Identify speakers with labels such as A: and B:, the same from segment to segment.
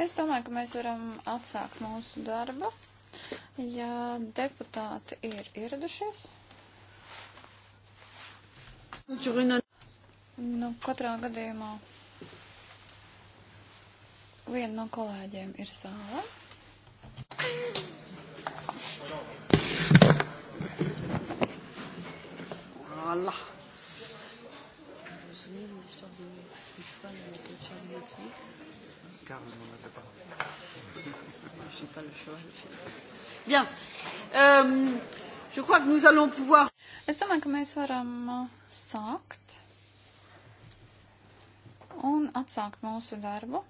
A: Es domāju, ka mēs varam atsākt mūsu darbu. Ja deputāti ir ieradušies. Nu, katrā gadījumā viena no kolēģiem ir zāle. Allah. Picard vous demanderait la parole. Je n'ai pas le choix. Bien. Euh, je crois que nous allons pouvoir. Es domāju, ka mēs varam uh, sākt un atsākt mūsu darbu.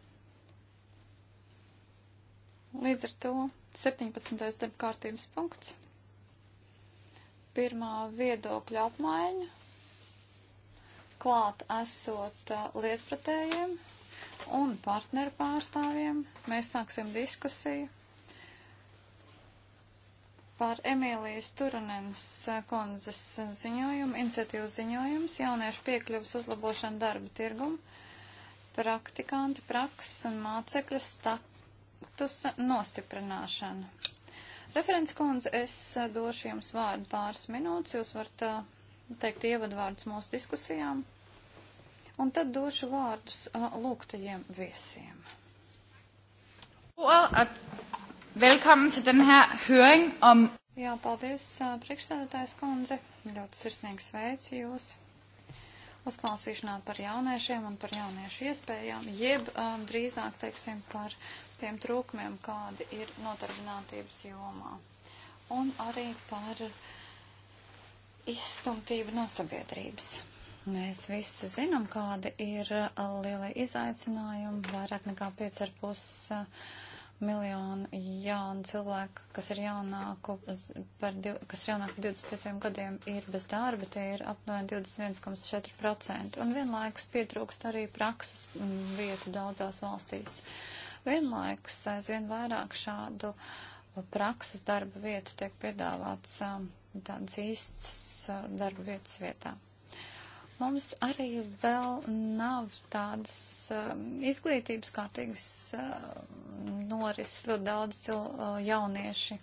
A: Līdz ar to 17. darba kārtības punkts. Pirmā viedokļa apmaiņa klāt esot uh, lietpratējiem un partneru pārstāvjiem. Mēs sāksim diskusiju par Emīlijas Turunenes konzes ziņojumu, iniciatīvas ziņojums, jauniešu piekļuvas uzlabošana darba tirgumu, praktikanti, prakses un mācekļa statusa nostiprināšana. Referents kundze, es došu jums vārdu pāris minūtes, jūs varat uh, teikt ievadvārdus mūsu diskusijām un tad došu vārdus uh, lūgtajiem viesiem. Well, Velkommen til den her høring om... Jā, paldies, priekšsēdētājs kundze. Ļoti sirsnīgi sveicu jūs uzklausīšanā par jauniešiem un par jauniešu iespējām, jeb um, drīzāk, teiksim, par tiem trūkumiem, kādi ir notarbinātības jomā. Un arī par izstumtību no sabiedrības. Mēs visi zinām, kāda ir uh, lielie izaicinājumi. Vairāk nekā 5,5 uh, miljonu jaunu cilvēku, kas ir jaunāku par, kas ir jaunāku 25 gadiem, ir bez darba. Tie ir apmēram 21,4%. Un vienlaikus pietrūkst arī prakses mm, vietu daudzās valstīs. Vienlaikus aizvien vairāk šādu uh, prakses darba vietu tiek piedāvāts um, tādas īstas darba vietas vietā. Mums arī vēl nav tādas uh, izglītības kārtīgas uh, norises. Ļoti daudz cil, uh, jaunieši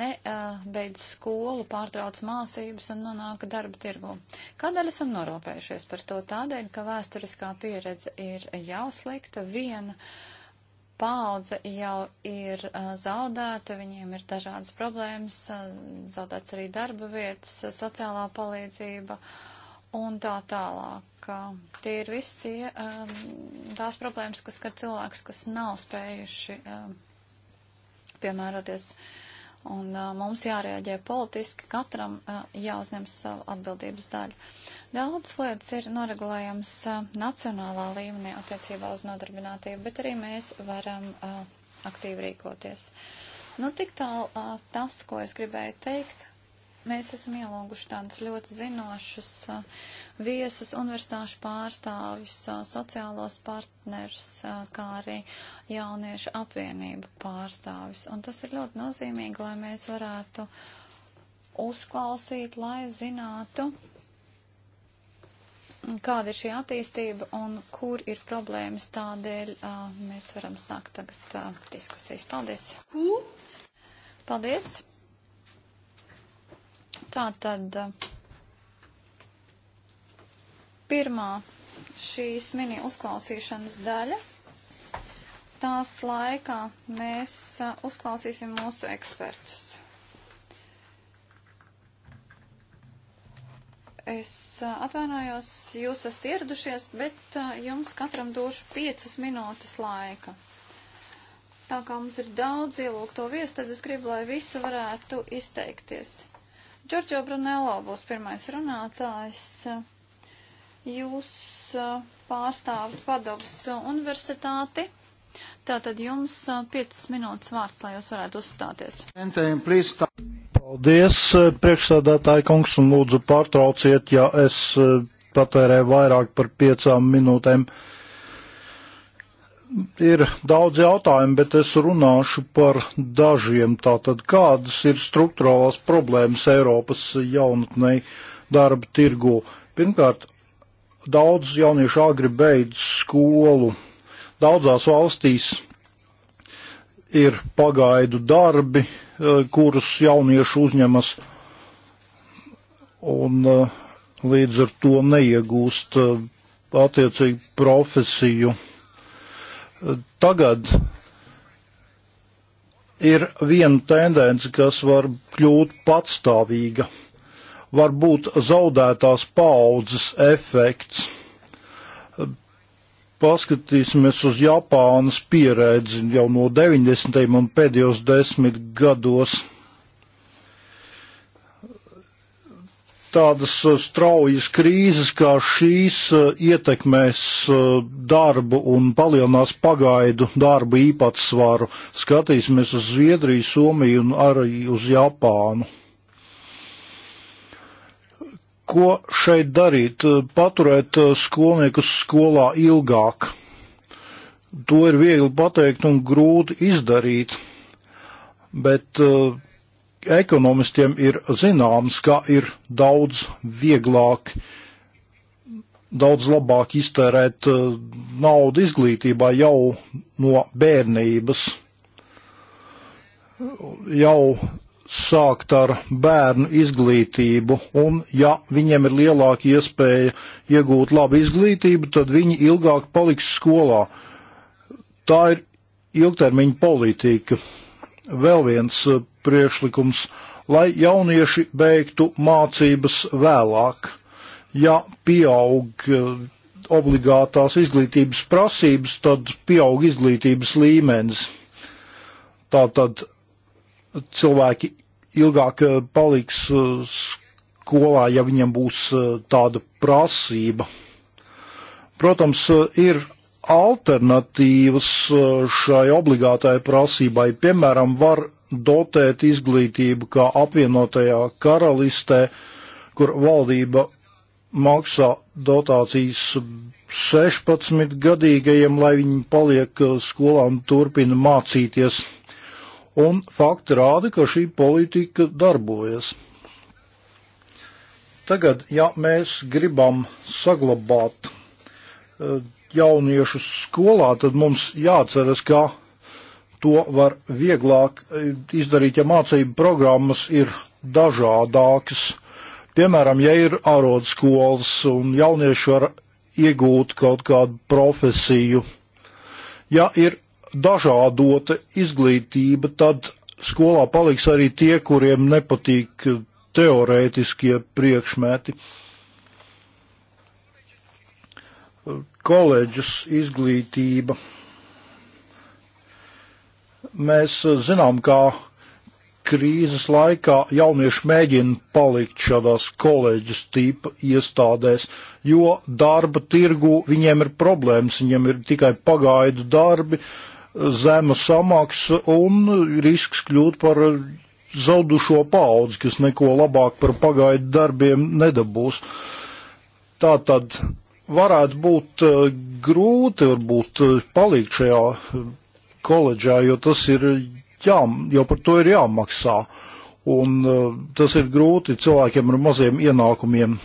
A: nebeidz uh, skolu, pārtrauc mācības un nonāk darba tirgu. Kādēļ esam noropējušies par to? Tādēļ, ka vēsturiskā pieredze ir jau slikta viena. Uh, paudze jau ir uh, zaudēta, viņiem ir dažādas problēmas, uh, zaudēts arī darba vietas, uh, sociālā palīdzība, uh, un tā tālāk. Tie ir visi tie, um, tās problēmas, kas skar cilvēks, kas nav spējuši um, piemēroties. Un uh, mums jārēģē politiski, katram uh, jāuzņem savu atbildības daļu. Daudz lietas ir noregulējams uh, nacionālā līmenī attiecībā uz nodarbinātību, bet arī mēs varam aktīvi rīkoties. Nu, tik tālu tas, ko es gribēju teikt Mēs esam ielūguši tādus ļoti zinošus uh, viesus, universitāšu pārstāvjus, uh, sociālos partnerus, uh, kā arī jauniešu apvienību pārstāvjus. Un tas ir ļoti nozīmīgi, lai mēs varētu uzklausīt, lai zinātu, kāda ir šī attīstība un kur ir problēmas. Tādēļ mēs varam sākt tagad diskusijas. Paldies! Paldies! Tā tad eh, pirmā šīs mini uzklausīšanas daļa. Tās laikā mēs eh, uzklausīsim mūsu ekspertus. es eh, atvainojos, jūs esat ieradušies, bet jums katram došu piecas minūtes laika. Tā kā mums ir daudz ielūgto viesu, tad es gribu, lai visi varētu izteikties. Džordžo Brunello būs pirmais runātājs. Jūs pārstāvat Padovas universitāti. Tātad jums 5 minūtes vārds, lai jūs varētu uzstāties.
B: Paldies, priekšsādātāji kungs, un lūdzu pārtrauciet, ja es patērēju vairāk par 5 minūtēm. Uh, ir daudz jautājumu, bet es runāšu par dažiem. Tātad, kādas ir struktūrālās problēmas Eiropas jaunatnei darba tirgu? Pirmkārt, daudz jauniešu agri beidz skolu. Daudzās valstīs ir pagaidu darbi, eh, kurus jaunieši uzņemas un eh, līdz ar to neiegūst eh, attiecīgu profesiju Tagad ir viena tendence, kas var kļūt patstāvīga. Var būt zaudētās paudzes efekts. Paskatīsimies uz Japānas pieredzi jau no 90. un pēdējos desmit gados tādas uh, straujas krīzes kā šīs uh, ietekmēs uh, darbu un palielinās pagaidu darbu īpatsvaru. Skatīsimies uz Zviedriju, Somiju un arī uz Japānu. Ko šeit darīt? Paturēt skolniekus skolā ilgāk. To ir viegli pateikt un grūti izdarīt, bet uh, ekonomistiem ir zināms, ka ir daudz vieglāk, daudz labāk iztērēt eh, naudu izglītībā jau no bērnības, jau sākt ar bērnu izglītību, un ja viņiem ir lielāka iespēja iegūt labu izglītību, tad viņi ilgāk paliks skolā. Tā ir ilgtermiņa politika vēl viens eh, priekšlikums, lai jaunieši beigtu mācības vēlāk. Ja pieaug eh, obligātās izglītības prasības, tad pieaug izglītības līmenis. Tātad cilvēki ilgāk eh, paliks skolā, ja viņam būs tāda prasība. Protams, ir alternatīvas eh, šai obligātai prasībai. Piemēram, var dotēt izglītību kā apvienotajā karalistē, kur valdība maksā dotācijas 16 gadīgajiem, lai viņi paliek eh, skolā un turpina mācīties. Un fakti rāda, ka šī politika darbojas. Tagad, ja mēs gribam saglabāt eh, jauniešus skolā, tad mums jāatceras, ka to var vieglāk eh, izdarīt, ja mācību programmas ir dažādākas. Piemēram, ja ir ārodskolas un jaunieši var iegūt kaut kādu profesiju, ja ir dažādota izglītība, tad skolā paliks arī tie, kuriem nepatīk eh, teorētiskie priekšmeti. Uh, koledžas izglītība. Mēs eh, zinām, kā krīzes laikā jaunieši mēģina palikt šādās koledžas tipa iestādēs, jo darba tirgu viņiem ir problēmas, viņiem ir tikai pagaidu darbi, zema samaksa un risks kļūt par zaudušo paudzi, kas neko labāk par pagaidu darbiem nedabūs. Tātad varētu būt eh, grūti varbūt eh, palikt šajā eh, koledžā, jo tas ir jā, jau par to ir jāmaksā. Un tas ir grūti cilvēkiem ar maziem ienākumiem.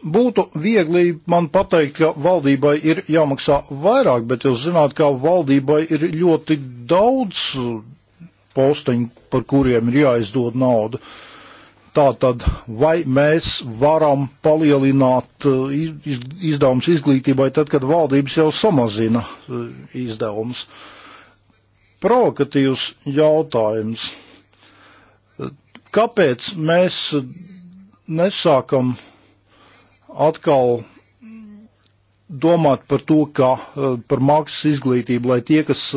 B: Būtu viegli man pateikt, ka valdībai ir jāmaksā vairāk, bet jūs zināt, ka valdībai ir ļoti daudz posteņu, par kuriem ir jāizdod nauda. Uh, Tātad, vai mēs varam palielināt uh, izdevumus izglītībai tad, kad valdības jau samazina uh, izdevumus? Provokatīvs jautājums. Kāpēc mēs nesākam atkal domāt par to, ka uh, par mākslas izglītību, lai tie, kas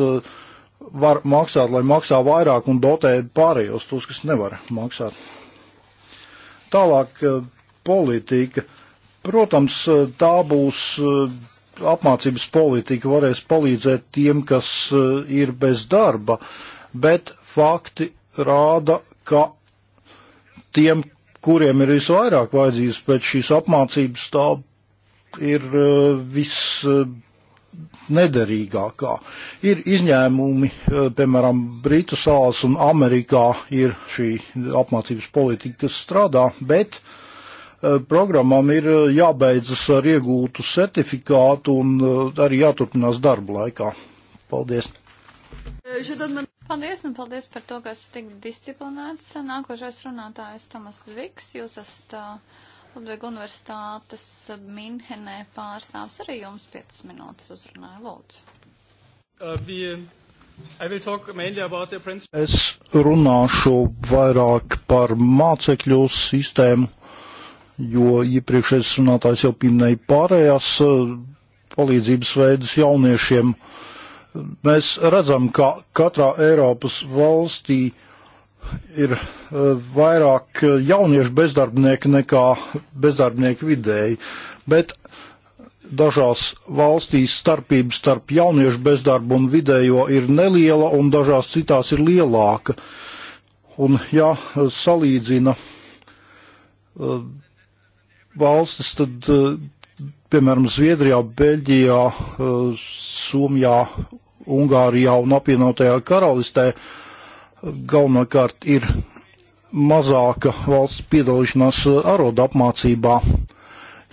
B: var maksāt, lai maksā vairāk un dotē pārējos tos, kas nevar maksāt? Tālāk eh, politika. Protams, eh, tā būs eh, apmācības politika, varēs palīdzēt tiem, kas ir bez darba, bet fakti rāda, ka tiem, kuriem ir visvairāk vajadzības pēc šīs apmācības, tā ir viss nederīgākā. Ir izņēmumi, eh, piemēram, Britu salās un Amerikā ir šī apmācības politika, kas strādā, bet eh, programmām ir eh, jābeidzas ar iegūtu certifikātu un arī jāturpinās darba laikā. Paldies!
A: Paldies un paldies par to, kas tik disciplinēts. Nākošais runātājs Tomas Zviks, jūs esat. Uh Ludviga universitātes Minhenē pārstāvs arī jums 5 minūtes uzrunāja. Lūdzu.
B: Uh, bija... Es runāšu vairāk par mācekļu sistēmu, jo iepriekšējais runātājs jau pieminēja pārējās uh, palīdzības veidus jauniešiem. Mēs redzam, ka katrā Eiropas valstī uh, ir eh, vairāk eh, jauniešu bezdarbnieku nekā bezdarbnieku vidēji, bet dažās valstīs starpība starp jauniešu bezdarbu un vidējo ir neliela, un dažās citās ir lielāka. Un, ja eh, salīdzina valstis, tad, piemēram, Zviedrijā, Beļģijā, Somijā, Ungārijā un apvienotajā karalistē, galvenokārt ir mazāka valsts piedalīšanās eh, arodu apmācībā.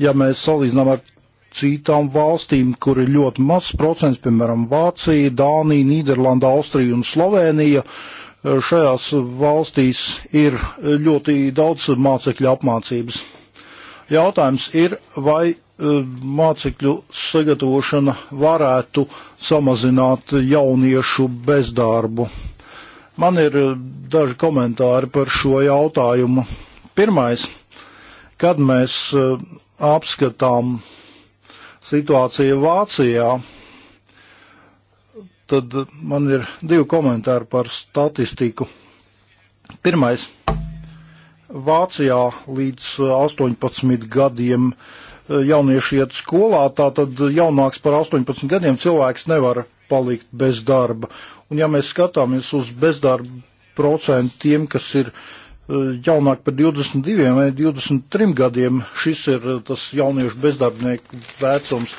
B: Ja mēs salīdzinām ar citām valstīm, kur ir ļoti mazs procents, piemēram, Vācija, Dānija, Nīderlanda, Austrija un Slovenija, eh, šajās valstīs ir ļoti daudz mācekļu apmācības. Jautājums ir, vai eh, mācekļu sagatavošana varētu samazināt jauniešu bezdarbu. Man ir eh, daži komentāri par šo jautājumu. Pirmais, kad mēs eh, apskatām situāciju Vācijā, tad man ir divi komentāri par statistiku. Pirmais, Vācijā līdz 18 eh, gadiem jaunieši iet skolā, tātad jaunāks par 18 gadiem cilvēks nevar palikt bez darba. Un ja mēs skatāmies uz bezdarba procentu tiem, kas ir e, jaunāk par 22 vai 23 gadiem, šis ir e, tas jauniešu bezdarbnieku vecums.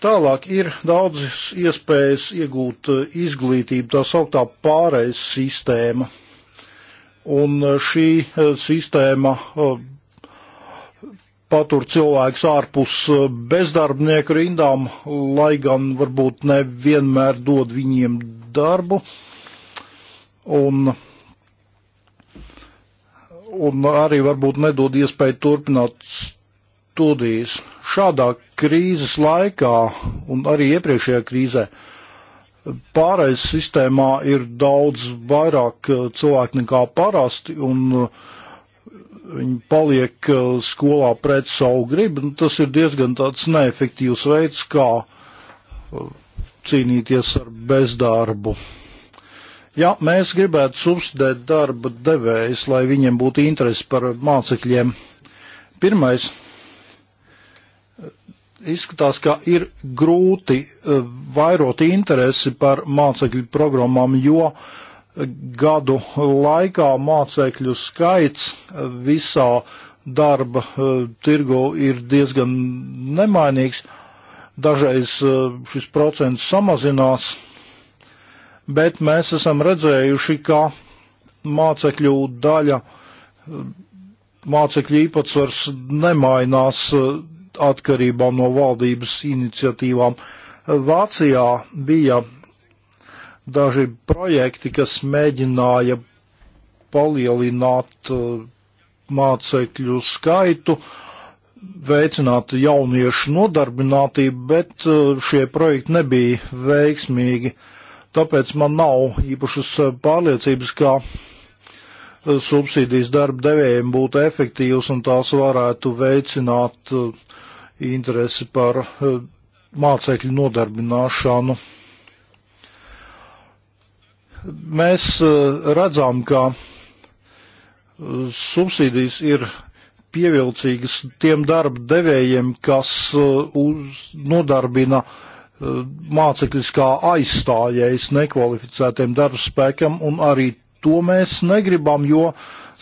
B: Tālāk ir daudzas iespējas iegūt e, izglītību, tā sauktā pārējais sistēma. Un šī sistēma patur cilvēkus ārpus eh, bezdarbnieku rindām, lai gan varbūt nevienmēr dod viņiem darbu. Un, un arī varbūt nedod iespēju turpināt studijas. Šādā krīzes laikā un arī iepriekšējā krīzē pārējais sistēmā ir daudz vairāk eh, cilvēku nekā parasti, un viņi paliek eh, skolā pret savu gribu, nu, tas ir diezgan tāds neefektīvs veids, kā eh, cīnīties ar bezdarbu. Ja mēs gribētu subsidēt darba devējus, lai viņiem būtu interesi par mācekļiem, pirmais eh, izskatās, ka ir grūti vairot interesi par mācekļu programmām, jo gadu laikā mācekļu skaits visā darba e, tirgu ir diezgan nemainīgs. Dažreiz e, šis procents samazinās, bet mēs esam redzējuši, ka mācekļu daļa, e, mācekļu īpatsvars nemainās atkarībā no valdības iniciatīvām. Vācijā bija daži projekti, kas mēģināja palielināt uh, mācekļu skaitu, veicināt jauniešu nodarbinātību, bet uh, šie projekti nebija veiksmīgi. Tāpēc man nav īpašas uh, pārliecības, ka subsīdijas darba devējiem būtu efektīvas un tās varētu veicināt interesi par mācekļu nodarbināšanu. Mēs eh, redzam, ka eh, subsīdijas ir pievilcīgas tiem darba devējiem, kas eh, nodarbina mācekļus kā aizstājējs nekvalificētiem darbspēkam, un arī to mēs negribam, jo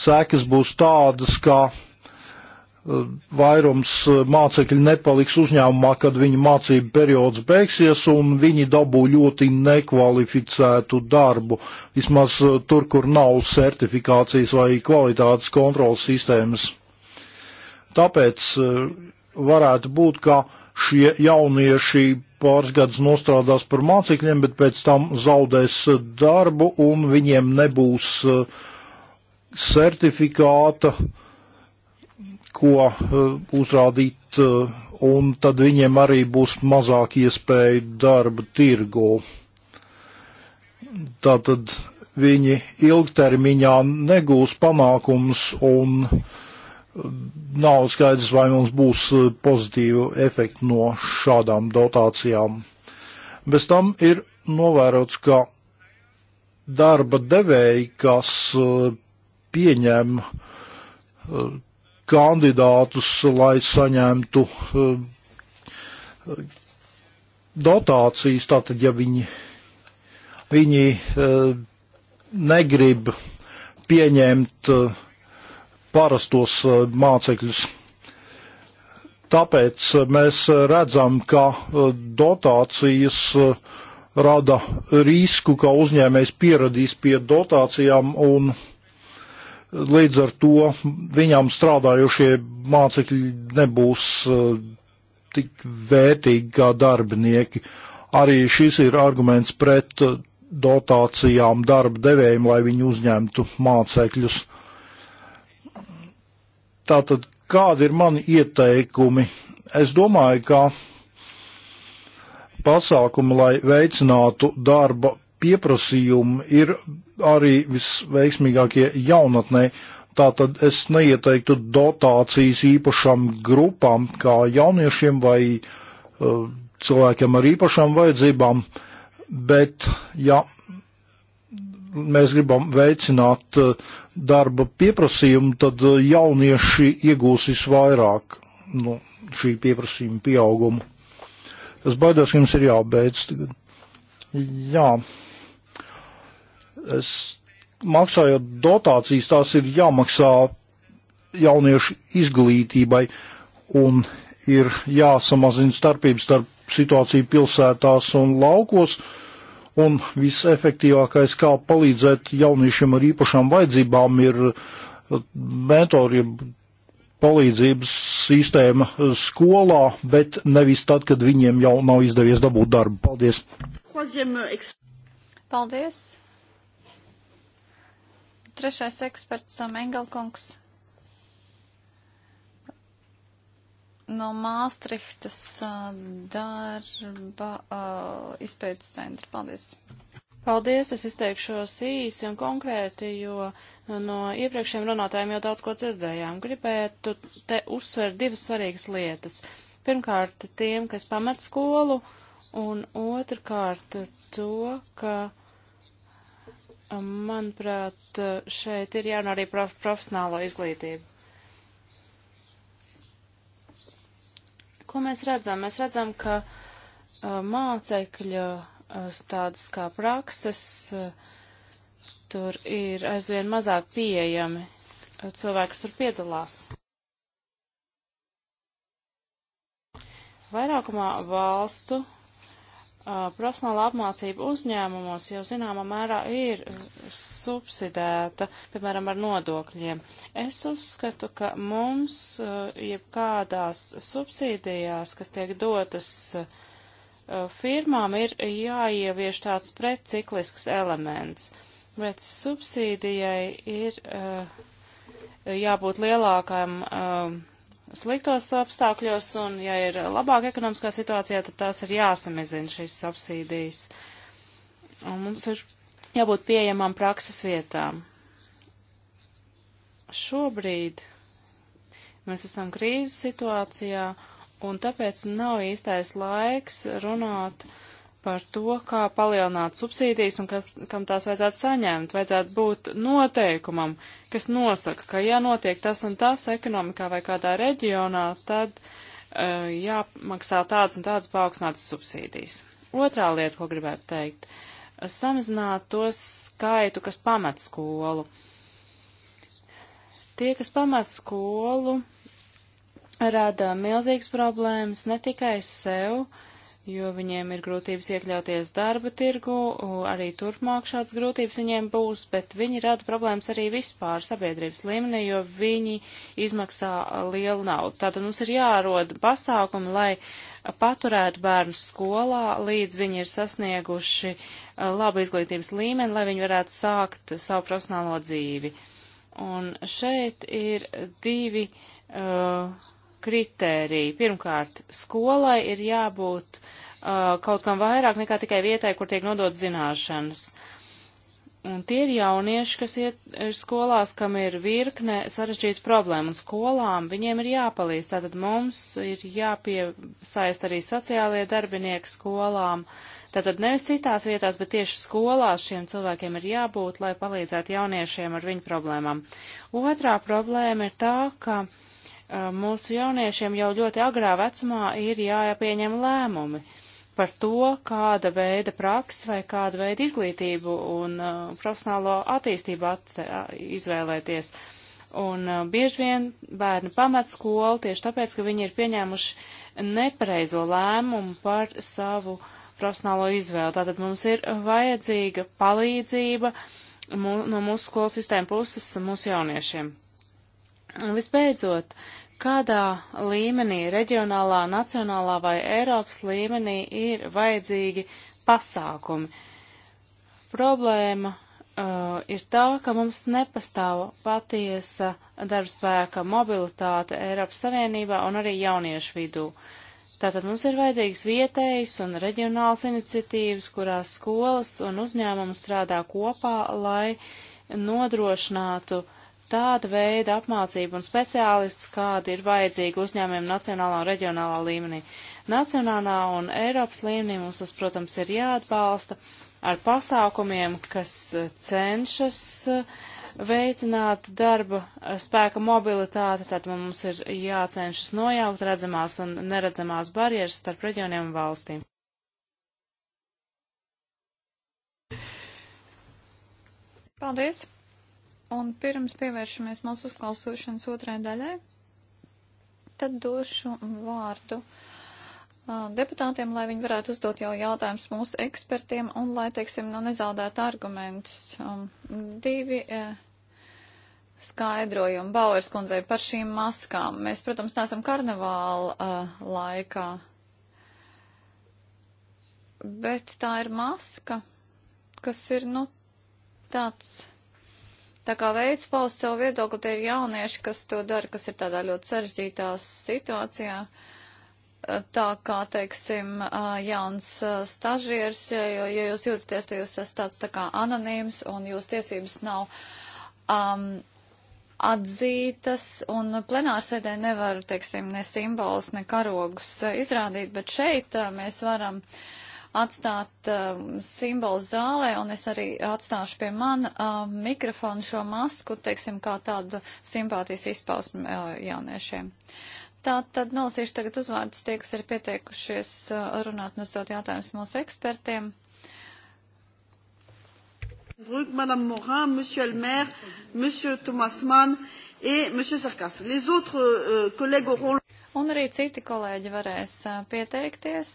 B: sēkas būs tādas, ka vairums eh, mācekļu nepaliks uzņēmumā, kad viņa mācību periods beigsies, un viņi dabū ļoti nekvalificētu darbu, vismaz eh, tur, kur nav certifikācijas vai kvalitātes kontrolas sistēmas. Tāpēc eh, varētu būt, ka šie jaunieši pāris gadus nostrādās par mācekļiem, bet pēc tam zaudēs darbu un viņiem nebūs certifikāta. Uh, ko eh, uzrādīt, eh, un tad viņiem arī būs mazāk iespēja darba tirgu. Tātad viņi ilgtermiņā negūs panākums un eh, nav skaidrs, vai mums būs pozitīvu efektu no šādām dotācijām. Bez tam ir novērots, ka darba devēji, kas pieņem kandidātus, lai saņemtu eh, dotācijas, tātad, ja viņi, viņi eh, negrib pieņemt eh, parastos mācekļus. Tāpēc mēs redzam, ka dotācijas rada risku, ka uzņēmējs pieradīs pie dotācijām un uh, Līdz ar to viņam strādājošie mācekļi nebūs uh, tik vērtīgi kā darbinieki. Arī šis ir arguments pret uh, dotācijām darba devējiem, lai viņi uzņemtu mācekļus. Tātad, kādi ir mani ieteikumi? Es domāju, ka pasākumi, lai veicinātu darba pieprasījumi ir arī visveiksmīgākie jaunatnē. Tātad es neieteiktu dotācijas īpašām grupām, kā jauniešiem vai uh, cilvēkiem ar īpašām vajadzībām, bet ja mēs gribam veicināt uh, darba pieprasījumu, tad uh, jaunieši iegūs visvairāk no nu, šī pieprasījuma pieaugumu. Es baidos, ka jums ir jābeidz. Jā es maksājot dotācijas, tās ir jāmaksā jauniešu izglītībai un ir jāsamazina starpība starp situāciju pilsētās un laukos. Un visefektīvākais, kā palīdzēt jauniešiem ar īpašām vajadzībām, ir mentoriem palīdzības sistēma skolā, bet nevis tad, kad viņiem jau nav izdevies dabūt darbu. Paldies!
A: Paldies! Trešais eksperts um, Engelkungs no Māstrihtas uh,
C: darba uh, izpētes centra. Paldies! Paldies, es izteikšos īsi un konkrēti, jo no iepriekšējiem runātājiem jau daudz ko dzirdējām. Gribētu te uzsvērt divas svarīgas lietas. Pirmkārt, tiem, kas pamet skolu, un otrkārt to, ka Manuprāt, šeit ir jārunā arī prof profesionālo izglītību. Ko mēs redzam? Mēs redzam, ka mācekļu tādas kā prakses tur ir aizvien mazāk pieejami. Cilvēks tur piedalās. Vairākumā valstu profesionāla apmācība uzņēmumos jau zināmā mērā ir subsidēta, piemēram, ar nodokļiem. Es uzskatu, ka mums jebkādās subsīdijās, kas tiek dotas firmām, ir jāievieš tāds preciklisks elements, bet subsīdijai ir jābūt lielākam sliktos apstākļos, un ja ir labāka ekonomiskā situācijā, tad tās ir jāsamazina šīs subsīdijas. Un mums ir jābūt pieejamām prakses vietām. Šobrīd mēs esam krīzes situācijā, un tāpēc nav īstais laiks runāt par to, kā palielināt subsīdijas un kas, kam tās vajadzētu saņemt. Vajadzētu būt noteikumam, kas nosaka, ka ja notiek tas un tas ekonomikā vai kādā reģionā, tad uh, jāmaksā tāds un tāds paaugstināts subsīdijas. Otrā lieta, ko gribētu teikt, samazināt to skaitu, kas pamet skolu. Tie, kas pamet skolu, rada milzīgas problēmas ne tikai sev, uh, jo viņiem ir grūtības iekļauties darba tirgu, arī turpmāk šāds grūtības viņiem būs, bet viņi rada problēmas arī vispār sabiedrības līmenī, jo viņi izmaksā lielu naudu. Tātad mums ir jārod pasākumi, lai paturētu bērnus skolā, līdz viņi ir sasnieguši labu izglītības līmeni, lai viņi varētu sākt savu profesionālo dzīvi. Un šeit ir divi. Uh, kritēriji. Pirmkārt, skolai ir jābūt uh, kaut kam vairāk nekā tikai vietai, kur tiek nodot zināšanas. Un tie ir jaunieši, kas iet, ir skolās, kam ir virkne sarežģīta problēma, un skolām viņiem ir jāpalīdz. Tātad mums ir jāpiesaist arī sociālie darbinieki skolām. Tātad nevis citās vietās, bet tieši skolās šiem cilvēkiem ir jābūt, lai palīdzētu jauniešiem ar viņu problēmām. Otrā problēma ir tā, ka uh, mūsu jauniešiem jau ļoti agrā vecumā ir jāpieņem lēmumi par to, kāda veida praksa vai kāda veida izglītību un uh, profesionālo attīstību at, izvēlēties. Un uh, bieži vien bērni pamet skolu tieši tāpēc, ka viņi ir pieņēmuši nepareizo lēmumu par savu profesionālo izvēli. Tātad mums ir vajadzīga palīdzība mū, no mūsu skolu sistēmu puses mūsu jauniešiem. Un visbeidzot, kādā līmenī, reģionālā, nacionālā vai Eiropas līmenī, ir vajadzīgi pasākumi. Problēma uh, ir tā, ka mums nepastāv patiesa darbspēka mobilitāte Eiropas Savienībā un arī jauniešu vidū. Tātad mums ir vajadzīgs vietējs un reģionāls iniciatīvas, kurās skolas un uzņēmumi strādā kopā, lai nodrošinātu uh, tāda veida apmācību un speciālistus, kādi ir vajadzīgi uzņēmiem nacionālā un reģionālā līmenī. Nacionālā un Eiropas līmenī mums tas, protams, ir jāatbalsta ar pasākumiem, kas eh, cenšas eh, veicināt darba eh, spēka mobilitāti, tad mums ir jācenšas nojaukt redzamās un neredzamās barjeras starp reģioniem un valstīm.
A: Paldies! Un pirms pievēršamies mūsu uzklausīšanas otrai daļai, tad došu vārdu uh, deputātiem, lai viņi varētu uzdot jau jautājumus mūsu ekspertiem un lai, teiksim, nu nezaudētu argumentus. Um, divi uh, skaidrojumi Bauers kundzei par šīm maskām. Mēs, protams, neesam karnevāla uh, laikā, bet tā ir maska, kas ir, nu, tāds Tā kā veids paust savu viedokli, tie ir jaunieši, kas to dara, kas ir tādā ļoti sarežģītā situācijā. Eh, tā kā, teiksim, eh, jauns eh, stažieris, jo, ja jūs jūtaties, tad jūs esat tāds tā kā anonīms un jūs tiesības nav um, atzītas un plenārsēdē nevar, teiksim, ne simbolus, ne karogus izrādīt, bet šeit mēs varam uh, atstāt uh, simbolu zālē, un es arī atstāšu pie man uh, mikrofonu šo masku, teiksim, kā tādu simpātijas izpausmu uh, jauniešiem. Tā tad nolasīšu tagad uzvārdus tie, kas ir pieteikušies uh, runāt un uzdot jautājumus mūsu ekspertiem. Brug, Madame Morin, Monsieur le Maire, Monsieur Thomas Mann et Monsieur Sarkas. Les autres euh, collègues auront un arī citi kolēģi varēs pieteikties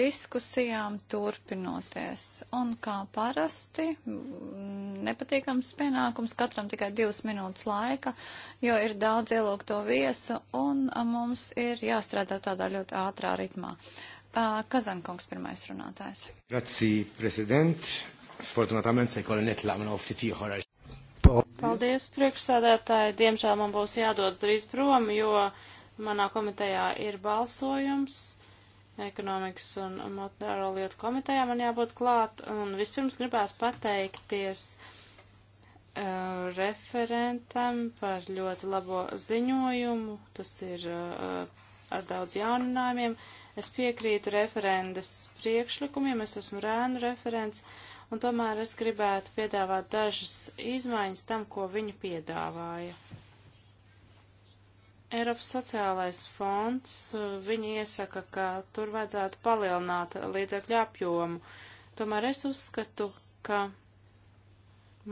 A: diskusijām turpinoties. Un kā parasti, mm, nepatīkams pienākums, katram tikai divas minūtes laika, jo ir daudz ielūgto viesu un mums ir jāstrādā tādā ļoti ātrā ritmā.
C: Kazankungs pirmais runātājs. Grazie, prezident. Sfortunatamente se kolēnet lāmana oftitī horā. Paldies, priekšsādātāji. Diemžēl man būs jādodas drīz prom, jo uh, Manā komitejā ir balsojums ekonomikas un monetāro lietu komitejā man jābūt klāt. Un vispirms gribētu pateikties uh, referentam par ļoti labo ziņojumu. Tas ir uh, ar daudz jauninājumiem. Es piekrītu referendes priekšlikumiem, es esmu rēnu referents, un tomēr es gribētu piedāvāt dažas izmaiņas tam, ko viņa piedāvāja. Eiropas sociālais fonds, uh, viņi iesaka, ka tur vajadzētu palielināt līdzekļu apjomu. Tomēr es uzskatu, ka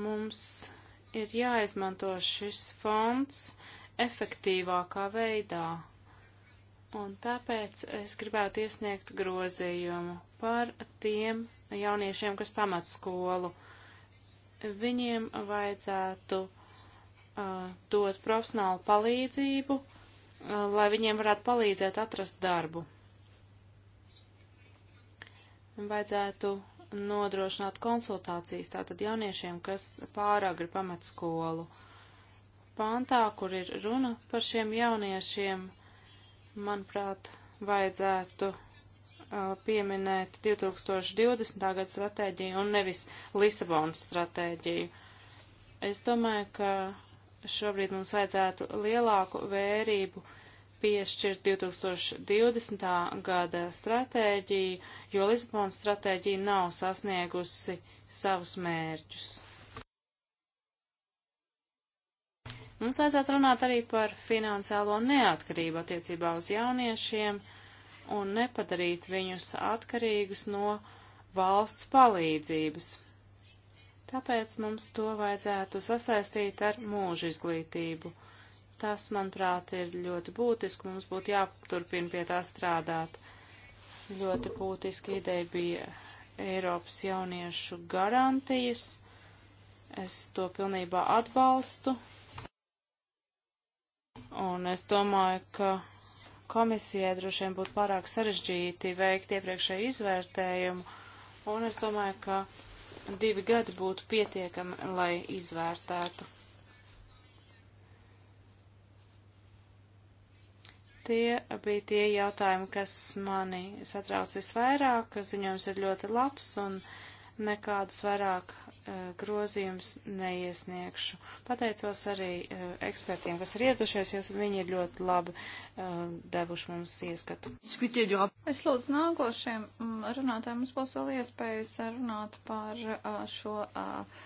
C: mums ir jāizmanto šis fonds efektīvākā veidā. Un tāpēc es gribētu iesniegt grozījumu par tiem jauniešiem, kas pamat skolu. Viņiem vajadzētu uh, dot profesionālu palīdzību, lai viņiem varētu palīdzēt atrast darbu. Vajadzētu nodrošināt konsultācijas tātad jauniešiem, kas pāragri pamet skolu. Pāntā, kur ir runa par šiem jauniešiem, manuprāt, vajadzētu uh, pieminēt 2020. gada stratēģiju un nevis Lisabonas stratēģiju. Es domāju, ka šobrīd mums vajadzētu lielāku vērību piešķirt 2020. gada stratēģiju, jo Lisabonas stratēģija nav sasniegusi savus mērķus. Mums vajadzētu runāt arī par finansiālo neatkarību attiecībā uz jauniešiem un nepadarīt viņus atkarīgus no valsts palīdzības. Tāpēc mums to vajadzētu sasaistīt ar mūža izglītību. Tas, manuprāt, ir ļoti būtiski, mums būtu jāturpina pie tā strādāt. Ļoti būtiski ideja bija Eiropas jauniešu garantijas. Es to pilnībā atbalstu. Un es domāju, ka komisijai droši vien būtu pārāk sarežģīti veikt iepriekšēju izvērtējumu. Un es domāju, ka divi gadi būtu pietiekami, lai izvērtētu. Tie bija tie jautājumi, kas mani satrauc visvairāk, ziņojums ir ļoti labs un nekādus vairāk Uh, grozījums neiesniegšu. Pateicos arī uh, ekspertiem, kas ir iedušies, jo viņi ir ļoti labi uh, devuši mums ieskatu. Es
A: lūdzu nākošiem mm, runātājiem, mums būs vēl iespējas runāt par uh, šo uh,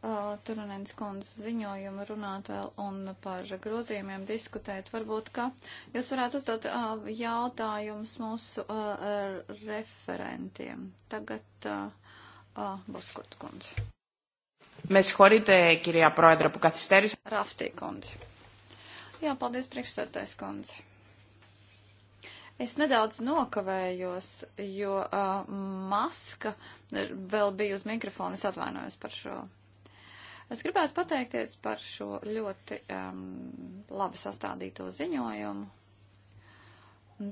A: uh, Turunenes kundzes ziņojumu, runāt vēl un par grozījumiem diskutēt. Varbūt, ka jūs varētu uzdot jautājumus mūsu referentiem. Tagad Boskurts kundze. Με συγχωρείτε, κυρία Πρόεδρε, που καθυστέρησα. Ραφτή kundze. Jā, paldies, priekšstādājs kundze. Es nedaudz nokavējos, jo uh, maska vēl bija uz mikrofona. Es atvainojos par šo. Es gribētu pateikties par šo ļoti um, labi sastādīto ziņojumu.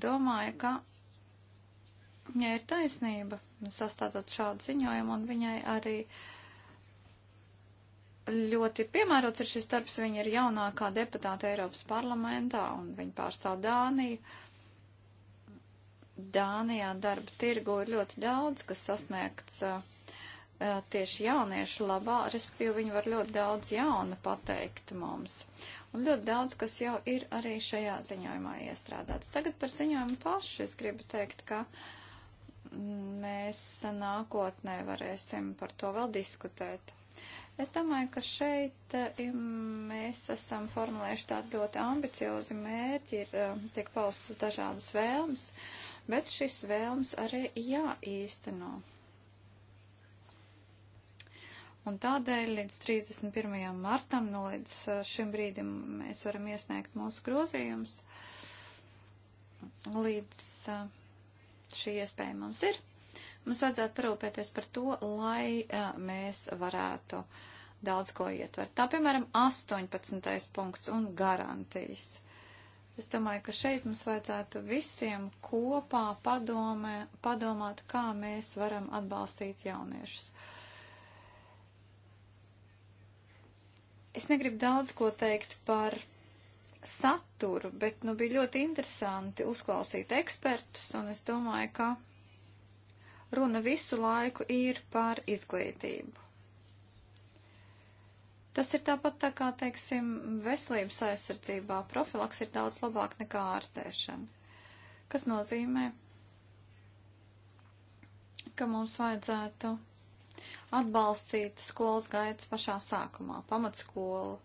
A: Domāju, ka viņai ir taisnība sastādot šādu ziņojumu, un viņai arī uh, ļoti piemērots ir šis darbs. Viņa ir jaunākā deputāta Eiropas parlamentā un viņa pārstāv Dāniju. Dānijā darba tirgu ir ļoti daudz, kas sasniegts uh, uh tieši jauniešu labā, respektīvi viņi var ļoti daudz jauna pateikt mums. Un ļoti daudz, kas jau ir arī šajā ziņojumā iestrādāts. Tagad par ziņojumu pašu es gribu teikt, ka mm, mēs nākotnē varēsim par to vēl diskutēt. Es domāju, ka šeit ja eh, mēs esam formulējuši tādu ļoti ambiciozi mērķi, ir eh, tiek paustas dažādas vēlmes, bet šis vēlmes arī jāīsteno. Un tādēļ līdz 31. martam, nu līdz eh, šim brīdim mēs varam iesniegt mūsu grozījumus, līdz šī iespēja mums ir. Mums vajadzētu parūpēties par to, lai a, mēs varētu daudz ko ietvert. Tā, piemēram, 18. punkts un garantijas. Es domāju, ka šeit mums vajadzētu visiem kopā padomē, padomāt, kā mēs varam atbalstīt jauniešus. Es negribu daudz ko teikt par saturu, bet nu, bija ļoti interesanti uzklausīt ekspertus, un es domāju, ka Runa visu laiku ir par izglītību. Tas ir tāpat tā kā, teiksim, veselības aizsardzībā profilaks ir daudz labāk nekā ārstēšana. Kas nozīmē, ka mums vajadzētu atbalstīt skolas gaitas pašā sākumā, pamatskolu,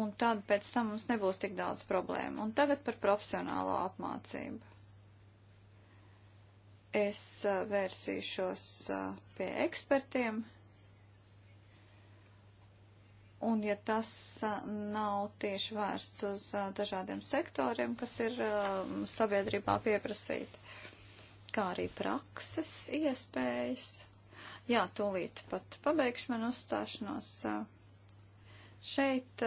A: un tad pēc tam mums nebūs tik daudz problēmu. Un tagad par profesionālo apmācību es eh, vērsīšos eh, pie ekspertiem. Un ja tas eh, nav tieši vērsts uz dažādiem sektoriem, kas ir sabiedrībā pieprasīti, kā arī prakses iespējas. Jā, tūlīt pat pabeigšu man uzstāšanos. Šeit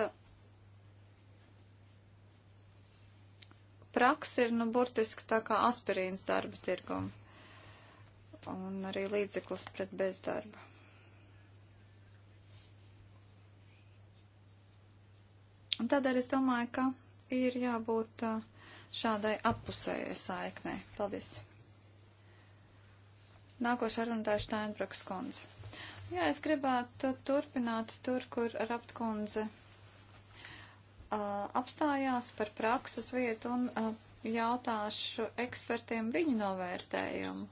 A: praksa ir, nu, burtiski tā kā aspirīns darba tirguma un arī līdzeklus pret bezdarbu. Un tādēļ es domāju, ka ir jābūt uh, šādai apusējai saiknē. Paldies! Nākošā runātāja Steinbruks kundze. Jā, es gribētu turpināt tur, kur Rapt kundze uh, apstājās par prakses vietu un a, uh, jautāšu ekspertiem viņu novērtējumu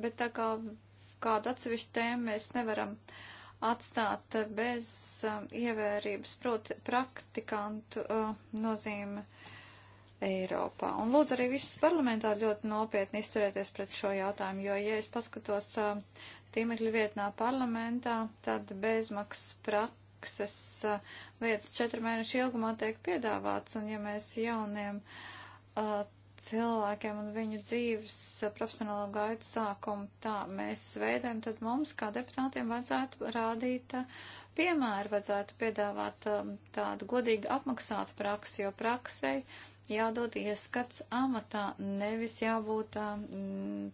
A: bet tā kā kādu atsevišķu tēmu mēs nevaram atstāt bez um, ievērības, proti praktikantu uh, nozīme Eiropā. Un lūdzu arī visus parlamentā ļoti nopietni izturēties pret šo jautājumu, jo, ja es paskatos uh, tīmekļa vietnā parlamentā, tad bezmaksas prakses uh, vietas četru mēnešu ilgumā tiek piedāvāts, un ja mēs jauniem uh, cilvēkiem un viņu dzīves profesionālo gaitu sākumu tā mēs veidojam, tad mums kā deputātiem vajadzētu rādīt eh, piemēru, vajadzētu piedāvāt eh, tādu godīgi apmaksātu praksi, jo praksei jādod ieskats amatā, nevis jābūt eh,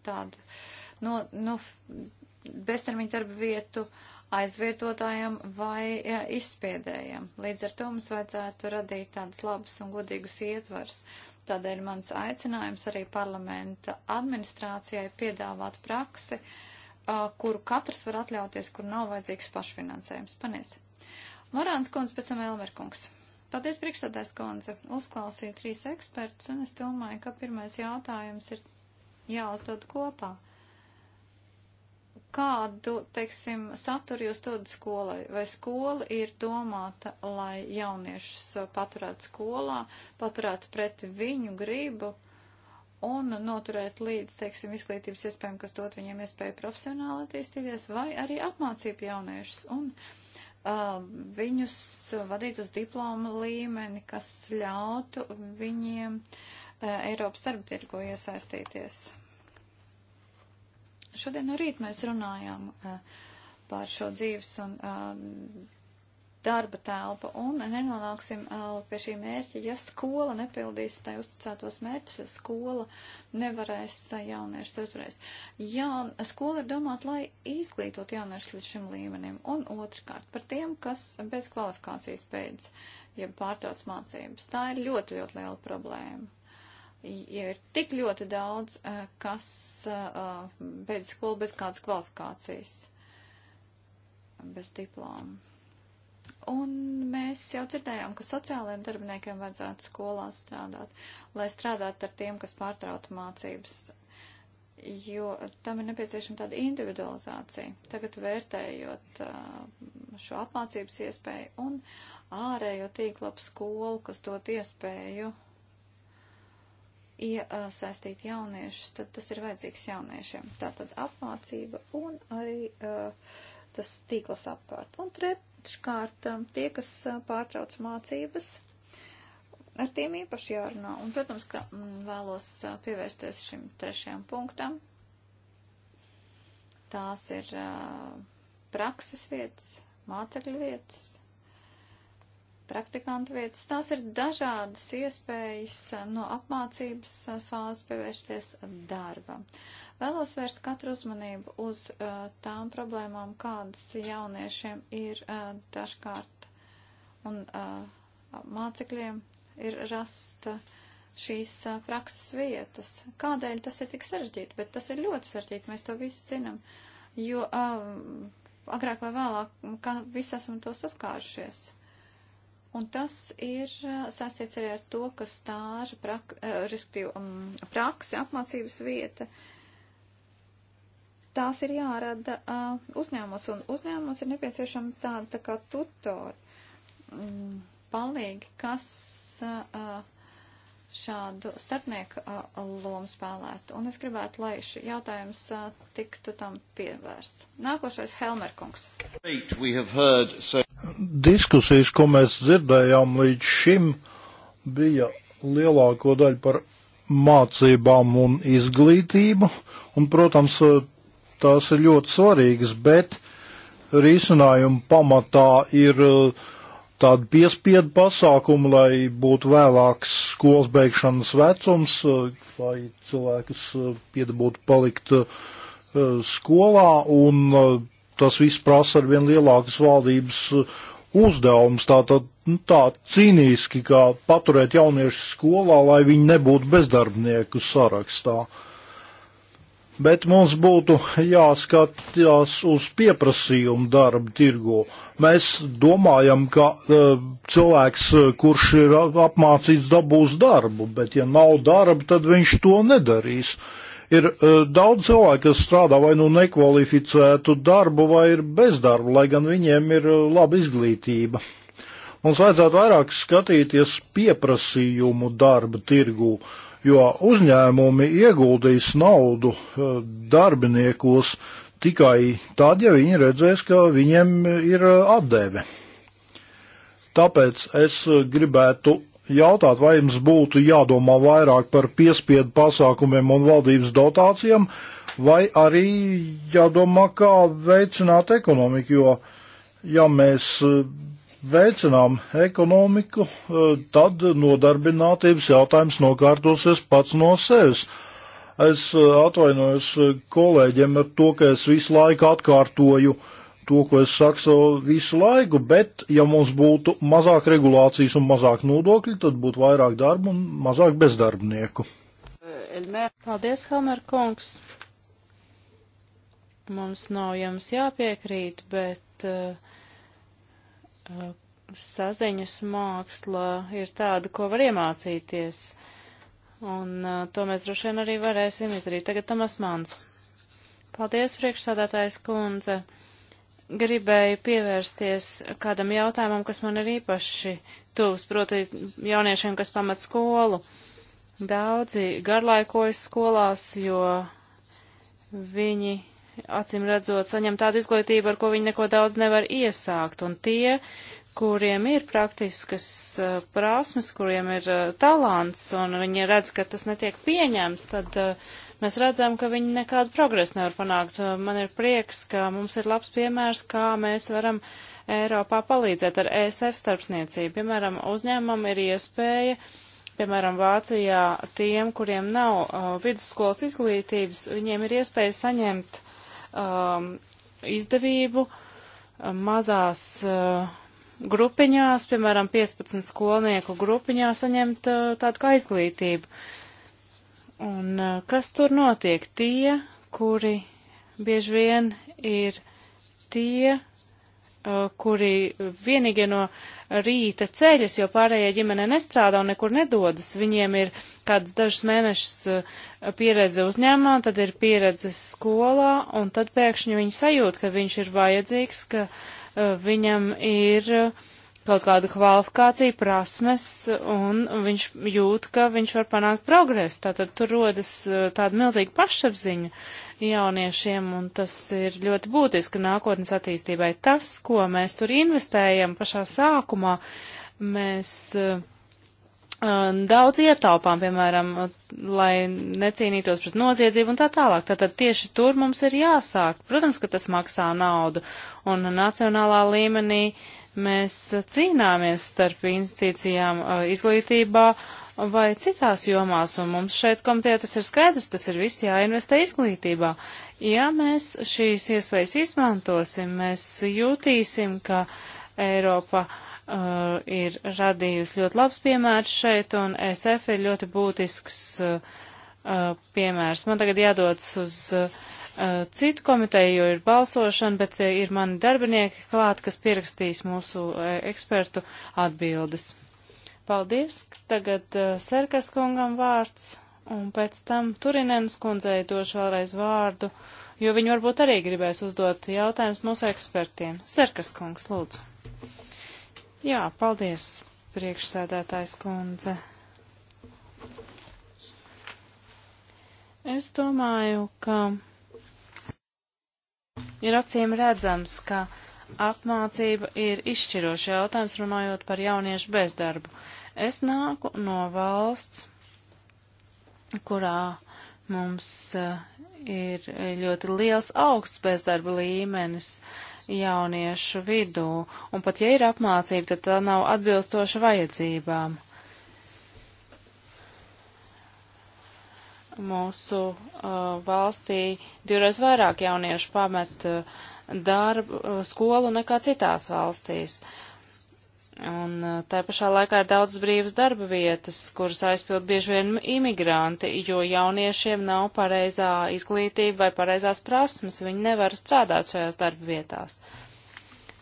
A: tādu, nu, no, nu, no beztermiņu darba vietu aizvietotājiem vai jā, izspiedējiem. Līdz ar to mums vajadzētu radīt tādas labas un godīgas ietvars. Uh, Tādēļ mans aicinājums arī parlamenta administrācijai piedāvāt praksi, kuru katrs var atļauties, kur nav vajadzīgs pašfinansējums. Panies. Morāns kundze, pēc tam Elmerkungs. Paldies, priekšstādājs kundze. Uzklausīju trīs ekspertus, un es domāju, ka pirmais jautājums ir jāuzdod kopā kādu, teiksim, saturu jūs dodat skolai? Vai skola ir domāta, lai jauniešus paturētu skolā, paturētu pret viņu gribu un noturēt līdz, teiksim, izglītības iespējām, kas dot viņiem iespēju profesionāli attīstīties, vai arī apmācību jauniešus un uh, viņus vadīt uz diplomu līmeni, kas ļautu viņiem uh, Eiropas darba tirgo iesaistīties? Šodien no rīt mēs runājām eh, par šo dzīves un eh, darba telpa un nenonāksim eh, pie šī mērķa, ja skola nepildīs tai uzticētos mērķus, ja skola nevarēs jauniešu turēs. Jā, skola ir domāta, lai izglītot jauniešu līdz šim līmenim. Un otrkārt, par tiem, kas bez kvalifikācijas pēc, ja pārtrauc mācības, tā ir ļoti, ļoti liela problēma ir tik ļoti daudz, eh, kas eh, beidz skolu bez kādas kvalifikācijas, bez diploma. Un mēs jau dzirdējām, ka sociālajiem darbiniekiem vajadzētu skolās strādāt, lai strādātu ar tiem, kas pārtrauta mācības, jo tam ir nepieciešama tāda individualizācija. Tagad vērtējot eh, šo apmācības iespēju un ārējo tīklu ap skolu, kas dot iespēju uh, iesaistīt jauniešus, tad tas ir vajadzīgs jauniešiem. Tātad apmācība un arī uh, tas tīklas apkārt. Un treškārt, tie, kas pārtrauc mācības, ar tiem īpaši jārunā. Un, protams, ka m, mm, vēlos pievērsties šim trešajam punktam. Tās ir uh, prakses vietas, mācekļu vietas, praktikantu vietas. Tās ir dažādas iespējas no apmācības fāzes pievērsties darbam. Vēlos vērst katru uzmanību uz uh, tām problēmām, kādas jauniešiem ir uh, dažkārt un uh, mācekļiem ir rasta šīs uh, prakses vietas. Kādēļ tas ir tik sarežģīti? Bet tas ir ļoti sarežģīti, mēs to visu zinām. Jo uh, agrāk vai vēlāk, kā visi esam to saskārušies Un tas ir sasniedz arī ar to, ka stāža, prak, respektīvi, um, praksa, apmācības vieta, tās ir jārada uh, uzņēmumos, un uzņēmumos ir nepieciešama tāda tā kā tutori, um, palīgi, kas uh, šādu starpnieku uh, lomu spēlētu. Un es gribētu, lai šis jautājums uh, tiktu tam pievērsts. Nākošais Helmerkungs.
B: Eight, Diskusijas, ko mēs dzirdējām līdz šim, bija lielāko daļu par mācībām un izglītību, un, protams, tās ir ļoti svarīgas, bet risinājuma pamatā ir uh, tāda piespiedu pasākuma, lai būtu vēlāks skolas beigšanas vecums, uh, lai cilvēkus uh, piedabūtu palikt skolā, un tas viss prasa ar vien lielākas valdības uh, uzdevums, tātad nu, tā cīnīski, kā paturēt jauniešus skolā, lai viņi nebūtu bezdarbnieku sarakstā. Bet mums būtu jāskatās uz pieprasījumu darba tirgu. Mēs domājam, ka uh, cilvēks, uh, kurš ir apmācīts, dabūs darbu, bet ja nav darba, tad viņš to nedarīs. Uh, Ir e, daudz cilvēku, kas strādā vai nu nekvalificētu darbu, vai ir bezdarba, lai gan viņiem ir e, laba izglītība. Mums vajadzētu vairāk skatīties pieprasījumu darba tirgū, jo uzņēmumi ieguldīs naudu e, darbiniekos tikai tad, ja viņi redzēs, ka viņiem ir atdeve. Tāpēc es gribētu jautāt, vai jums būtu jādomā vairāk par piespiedu pasākumiem un valdības dotācijām, vai arī jādomā, kā veicināt ekonomiku, jo, ja mēs eh, veicinām ekonomiku, eh, tad nodarbinātības jautājums nokārtosies pats no sevis. Es eh, atvainojos kolēģiem ar to, ka es visu laiku atkārtoju uh, to, ko es saku visu laiku, bet ja mums būtu mazāk regulācijas un mazāk nodokļi, tad būtu vairāk darba un mazāk bezdarbnieku.
C: Paldies, Helmer kungs. Mums nav jums jāpiekrīt, bet uh, saziņas māksla ir tāda, ko var iemācīties. Un uh, to mēs droši vien arī varēsim izdarīt. Tagad Tomas Mans. Paldies, priekšsādātājs kundze. Uh, gribēju pievērsties kādam jautājumam, kas man ir īpaši tuvs, proti jauniešiem, kas pamat skolu. Daudzi garlaikojas skolās, jo viņi, acīm redzot, saņem tādu izglītību, ar ko viņi neko daudz nevar iesākt. Un tie, kuriem ir praktiskas uh, prasmes, kuriem ir uh, talants, un viņi redz, ka tas netiek pieņemts, tad uh, Mēs redzam, ka viņi nekādu progresu nevar panākt. Man ir prieks, ka mums ir labs piemērs, kā mēs varam Eiropā palīdzēt ar ESF starpniecību. Piemēram, uzņēmumam ir iespēja piemēram, Vācijā tiem, kuriem nav uh, vidusskolas izglītības, viņiem ir iespēja saņemt um, izdevību uh, mazās uh, grupiņās, piemēram, 15 skolnieku grupiņā saņemt uh, tādu kā izglītību. Un uh, kas tur notiek? Tie, kuri bieži vien ir tie, uh, kuri vienīgie no rīta ceļas, jo pārējie ģimene nestrādā un nekur nedodas. Viņiem ir kādas dažas mēnešas uh, pieredze uzņēmumā, tad ir pieredze skolā, un tad pēkšņi viņi sajūt, ka viņš ir vajadzīgs, ka viņam ir uh, kaut kādu kvalifikāciju, prasmes, un viņš jūt, ka viņš var panākt progresu. Tātad tur rodas uh, tāda milzīga pašapziņa jauniešiem, un tas ir ļoti būtiski nākotnes attīstībai. Tas, ko mēs tur investējam pašā sākumā, mēs uh, uh, daudz ietaupām, piemēram, lai necīnītos pret noziedzību un tā tālāk. Tātad tieši tur mums ir jāsāk. Protams, ka tas maksā naudu, un nacionālā līmenī uh, Mēs cīnāmies starp institīcijām uh, izglītībā vai citās jomās, un mums šeit komitē tas ir skaidrs, tas ir viss jāinvestē izglītībā. Ja mēs šīs iespējas izmantosim, mēs jūtīsim, ka Eiropa uh, ir radījusi ļoti labs piemērs šeit, un SF ir ļoti būtisks uh, uh, piemērs. Man tagad jādodas uz. Uh, Eh, citu komiteju, jo ir balsošana, bet eh, ir mani darbinieki klāt, kas pierakstīs mūsu eh, ekspertu atbildes. Paldies! Tagad Serkas kungam vārds, un pēc tam Turinens kundzei došu vēlreiz vārdu, jo viņi varbūt arī gribēs uzdot jautājumus mūsu ekspertiem. Serkas kungs, lūdzu! Jā, paldies, priekšsēdētājs kundze. Es domāju, ka Ir acīm redzams, ka apmācība ir izšķiroši jautājums runājot par jauniešu bezdarbu. Es nāku no valsts, kurā mums eh, ir ļoti liels augsts bezdarba līmenis jauniešu vidū, un pat ja ir apmācība, tad tā nav atbilstoša vajadzībām. mūsu uh, valstī divreiz vairāk jauniešu pamet uh, darbu, uh, skolu nekā citās valstīs. Un uh, tā pašā laikā ir daudz brīvas darba vietas, kuras aizpild bieži vien imigranti, jo jauniešiem nav pareizā izglītība vai pareizās prasmes, viņi nevar strādāt šajās darba vietās. Uh,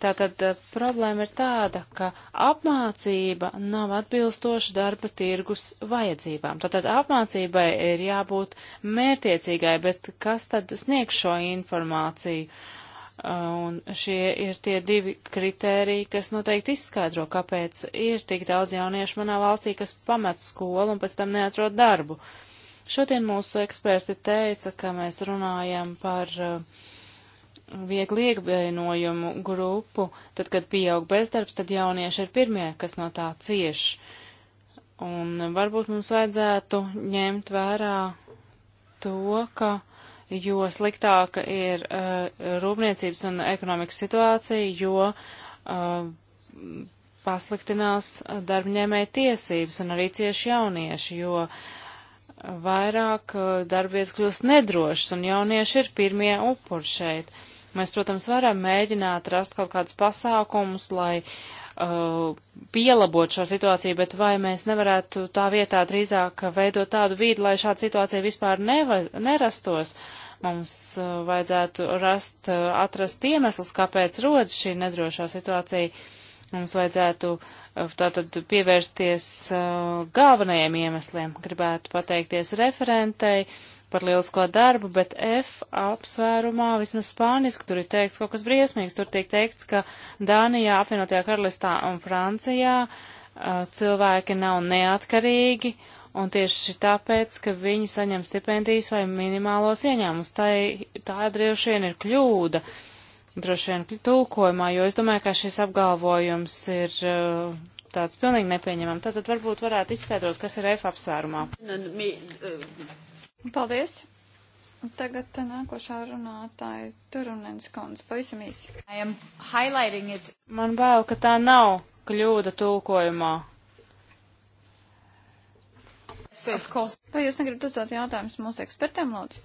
C: Tātad eh, problēma ir tāda, ka apmācība nav atbilstoša darba tirgus vajadzībām. Tātad apmācībai ir jābūt mērtiecīgai, bet kas tad sniegs šo informāciju? Eh, un šie ir tie divi kriteriji, kas noteikti izskaidro, kāpēc ir tik daudz jauniešu manā valstī, kas pamet skolu un pēc tam neatrod darbu. Šodien mūsu eksperti teica, ka mēs runājam par uh, viegli iegainojumu grupu, tad, kad pieaug bezdarbs, tad jaunieši ir pirmie, kas no tā cieš. Un varbūt mums vajadzētu ņemt vērā to, ka jo sliktāka ir uh, rūpniecības un ekonomikas situācija, jo uh, pasliktinās darbņēmēja tiesības un arī cieši jaunieši, jo uh, vairāk eh, darbvietas kļūst nedrošas, un jaunieši ir pirmie upuri šeit. Mēs, protams, varam mēģināt rast kaut kādus pasākumus, lai uh, pielabot šo situāciju, bet vai mēs nevarētu tā vietā drīzāk veidot tādu vīdu, lai šāda situācija vispār neva, nerastos? Mums uh, vajadzētu rast, uh, atrast iemeslus, kāpēc rodas šī nedrošā situācija. Mums vajadzētu uh, tātad pievērsties uh, galvenajiem iemesliem. Gribētu pateikties referentei, uh, par lielisko darbu, bet F apsvērumā vismaz spāniski tur ir teikts kaut kas briesmīgs. Tur tiek teikts, ka Dānijā, apvienotajā karalistā un Francijā cilvēki nav neatkarīgi, un tieši tāpēc, ka viņi saņem stipendijas vai minimālos ieņēmumus. Tā, tā droši vien ir kļūda, droši vien tulkojumā, jo es domāju, ka šis apgalvojums ir tāds pilnīgi nepieņemam. Tātad varbūt varētu izskaidrot, kas ir F apsvērumā.
A: Paldies! Tagad nākošā runātāja Turunens kundze. Pavisam īsi.
C: Man bail, ka tā nav kļūda tulkojumā.
A: Vai jūs negribat uzdot jautājumus mūsu ekspertiem, lūdzu?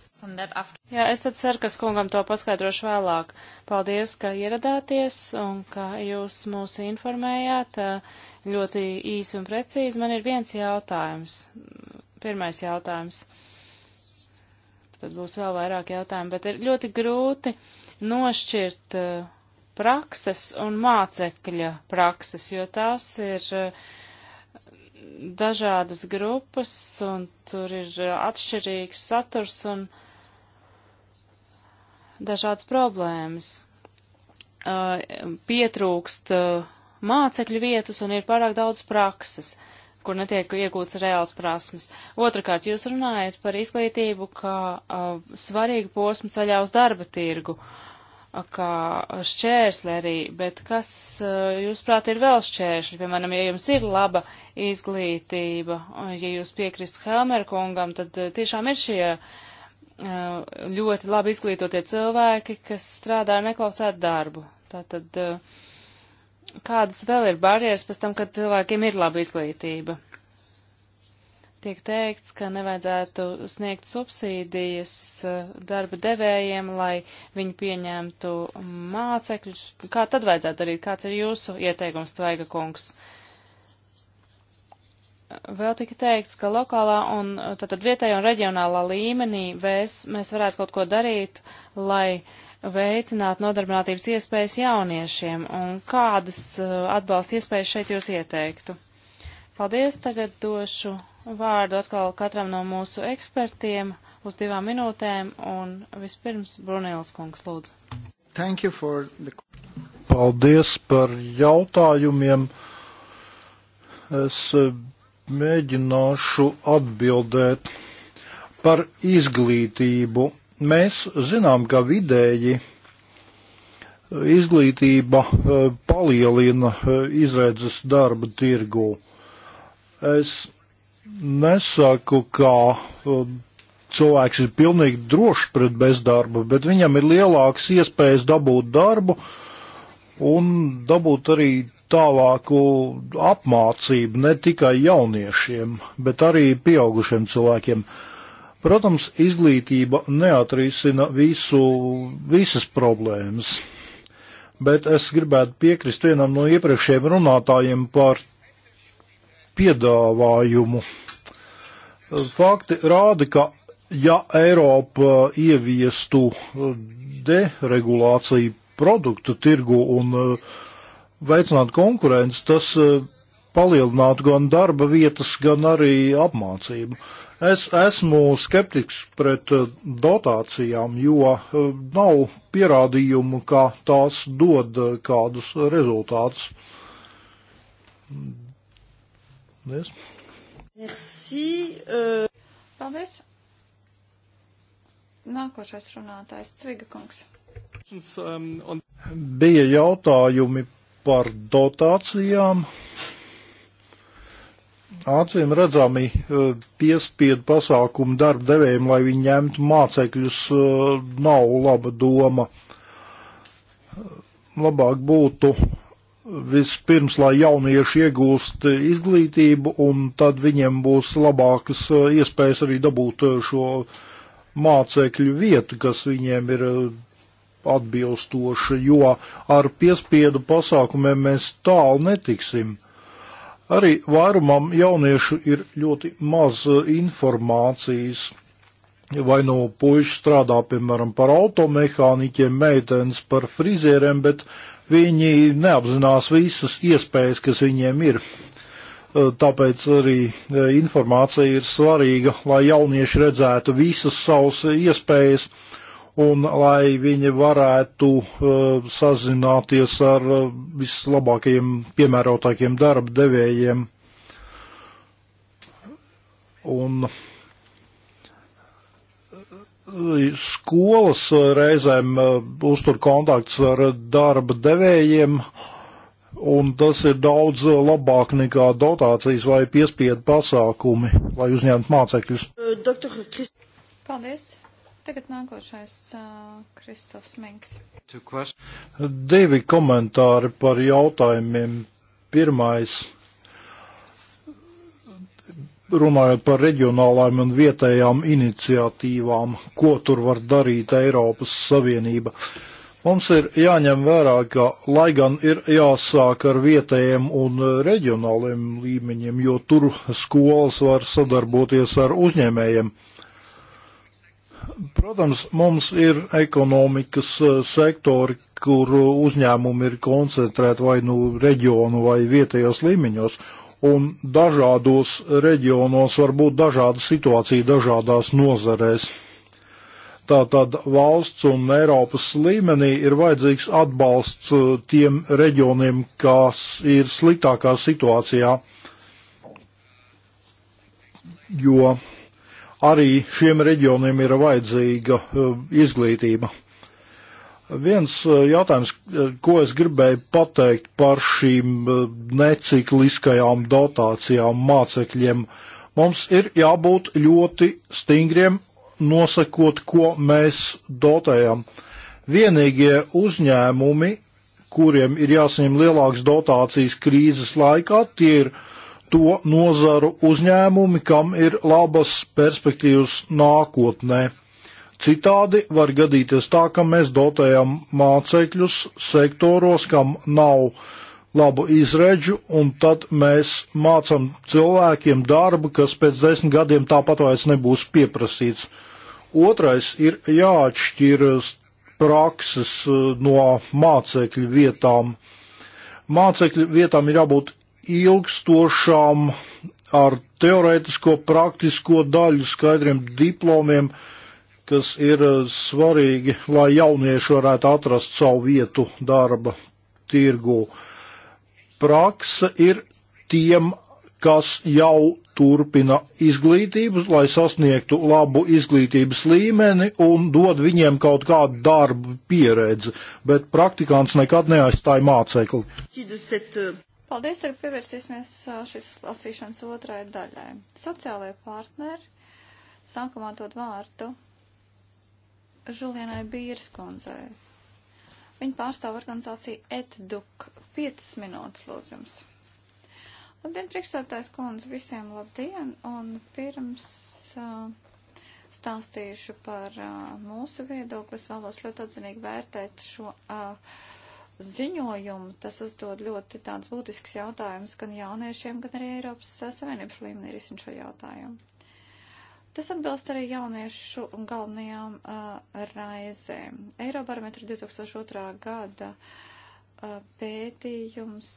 C: Jā, es tad Serkas kungam to paskaidrošu vēlāk. Paldies, ka ieradāties un ka jūs mūs informējāt eh, ļoti īsi un precīzi. Man ir viens jautājums. Pirmais jautājums. Uh, tad būs vēl vairāk jautājumu, bet ir ļoti grūti nošķirt eh, prakses un mācekļa prakses, jo tās ir eh, dažādas grupas un tur ir eh, atšķirīgs saturs un dažādas problēmas. Pietrūkst mācekļu vietas un ir pārāk daudz prakses. Uh, kur netiek iegūts reāls prasmes. Otrakārt, jūs runājat par izglītību kā uh, svarīgu posmu ceļā uz darba tirgu, a, kā šķērsli arī, bet kas, uh, jūsuprāt, ir vēl šķēršļi? Piemēram, ja jums ir laba izglītība, ja jūs piekristu Helmerkungam, tad uh, tiešām ir šie uh, ļoti labi izglītotie cilvēki, kas strādā neklausēt darbu. Tātad, uh, Kādas vēl ir barjeras pēc tam, kad cilvēkiem ir laba izglītība? Tiek teikts, ka nevajadzētu sniegt subsīdijas eh, darba devējiem, lai viņi pieņemtu mācekļus. Kā tad vajadzētu darīt? Kāds ir jūsu ieteikums, Tvaiga kungs? Vēl tika teikts, ka lokālā un eh, tātad vietējā un reģionālā līmenī mēs, mēs varētu kaut ko darīt, lai uh, veicināt nodarbinātības iespējas jauniešiem un kādas uh, atbalsta iespējas šeit jūs ieteiktu? Paldies, tagad došu vārdu atkal katram no mūsu ekspertiem uz divām minūtēm un vispirms Brunēls kungs lūdzu.
B: Thank you for the... Paldies par jautājumiem. Es eh, mēģināšu atbildēt par izglītību Mēs zinām, ka vidēji izglītība e, palielina e, izredzes darba tirgu. Es nesaku, ka e, cilvēks ir pilnīgi drošs pret bezdarbu, bet viņam ir lielāks iespējas dabūt darbu un dabūt arī tālāku apmācību ne tikai jauniešiem, bet arī pieaugušiem cilvēkiem. Uh, Protams, izglītība neatrisina visu, visas problēmas, bet es gribētu piekrist vienam no iepriekšējiem runātājiem par piedāvājumu. Fakti rāda, ka ja Eiropa ieviestu deregulāciju produktu tirgu un eh, veicinātu konkurenci, tas eh, palielinātu gan darba vietas, gan arī apmācību. Es esmu skeptiks pret eh, dotācijām, jo eh, nav pierādījumu, ka tās dod eh, kādus rezultātus. Paldies.
A: Merci, uh... Paldies. Nākošais runātājs Cviga kungs.
B: Um, Bija jautājumi par dotācijām acīm redzami eh, piespiedu pasākumu darba devējiem, lai viņi ņemtu mācekļus, eh, nav laba doma. Labāk būtu vispirms, lai jaunieši iegūst izglītību, un tad viņiem būs labākas eh, iespējas arī dabūt šo mācekļu vietu, kas viņiem ir atbilstoša, jo ar piespiedu pasākumiem mēs tālu netiksim. Arī vairumam jauniešu ir ļoti maz e, informācijas. Vai nu no puiši strādā, piemēram, par automehāniķiem, meitenes par frizieriem, bet viņi neapzinās visas iespējas, kas viņiem ir e, tāpēc arī e, informācija ir svarīga, lai jaunieši redzētu visas savas iespējas un lai viņi varētu uh, sazināties ar uh, vislabākajiem, piemērotākiem darba devējiem. Un eh, skolas reizēm uh, uztur kontakts ar darba devējiem, un tas ir daudz labāk nekā dotācijas vai piespiedu pasākumi, lai uzņemtu mācekļus.
A: Doktor, Krist... Paldies! Tagad nākošais uh, Kristofs Minks.
B: Divi komentāri par jautājumiem. Pirmais, runājot par reģionālām un vietējām iniciatīvām, ko tur var darīt Eiropas Savienība. Mums ir jāņem vērā, ka lai gan ir jāsāk ar vietējiem un reģionāliem līmeņiem, jo tur skolas var sadarboties ar uzņēmējiem. Uh, Protams, mums ir ekonomikas eh, sektori, kur uzņēmumi ir koncentrēti vai nu reģionu vai vietējos līmeņos, un dažādos reģionos var būt dažāda situācija dažādās nozarēs. Tātad valsts un Eiropas līmenī ir vajadzīgs atbalsts eh, tiem reģioniem, kas ir sliktākā situācijā, jo arī šiem reģioniem ir vajadzīga eh, izglītība. Viens eh, jautājums, eh, ko es gribēju pateikt par šīm necikliskajām dotācijām mācekļiem, mums ir jābūt ļoti stingriem nosakot, ko mēs dotējam. Vienīgie uzņēmumi, kuriem ir jāsaņem lielākas dotācijas krīzes laikā, tie ir uh, to nozaru uzņēmumi, kam ir labas perspektīvas nākotnē. Citādi var gadīties tā, ka mēs dotējam mācekļus sektoros, kam nav labu izredzu, un tad mēs mācam cilvēkiem darbu, kas pēc desmit gadiem tāpat vairs nebūs pieprasīts. Otrais ir jāatšķir prakses eh, no mācekļu vietām. Mācekļu vietām ir jābūt ilgstošām ar teorētisko praktisko daļu skaidriem diplomiem, kas ir eh, svarīgi, lai jaunieši varētu atrast savu vietu darba tirgu. Praksa ir tiem, kas jau turpina izglītību, lai sasniegtu labu izglītības līmeni un dod viņiem kaut kādu darbu pieredzi, bet praktikants nekad neaizstāja mācekli.
A: Paldies, tagad pievērsīsimies šīs lasīšanas otrai daļai. Sociālajie partneri, sākumā dod vārtu Žulienai Bīras kundzei. Viņa pārstāv organizāciju ETDUK. 5 minūtes, lūdzu jums. Labdien, priekšstādājs kundze, visiem labdien, un pirms uh, stāstīšu par uh, mūsu viedokli. Es vēlos ļoti atzinīgi vērtēt šo uh, ziņojumu, tas uzdod ļoti tāds būtisks jautājums gan jauniešiem, gan arī Eiropas Savienības līmenī risin šo jautājumu. Tas atbilst arī jauniešu galvenajām uh, raizēm. Eirobarometra 2002. gada uh, pētījums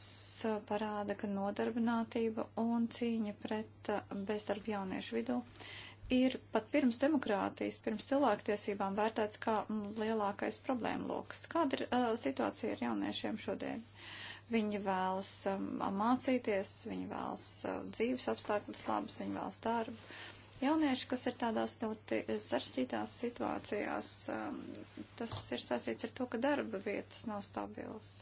A: uh, parāda, ka nodarbinātība un cīņa pret uh, bezdarbu jauniešu vidū uh, ir pat pirms demokrātijas, pirms cilvēktiesībām vērtēts kā mm, lielākais problēma lokus. Kāda ir uh, situācija ar jauniešiem šodien? Viņi vēlas um, mācīties, viņi vēlas uh, dzīves apstākļus labus, viņi vēlas darbu. Jaunieši, kas ir tādās ļoti uh, sarežģītās situācijās, um, tas ir saistīts ar to, ka darba vietas nav stabilas.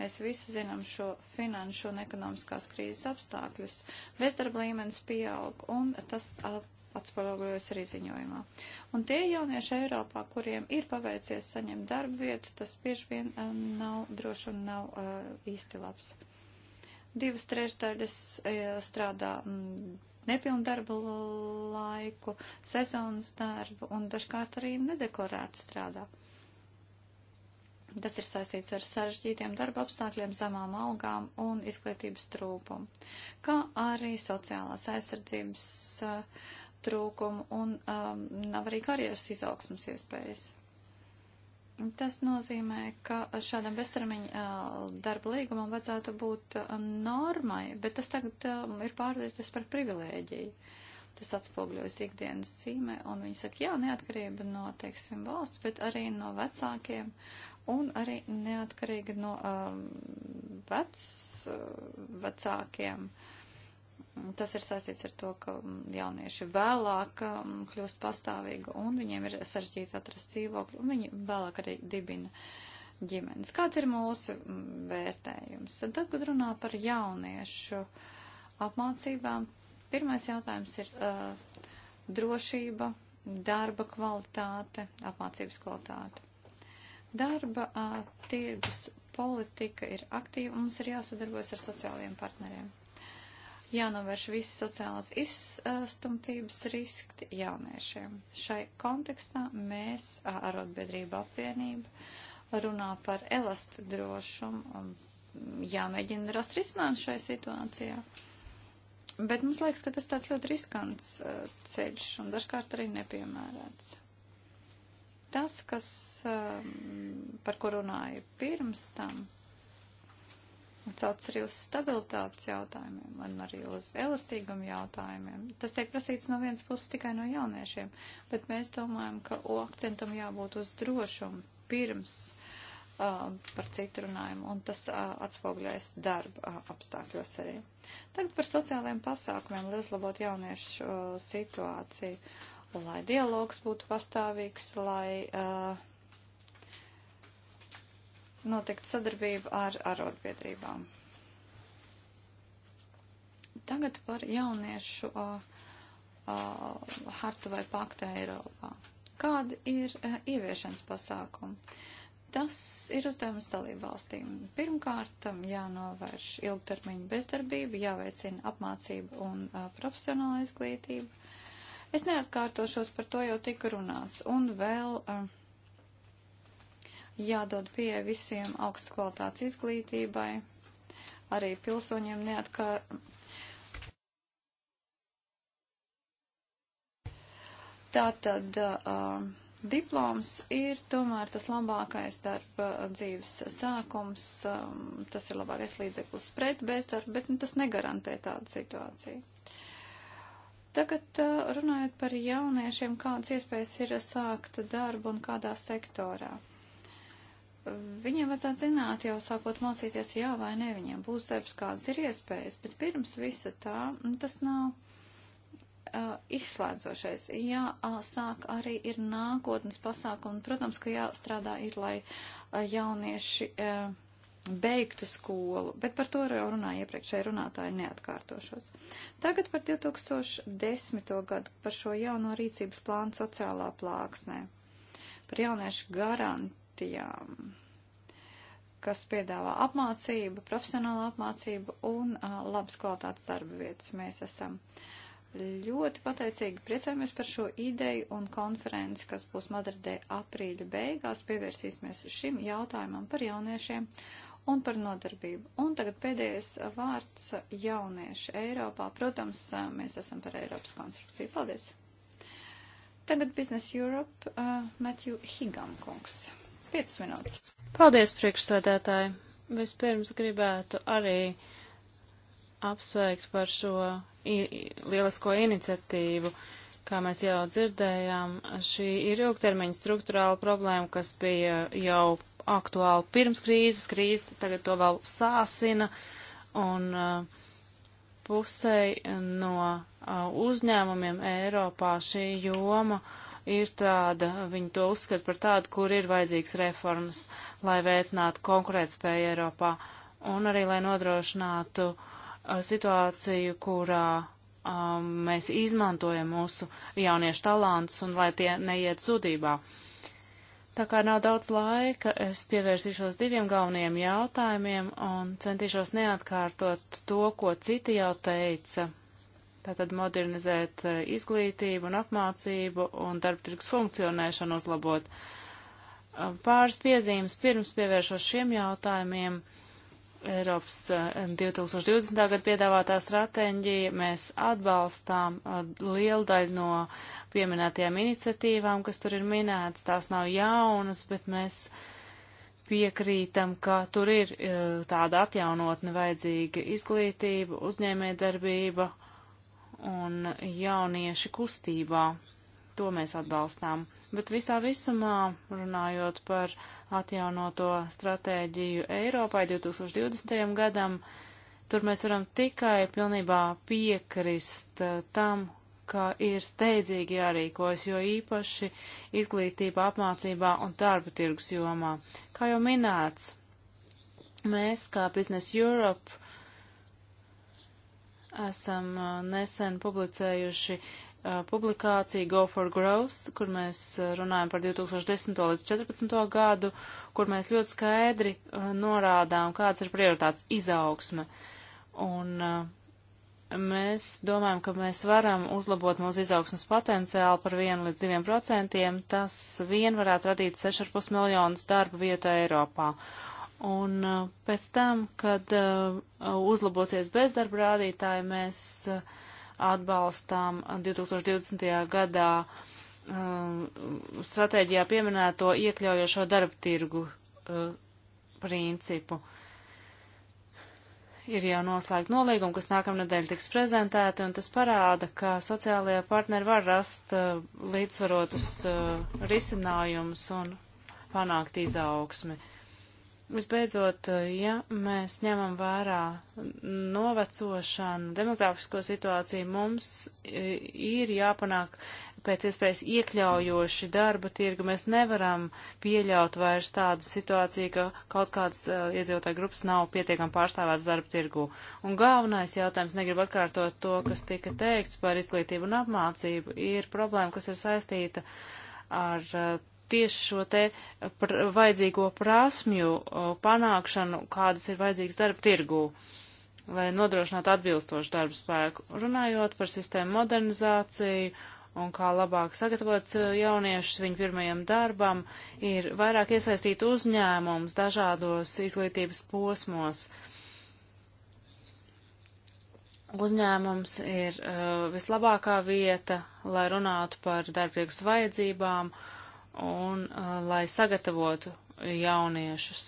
A: Mēs visi zinām šo finanšu un ekonomiskās krīzes apstākļus. Bezdarba līmenis pieaug, un tas uh, atspoguļojas arī ziņojumā. Un tie jaunieši Eiropā, kuriem ir paveicies saņemt darbu vietu, tas bieži vien um, nav droši un nav uh, īsti labs. Divas trešdaļas uh, strādā mm, nepilnu darbu laiku, sezonas darbu un dažkārt arī nedeklarēti strādā. Tas ir saistīts ar sarežģītiem darba apstākļiem, zemām algām un izglītības trūkumu, kā arī sociālās aizsardzības uh, trūkumu un um, nav arī karjeras izaugsmas iespējas. Tas nozīmē, ka šādam beztermiņa uh, darba līgumam vajadzētu būt uh, normai, bet tas tagad um, ir pārvērties par privilēģiju. Tas atspogļojas ikdienas dzīvē, un viņi saka, jā, neatkarība no, teiksim, valsts, bet arī no vecākiem, un arī neatkarīgi no um, vec, uh, vecākiem. Uh, Tas ir saistīts ar to, ka mm, jaunieši vēlāk um, kļūst pastāvīgi un viņiem ir sarežģīti atrast dzīvokli un viņi vēlāk arī dibina ģimenes. Kāds ir mūsu mm, vērtējums? Tad, kad runā par jauniešu apmācībām, pirmais jautājums ir uh, drošība, darba kvalitāte, apmācības kvalitāte. Darba uh, tirgus politika ir aktīva, mums ir jāsadarbojas ar sociālajiem partneriem jānovērš visi sociālās izstumtības riski jauniešiem. Šai kontekstā mēs, arotbiedrība apvienība, runā par elastu drošumu un jāmēģina rast risinājumu šai situācijā. Bet mums liekas, ka tas tāds ļoti riskants uh, ceļš un dažkārt arī nepiemērēts. Tas, kas, uh, par ko runāju pirms tam, Cauts arī uz stabilitātes jautājumiem un arī uz elastīgumu jautājumiem. Tas tiek prasīts no vienas puses tikai no jauniešiem, bet mēs domājam, ka o, akcentam jābūt uz drošumu pirms uh, par citu runājumu, un tas uh, atspoguļojas darba uh, apstākļos arī. Tagad par sociālajiem pasākumiem, lai uzlabotu jauniešu uh, situāciju, lai dialogs būtu pastāvīgs, lai. Uh, notikt sadarbība ar arotbiedrībām. Tagad par jauniešu uh, uh, hartu vai paktu Eiropā. Kādi ir uh, ieviešanas pasākumi? Tas ir uzdevums dalību valstīm. Pirmkārt, jānovērš ilgtermiņa bezdarbība, jāveicina apmācība un uh, profesionāla izglītība. Es neatkārtošos par to jau tika runāts. Un vēl. Uh, jādod pieeja visiem augstu kvalitātes izglītībai, arī pilsoņiem neatkar. Tātad uh, diploms ir tomēr tas labākais darba dzīves sākums, um, tas ir labākais līdzeklis pret bezdarbu, bet nu, tas negarantē tādu situāciju. Tagad uh, runājot par jauniešiem, kādas iespējas ir sākt darbu un kādā sektorā. Uh, Viņiem vajadzētu zināt, jau sākot mācīties, jā vai nē, viņiem būs darbs, kādas ir iespējas, bet pirms visa tā tas nav uh, izslēdzošais. Jā, uh, sāk arī ir nākotnes pasākumi. Protams, ka jāstrādā ir, lai uh, jaunieši uh, beigtu skolu, bet par to jau runāja iepriekšēji runātāji neatkārtošos. Tagad par 2010. gadu, par šo jauno rīcības plānu sociālā plāksnē, par jauniešu garantiju partijām, kas piedāvā apmācību, profesionālu apmācību un uh, labas kvalitātes darba vietas. Mēs esam ļoti pateicīgi priecājamies par šo ideju un konferenci, kas būs Madridē aprīļa beigās. Pievērsīsimies šim jautājumam par jauniešiem un par nodarbību. Un tagad pēdējais vārds jaunieši Eiropā. Protams, mēs esam par Eiropas konstrukciju. Paldies! Tagad Business Europe, uh, Matthew Higam kungs. 5 minūtes.
C: Paldies, priekšsēdētāji. Vispirms gribētu arī apsveikt par šo lielisko iniciatīvu. Kā mēs jau dzirdējām, šī ir ilgtermiņa struktūrāla problēma, kas bija jau aktuāli pirms krīzes. Krīze tagad to vēl sāsina un uh, pusē no uh, uzņēmumiem Eiropā šī joma uh, ir tāda, viņi to uzskata par tādu, kur ir vajadzīgs reformas, lai veicinātu konkurētspēju Eiropā un arī lai nodrošinātu uh, situāciju, kurā um, mēs izmantojam mūsu jauniešu talantus un lai tie neiet zudībā. Tā kā nav daudz laika, es pievērsīšos diviem galvenajiem jautājumiem un centīšos neatkārtot to, ko citi jau teica Tātad modernizēt eh, izglītību un apmācību un darbtirgs funkcionēšanu uzlabot. Eh, pāris piezīmes pirms pievēršos šiem jautājumiem. Eiropas 2020. Eh, gada piedāvātā stratēģija mēs atbalstām lielu daļu no pieminētajām iniciatīvām, kas tur ir minētas. Tās nav jaunas, bet mēs piekrītam, ka tur ir tāda atjaunotne vajadzīga izglītība, uzņēmējdarbība un jaunieši kustībā. To mēs atbalstām. Bet visā visumā, runājot par atjaunoto stratēģiju Eiropai 2020. gadam, tur mēs varam tikai pilnībā piekrist uh, tam, ka ir steidzīgi jārīkojas, jo īpaši izglītībā, apmācībā un darba tirgus jomā. Kā jau minēts, mēs kā Business Europe Esam nesen publicējuši publikāciju Go for Growth, kur mēs runājam par 2010. līdz 2014. gadu, kur mēs ļoti skaidri norādām, kāds ir prioritāts izaugsme. Un mēs domājam, ka mēs varam uzlabot mūsu izaugsmas potenciālu par 1 līdz 2 procentiem. Tas vien varētu radīt 6,5 miljonus darba vietu Eiropā. Un uh, pēc tam, kad uh, uzlabosies bezdarba rādītāji, mēs uh, atbalstām 2020. gadā stratēģijā pieminēto iekļaujošo darba tirgu principu ir jau noslēgta nolīguma, kas nākamnedēļ tiks prezentēta, un tas parāda, ka sociālajie partneri var rast uh, līdzsvarotus uh, risinājumus un panākt izaugsmi. Visbeidzot, ja mēs ņemam vērā novecošanu, demografisko situāciju, mums e, ir jāpanāk pēc iespējas iekļaujoši darba tirgu. Mēs nevaram pieļaut vairs tādu situāciju, ka kaut kāds uh, iedzīvotāju grupas nav pietiekami pārstāvēts darba tirgu. Un galvenais jautājums, negribu atkārtot to, kas tika teikts par izglītību un apmācību, ir problēma, kas ir saistīta ar uh, tieši šo te pr vajadzīgo prasmju panākšanu, kādas ir vajadzīgas darba tirgū, lai nodrošinātu atbilstošu darba spēku. Runājot par sistēmu modernizāciju un kā labāk sagatavot jauniešus viņu pirmajam darbam, ir vairāk iesaistīt uzņēmums dažādos izglītības posmos uzņēmums ir uh, vislabākā vieta, lai runātu par darbiegus vajadzībām un uh, lai sagatavotu jauniešus.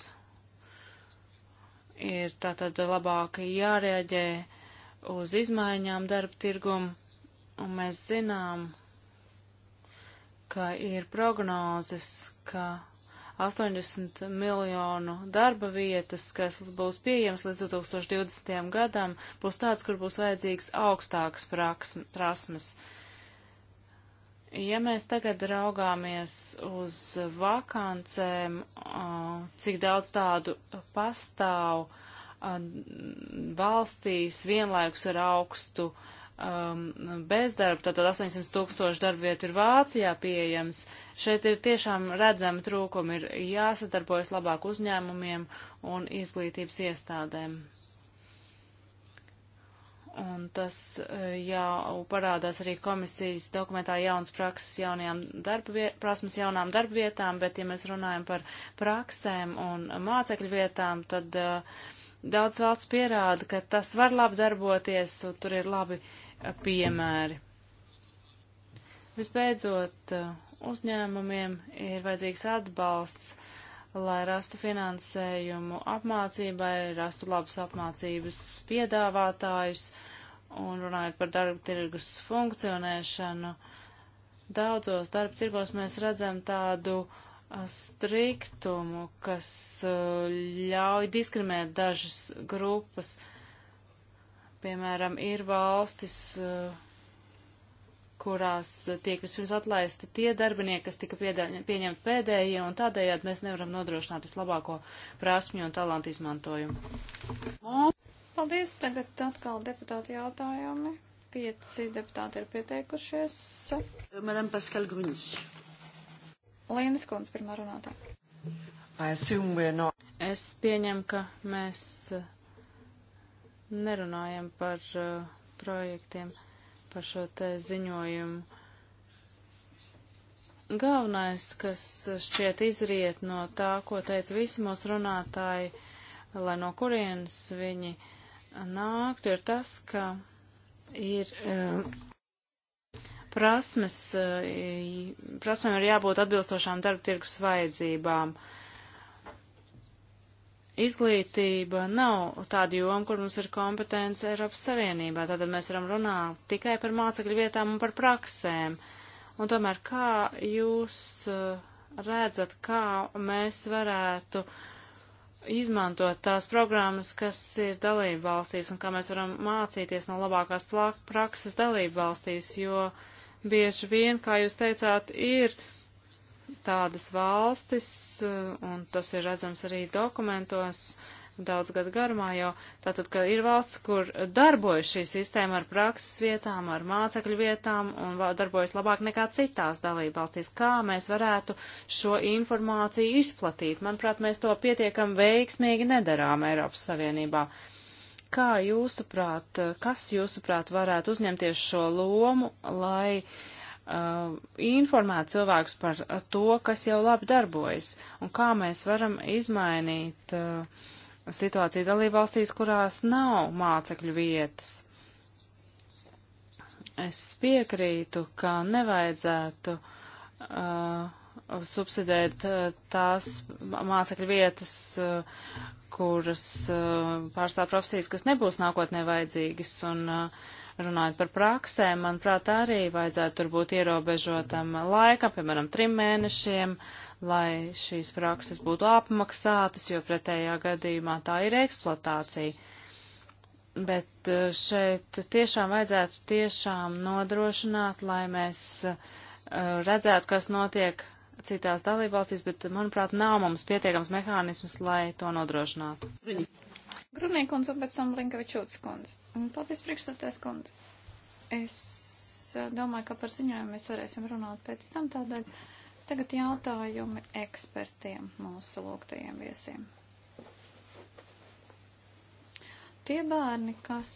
C: Ir tātad labāk jārēģē uz izmaiņām darba tirgumu, un mēs zinām, ka ir prognozes, ka 80 miljonu darba vietas, kas būs pieejams līdz 2020. gadam, būs tāds, kur būs vajadzīgs augstākas prasmes. Ja mēs tagad raugāmies uz vakancēm, cik daudz tādu pastāv valstīs vienlaikus ar augstu um, bezdarbu, tātad 800 tūkstoši darbvietu ir Vācijā pieejams, šeit ir tiešām redzami trūkumi, ir jāsadarbojas labāk uzņēmumiem un izglītības iestādēm. Un tas eh, jau parādās arī komisijas dokumentā jaunas prakses jaunajām darbaviet, prasmes jaunām darbvietām, bet ja mēs runājam par praksēm un mācekļu vietām, tad uh, daudz valsts pierāda, ka tas var labi darboties, un tur ir labi uh, piemēri. Visbeidzot, uh, uzņēmumiem ir vajadzīgs atbalsts lai rastu finansējumu apmācībai, rastu labus apmācības piedāvātājus un runājot par darba tirgus funkcionēšanu. Daudzos darba tirgos mēs redzam tādu striktumu, kas ļauj diskriminēt dažas grupas. Piemēram, ir valstis, uh, kurās tiek vispirms atlaisti tie darbinieki, kas tika pieņemti pēdējie, un tādējādi mēs nevaram nodrošināt vislabāko prasmju un talantu izmantojumu.
A: Paldies, tagad atkal deputāti jautājumi. Pieci deputāti ir pieteikušies.
C: Madam Pascal Grunis. Lienas Kundze, pirmā runātāja. Not... Es pieņemu, ka mēs eh, nerunājam par uh, projektiem. Uh, par šo te ziņojumu. Galvenais, kas šķiet izriet no tā, ko teica visi mūsu runātāji, lai no kurienes viņi nāktu, ir tas, ka ir eh, prasmes, eh, prasmēm ir jābūt atbilstošām darba tirgus vajadzībām. Uh, Izglītība nav tāda joma, kur mums ir kompetence Eiropas Savienībā, tātad mēs varam runāt tikai par mācekļu vietām un par praksēm. Un tomēr kā jūs eh, redzat, kā mēs varētu izmantot tās programmas, kas ir dalība valstīs un kā mēs varam mācīties no labākās prakses dalība valstīs, jo bieži vien, kā jūs teicāt, ir uh, tādas valstis, eh, un tas ir redzams arī dokumentos daudz gadu garumā jau, tātad, ka ir valsts, kur darbojas šī sistēma ar prakses vietām, ar mācekļu vietām, un darbojas labāk nekā citās dalībvalstīs. Kā mēs varētu šo informāciju izplatīt? Manuprāt, mēs to pietiekam veiksmīgi nedarām Eiropas Savienībā kā jūsuprāt, kas jūsuprāt varētu uzņemties šo lomu, lai Uh, informēt cilvēkus par to, kas jau labi darbojas un kā mēs varam izmainīt uh, situāciju dalībvalstīs, kurās nav mācekļu vietas. Es piekrītu, ka nevajadzētu uh, subsidēt uh, tās mācekļu vietas, uh, kuras uh, pārstāv profesijas, kas nebūs nākotnē vajadzīgas. Un, uh, Runājot par praksēm, manuprāt, arī vajadzētu tur būt ierobežotam laikam, piemēram, trim mēnešiem, lai šīs prakses būtu apmaksātas, jo pretējā gadījumā tā ir eksploatācija. Bet eh, šeit tiešām vajadzētu tiešām nodrošināt, lai mēs eh, redzētu, kas notiek citās dalībvalstīs, bet, manuprāt, nav mums pietiekams mehānisms, lai to nodrošinātu.
A: Viņi. Grunīgi kundze un pēc tam Linkavičūtas kundze. Paldies, priekšstādājs kundze. Es domāju, ka par ziņojumu mēs varēsim runāt pēc tam tādēļ. Tagad jautājumi ekspertiem mūsu lūgtajiem viesiem. Tie bērni, kas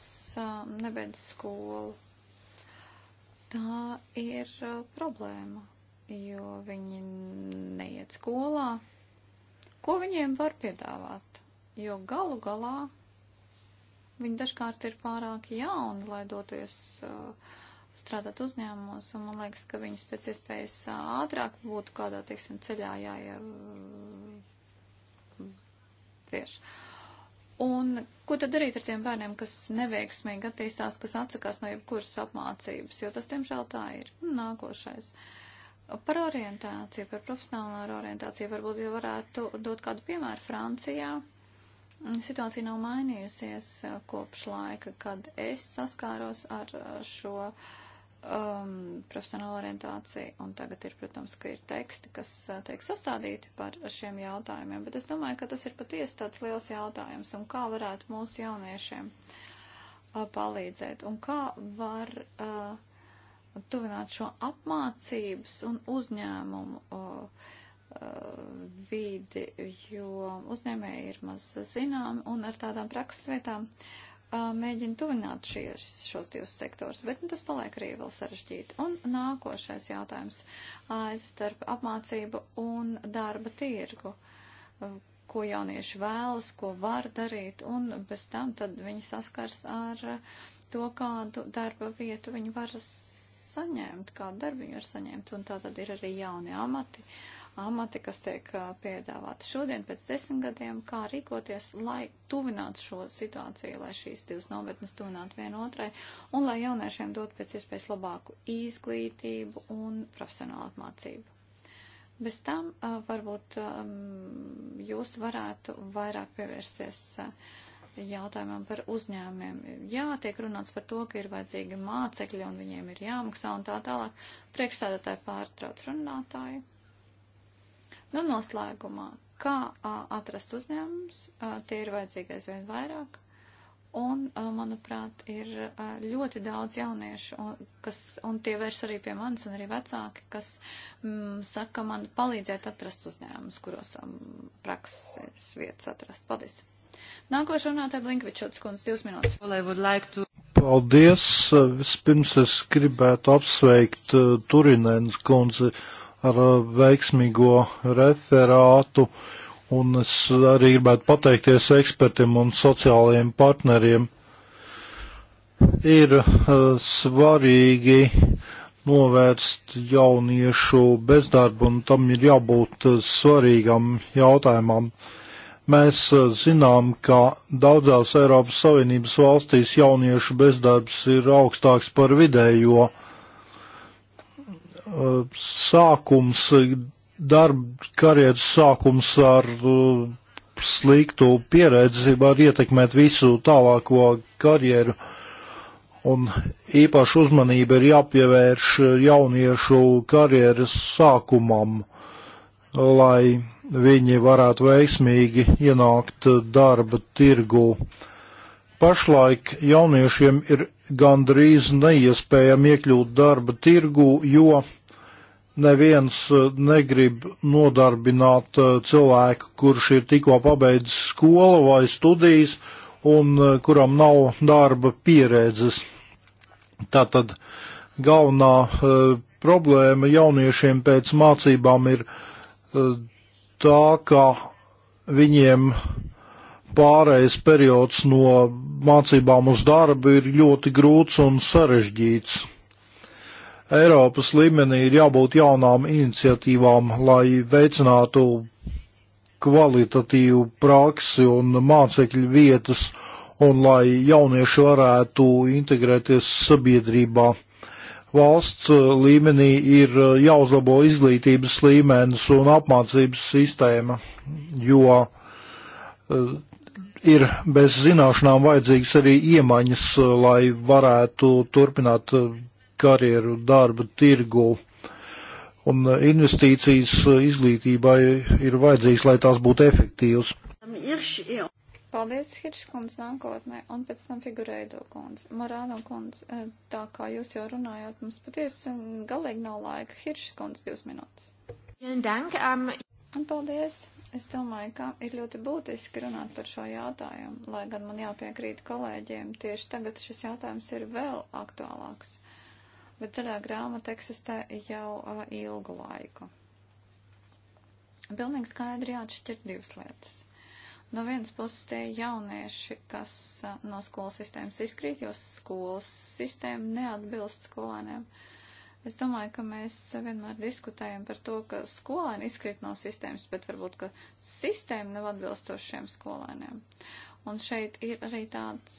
A: nebeidz skolu, tā ir problēma, jo viņi neiet skolā. Ko viņiem var piedāvāt? jo galu galā viņi dažkārt ir pārāk jauni, lai doties uh, strādāt uzņēmumos, un man liekas, ka viņus pēc iespējas uh, ātrāk būtu kādā, teiksim, ceļā jāievieš. Uh, un ko tad darīt ar tiem bērniem, kas neveiksmīgi attīstās, kas atsakās no jebkuras apmācības, jo tas, diemžēl, tā ir. Nākošais. Par orientāciju, par profesionālo orientāciju varbūt jau varētu dot kādu piemēru Francijā. Mm, situācija nav mainījusies uh, kopš laika, kad es saskāros ar uh, šo um, profesionālo orientāciju, un tagad ir, protams, ka ir teksti, kas uh, tiek sastādīti par šiem jautājumiem, bet es domāju, ka tas ir patiesi tāds liels jautājums, un kā varētu mūsu jauniešiem uh, palīdzēt, un kā var uh, tuvināt šo apmācības un uzņēmumu. Uh, vidi, jo uzņēmēji ir maz zināmi un ar tādām prakses vietām mēģina tuvināt šies, šos divus sektors, bet nu, tas paliek arī vēl sarežģīti. Un nākošais jautājums aizstarp apmācību un darba tirgu ko jaunieši vēlas, ko var darīt, un bez tam tad viņi saskars ar to, kādu darba vietu viņi var saņemt, kādu darbu viņi var saņemt, un tā tad ir arī jauni amati. Uh, amati, kas tiek piedāvāti šodien pēc desmit gadiem, kā rīkoties, lai tuvinātu šo situāciju, lai šīs divas nometnes tuvinātu vienotrai un lai jauniešiem dot pēc iespējas labāku izglītību un profesionālu apmācību. Bez tam varbūt jūs varētu vairāk pievērsties jautājumam par uzņēmiem. Jā, tiek runāts par to, ka ir vajadzīgi mācekļi un viņiem ir jāmaksā un tā tālāk. Priekšstādātāji pārtrauc runātāju. Nu, noslēgumā, kā a, atrast uzņēmums, a, tie ir vajadzīgi aizvien vairāk. Un, a, manuprāt, ir a, ļoti daudz jauniešu, un, kas, un tie vairs arī pie manis, un arī vecāki, kas m, saka man palīdzēt atrast uzņēmumus, kuros m, prakses vietas atrast. Paldies! Nākošais runātāja Blinkvičots kundze, divas minūtes. Like to...
B: Paldies! Vispirms es gribētu apsveikt uh, Turinēnas kundzi ar uh, veiksmīgo referātu, un es arī gribētu pateikties ekspertiem un sociālajiem partneriem. Ir uh, svarīgi novērst jauniešu bezdarbu, un tam ir jābūt uh, svarīgam jautājumam. Mēs zinām, ka daudzās Eiropas Savienības valstīs jauniešu bezdarbs ir augstāks par vidējo. Jo Eh, sākums, darba karjeras sākums ar eh, sliktu pieredzi var ietekmēt visu tālāko karjeru. Un īpaši uzmanība ir jāpievērš jauniešu karjeras sākumam, lai viņi varētu veiksmīgi ienākt darba tirgu. Pašlaik jauniešiem ir gandrīz neiespējami iekļūt darba tirgu, jo neviens eh, negrib nodarbināt eh, cilvēku, kurš ir tikko pabeidzis skolu vai studijas un eh, kuram nav darba pieredzes. Tātad galvenā uh, problēma jauniešiem pēc mācībām ir uh, tā, ka viņiem pārējais periods no mācībām uz darbu ir ļoti grūts un sarežģīts. Eiropas līmenī ir jābūt jaunām iniciatīvām, lai veicinātu kvalitatīvu praksi un mācekļu vietas, un lai jaunieši varētu integrēties sabiedrībā. Valsts līmenī ir jāuzlabo izglītības līmenis un apmācības sistēma, jo eh, ir bez zināšanām vajadzīgs arī iemaņas, lai varētu turpināt eh, karjeru darba tirgu. Un uh, investīcijas uh, izglītībai ir vajadzīgs, lai tās būtu efektīvas.
A: Paldies, Hirš kundze, nākotnē, un pēc tam figurēdo kundze. Marāno kundze, eh, tā kā jūs jau runājāt, mums patiesi mm, galīgi nav laika. Hirš kundze, divas minūtes. Ähm, un paldies. Es domāju, ka ir ļoti būtiski runāt par šo jautājumu, lai gan man jāpiekrīt kolēģiem, tieši tagad šis jautājums ir vēl aktuālāks bet zaļā grāmata eksistē jau uh, ilgu laiku. Pilnīgi skaidri jāatšķir divas lietas. No vienas puses tie jaunieši, kas uh, no skolas sistēmas izkrīt, jo skolas sistēma neatbilst skolēniem. Es domāju, ka mēs vienmēr diskutējam par to, ka skolēni izkrīt no sistēmas, bet varbūt, ka sistēma nav atbilstoša šiem skolēniem. Un šeit ir arī tāds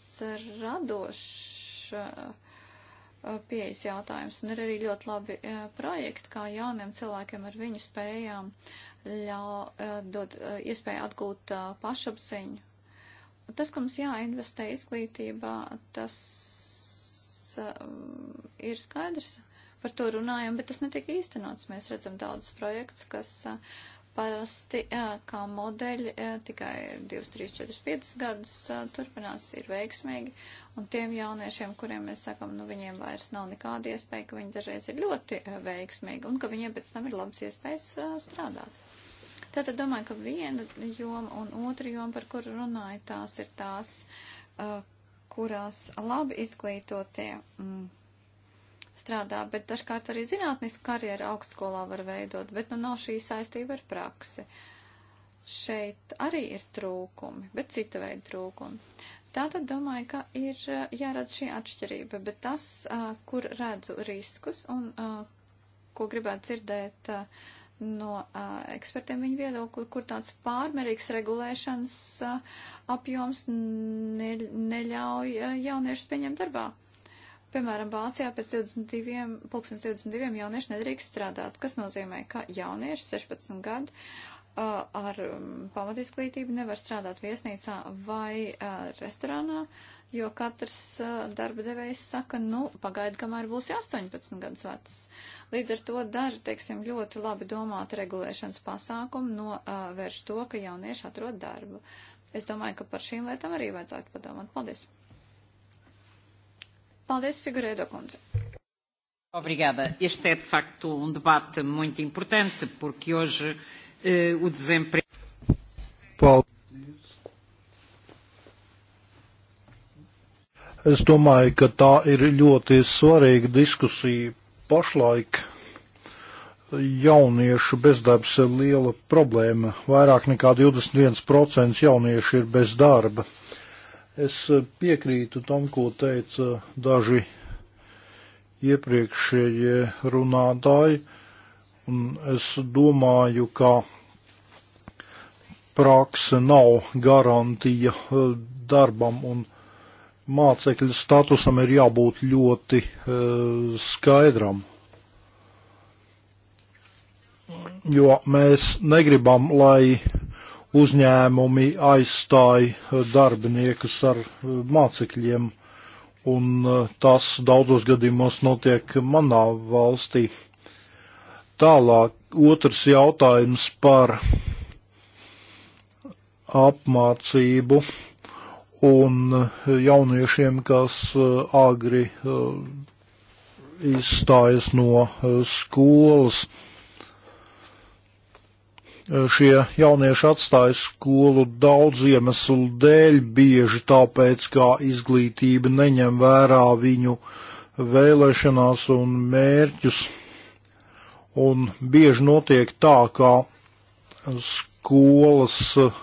A: radošs uh, Uh, pieejas jautājums. Un ir arī ļoti labi uh, projekti, kā jauniem cilvēkiem ar viņu spējām ļau, uh, dot iespēju atgūt pašapziņu. Tas, ka mums jāinvestē izglītībā, tas ir skaidrs. Par to runājam, bet tas netiek īstenots. Mēs redzam daudzus projektus, kas parasti kā modeļi tikai 2, 3, 4, 5 gadus turpinās ir veiksmīgi, un tiem jauniešiem, kuriem mēs sakam, nu viņiem vairs nav nekāda iespēja, ka viņi dažreiz ir ļoti veiksmīgi, un ka viņiem pēc tam ir labas iespējas strādāt. Tātad domāju, ka viena joma un otra joma, par kuru runāju, tās ir tās, kurās labi izglītotie. Mm, strādā, bet dažkārt arī zinātnisku karjeru augstskolā var veidot, bet nu nav šī saistība ar praksi. Šeit arī ir trūkumi, bet cita veida trūkumi. Tātad domāju, ka ir jāredz šī atšķirība, bet tas, kur redzu riskus un ko gribētu dzirdēt no ekspertiem viņu viedokli, kur tāds pārmērīgs regulēšanas apjoms neļauj jauniešus pieņemt darbā. Piemēram, Vācijā pēc 22, 22 jaunieši nedrīkst strādāt, kas nozīmē, ka jaunieši 16 gadu ar um, pamatizglītību nevar strādāt viesnīcā vai restorānā, jo katrs darba devējs saka, nu, pagaidi, kamēr būs 18 gadus vecs. Līdz ar to daži, teiksim, ļoti labi domāti regulēšanas pasākumi novērš to, ka jaunieši atrod darbu. Es domāju, ka par šīm lietām arī vajadzētu padomāt. Paldies! Paldies, Figurēdo kundze.
C: Obrigada. Este é, de facto, um debate muito importante, porque hoje eh, o desemprego.
B: Paldies. Es domāju, ka tā ir ļoti svarīga diskusija pašlaik. Jauniešu bezdarbs ir liela problēma. Vairāk nekā 21% jaunieši ir bez darba. Es eh, piekrītu tam, ko teica daži iepriekšējie runātāji, un es domāju, ka prakse nav garantija eh, darbam un mācekļu statusam ir jābūt ļoti uh, skaidram. Jo mēs negribam, lai uzņēmumi aizstāja eh, darbiniekus ar eh, mācekļiem, un eh, tas daudzos gadījumos notiek manā valstī. Tālāk otrs jautājums par apmācību un jauniešiem, kas agri izstājas no skolas. Uh, Eh, šie jaunieši atstāja skolu daudz iemeslu dēļ, bieži tāpēc, ka izglītība neņem vērā viņu vēlēšanās un mērķus. Un bieži notiek tā, ka skolas eh,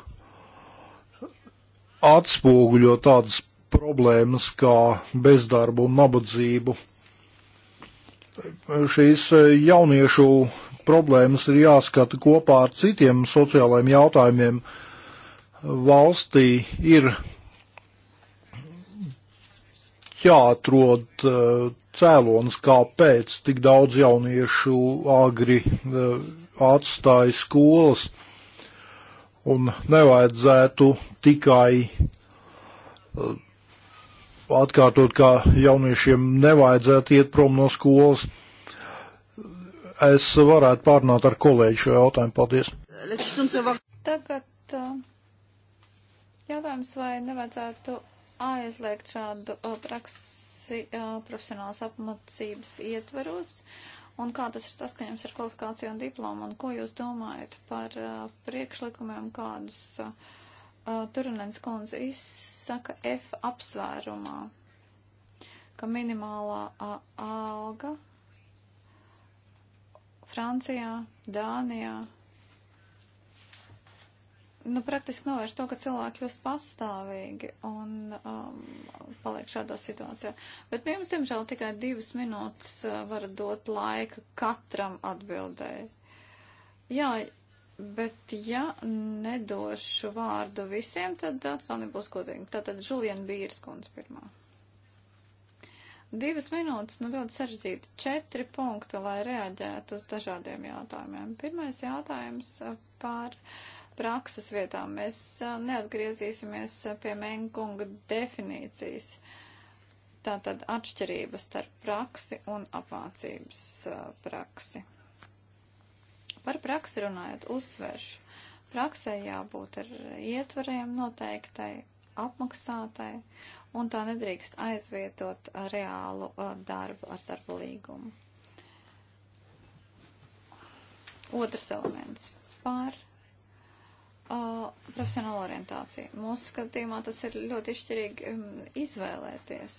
B: atspoguļo tādas problēmas kā bezdarbu un nabadzību. Šīs jauniešu problēmas ir jāskata kopā ar citiem sociālajiem jautājumiem. Valstī ir jāatrod eh, cēlonis, kāpēc tik daudz jauniešu agri eh, atstāja skolas, un nevajadzētu tikai eh, atkārtot, ka jauniešiem nevajadzētu iet prom no skolas es varētu pārnāt ar kolēģi šo jautājumu. Paldies.
A: Tagad uh, jautājums, vai nevajadzētu aizliegt šādu uh, praksi uh, profesionālas apmācības ietvaros, un kā tas ir saskaņams ar kvalifikāciju un diplomu, un ko jūs domājat par priekšlikumiem, kādus Turunens kundze izsaka F apsvērumā, ka minimālā alga Francijā, Dānijā. Nu, praktiski novērš to, ka cilvēki kļūst pastāvīgi un um, paliek šādā situācijā. Bet nu, jums, diemžēl, tikai divas minūtes uh, var dot laika katram atbildēji. Jā, bet ja nedošu vārdu visiem, tad atkal nebūs godīgi. Tātad Žulien Bīrs kundze pirmā. Divas minūtes, nu ļoti sarežģīti, četri punkti, lai reaģētu uz dažādiem jautājumiem. Pirmais jautājums uh, par prakses vietām. Mēs uh, neatgriezīsimies uh, pie Menkunga definīcijas. Tātad atšķirības starp praksi un apmācības praksi. Par praksi runājot, uzsveršu. Praksē jābūt ar ietvariem noteiktai, apmaksātai un tā nedrīkst aizvietot reālu darbu ar darba līgumu. Otrs elements par uh, profesionālo orientāciju. Mūsu skatījumā tas ir ļoti izšķirīgi um, izvēlēties.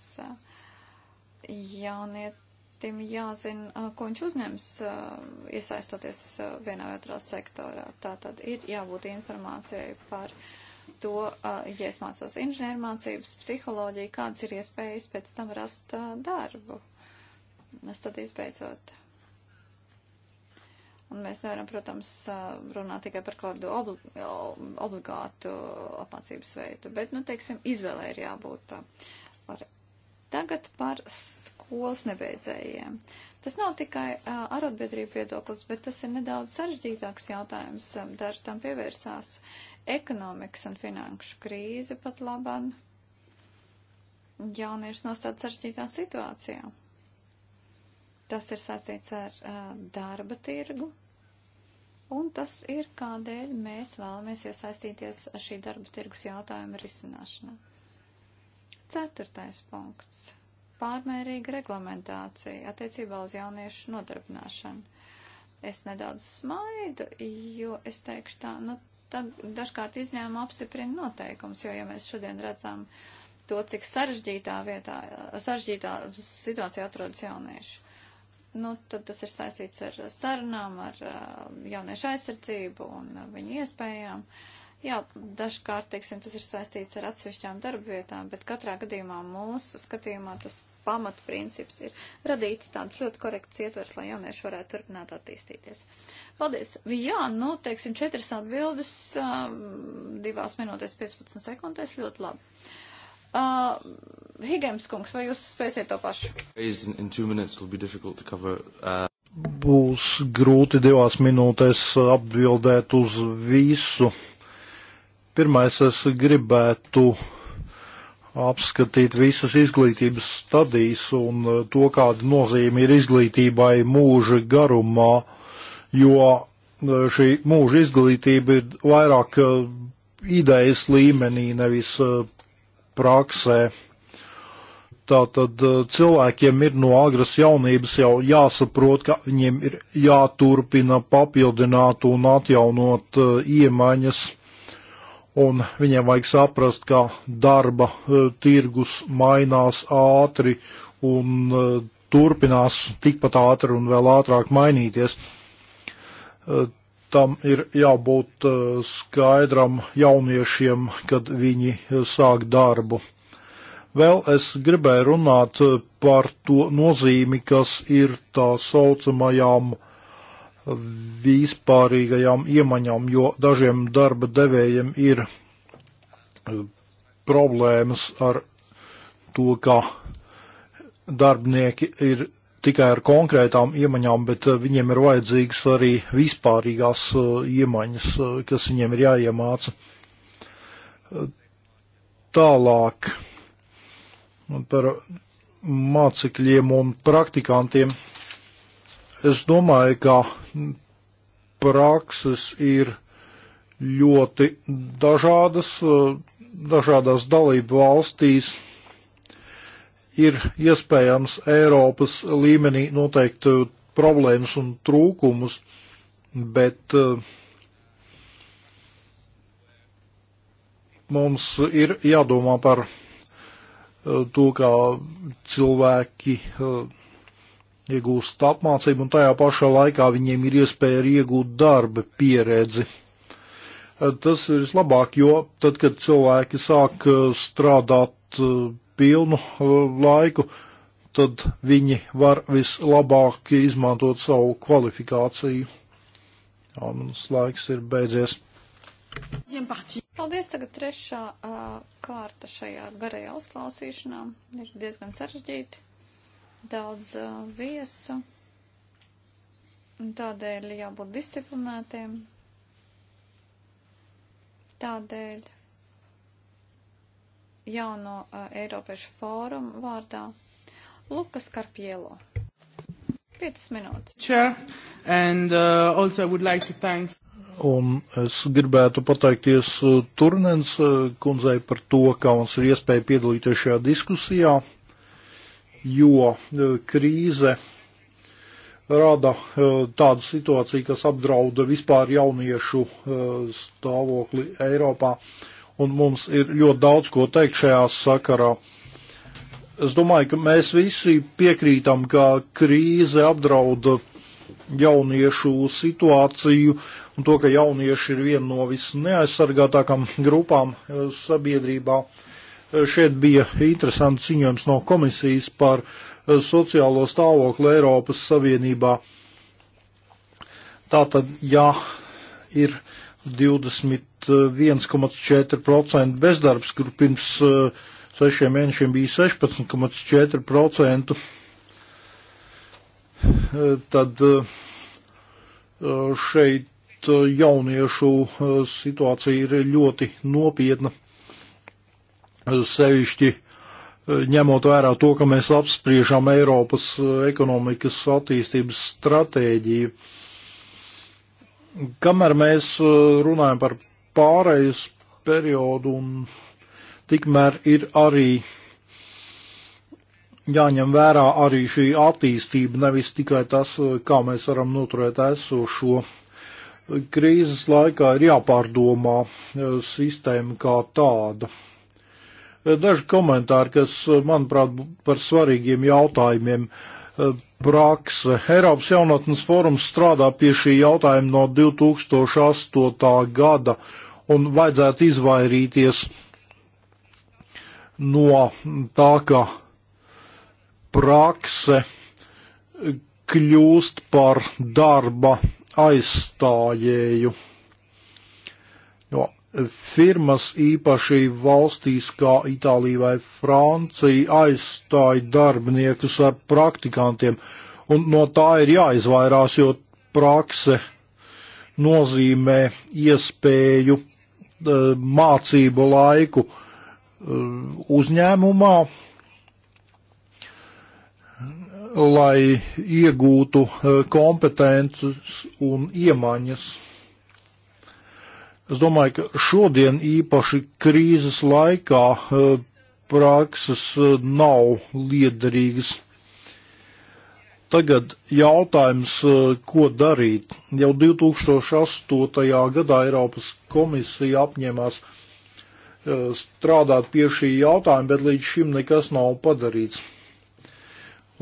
A: Jaunietim jāzina, uh, ko viņš uzņems, uh, iesaistoties uh, vienā vai otrā sektorā. Tā tad ir jābūt informācijai par uh, to, ja es mācos inženiermācības, psiholoģiju, kādas ir iespējas pēc tam rast darbu, studijas beidzot. Un mēs nevaram, protams, runāt tikai par kādu obli obligātu apmācības veidu, bet, nu, teiksim, izvēlē ir jābūt. Par. Tagad par skolas nebeidzējiem. Tas nav tikai arotbiedrību viedoklis, bet tas ir nedaudz sarežģītāks jautājums. Daži tam pievērsās. Uh, ekonomikas un finanšu krīze pat laban jaunieši nostāda sarežģītā situācijā. Tas ir saistīts ar uh, darba tirgu, un tas ir kādēļ mēs vēlamies iesaistīties šī darba tirgus jautājuma risināšanā. Ceturtais punkts - pārmērīga reglamentācija attiecībā uz jauniešu nodarbināšanu es nedaudz smaidu, jo es teikšu tā, nu, tad dažkārt izņēmuma apstiprina noteikums, jo, ja mēs šodien redzam to, cik sarežģītā vietā, sarežģītā situācijā atrodas jaunieši, nu, tad tas ir saistīts ar sarunām, ar uh, jauniešu aizsardzību un uh, viņu iespējām. Uh, Jā, dažkārt, teiksim, tas ir saistīts ar atsevišķām darbvietām, bet katrā gadījumā mūsu skatījumā tas pamatprincips ir radīt tāds ļoti korekts ietvers, lai jaunieši varētu turpināt attīstīties. Paldies! Jā, nu, teiksim, četras atbildes, um, divās minūtēs 15 sekundēs, ļoti labi. Uh, Higems kungs, vai jūs spēsiet to pašu?
B: Uh, Būs grūti divās minūtēs uh, atbildēt uz visu. Uh, Pirmais, es gribētu apskatīt visas izglītības stadijas un e, to, kāda nozīme ir izglītībai mūža garumā, jo e, šī mūža izglītība ir vairāk e, idejas līmenī, nevis praksē. Tātad cilvēkiem ir no agras jaunības jau jāsaprot, ka viņiem ir jāturpina papildināt un atjaunot iemaņas un viņiem vajag saprast, ka darba e, tirgus mainās ātri un e, turpinās tikpat ātri un vēl ātrāk mainīties. E, tam ir jābūt skaidram jauniešiem, kad viņi sāk darbu. Vēl es gribēju runāt par to nozīmi, kas ir tā saucamajām uh, vispārīgajām iemaņām, jo dažiem darba devējiem ir eh, problēmas ar to, ka darbinieki ir tikai ar konkrētām iemaņām, bet eh, viņiem ir vajadzīgas arī vispārīgās eh, iemaņas, kas viņiem ir jāiemāca. Tālāk par mācekļiem un praktikantiem Es domāju, ka prakses ir ļoti dažādas, dažādās dalību valstīs ir iespējams Eiropas līmenī noteikt uh, problēmas un trūkumus, bet uh, mums ir jādomā par uh, to, kā cilvēki iegūst apmācību, un tajā pašā laikā viņiem ir iespēja arī iegūt darba pieredzi. Eh, tas ir vislabāk, jo tad, kad cilvēki sāk eh, strādāt eh, pilnu laiku, tad viņi var vislabāk izmantot savu kvalifikāciju. Jā, mums laiks ir beidzies.
A: Paldies, tagad trešā uh, kārta šajā garajā uzklausīšanā ir diezgan sarežģīta daudz uh, viesu. Un tādēļ jābūt disciplinētiem. Tādēļ jauno uh, Eiropiešu fórumu vārdā Lukas Karpielo.
C: 5 minūtes. Chair, and uh, also I would like to thank.
B: Un es gribētu pateikties Turnens kundzei par to, ka mums ir iespēja piedalīties šajā diskusijā jo e, krīze rada e, tādu situāciju, kas apdrauda vispār jauniešu e, stāvokli Eiropā, un mums ir ļoti daudz ko teikt šajā sakarā. Es domāju, ka mēs visi piekrītam, ka krīze apdrauda jauniešu situāciju un to, ka jaunieši ir viena no visneaizsargātākām grupām sabiedrībā. Uh, Šeit bija interesants ziņojums no komisijas par eh, sociālo stāvokli Eiropas Savienībā. Tātad, ja ir 21,4% bezdarbs, kur pirms eh, sešiem mēnešiem bija 16,4%, eh, tad šeit jauniešu situācija ir ļoti nopietna sevišķi e, ņemot vērā to, ka mēs apspriežam Eiropas e, ekonomikas attīstības stratēģiju. Kamēr mēs e, runājam par pārejas periodu un tikmēr ir arī jāņem vērā arī šī attīstība, nevis tikai tas, kā mēs varam noturēt esošo. Krīzes laikā ir jāpārdomā sistēma kā tāda. Eh, daži komentāri, kas, eh, manuprāt, par svarīgiem jautājumiem. Prakse. Eh, Eiropas jaunatnes forums strādā pie šī jautājuma no 2008. gada un vajadzētu izvairīties no tā, ka prakse kļūst par darba aizstājēju firmas īpaši valstīs kā Itālija vai Francija aizstāja darbiniekus ar praktikantiem, un no tā ir jāizvairās, jo prakse nozīmē iespēju e, mācību laiku e, uzņēmumā, lai iegūtu e, kompetences un iemaņas Es domāju, ka šodien īpaši krīzes laikā eh, prakses eh, nav liederīgas. Tagad jautājums, eh, ko darīt. Jau 2008. gadā Eiropas komisija apņēmās strādāt pie šī jautājuma, bet līdz šim nekas nav padarīts.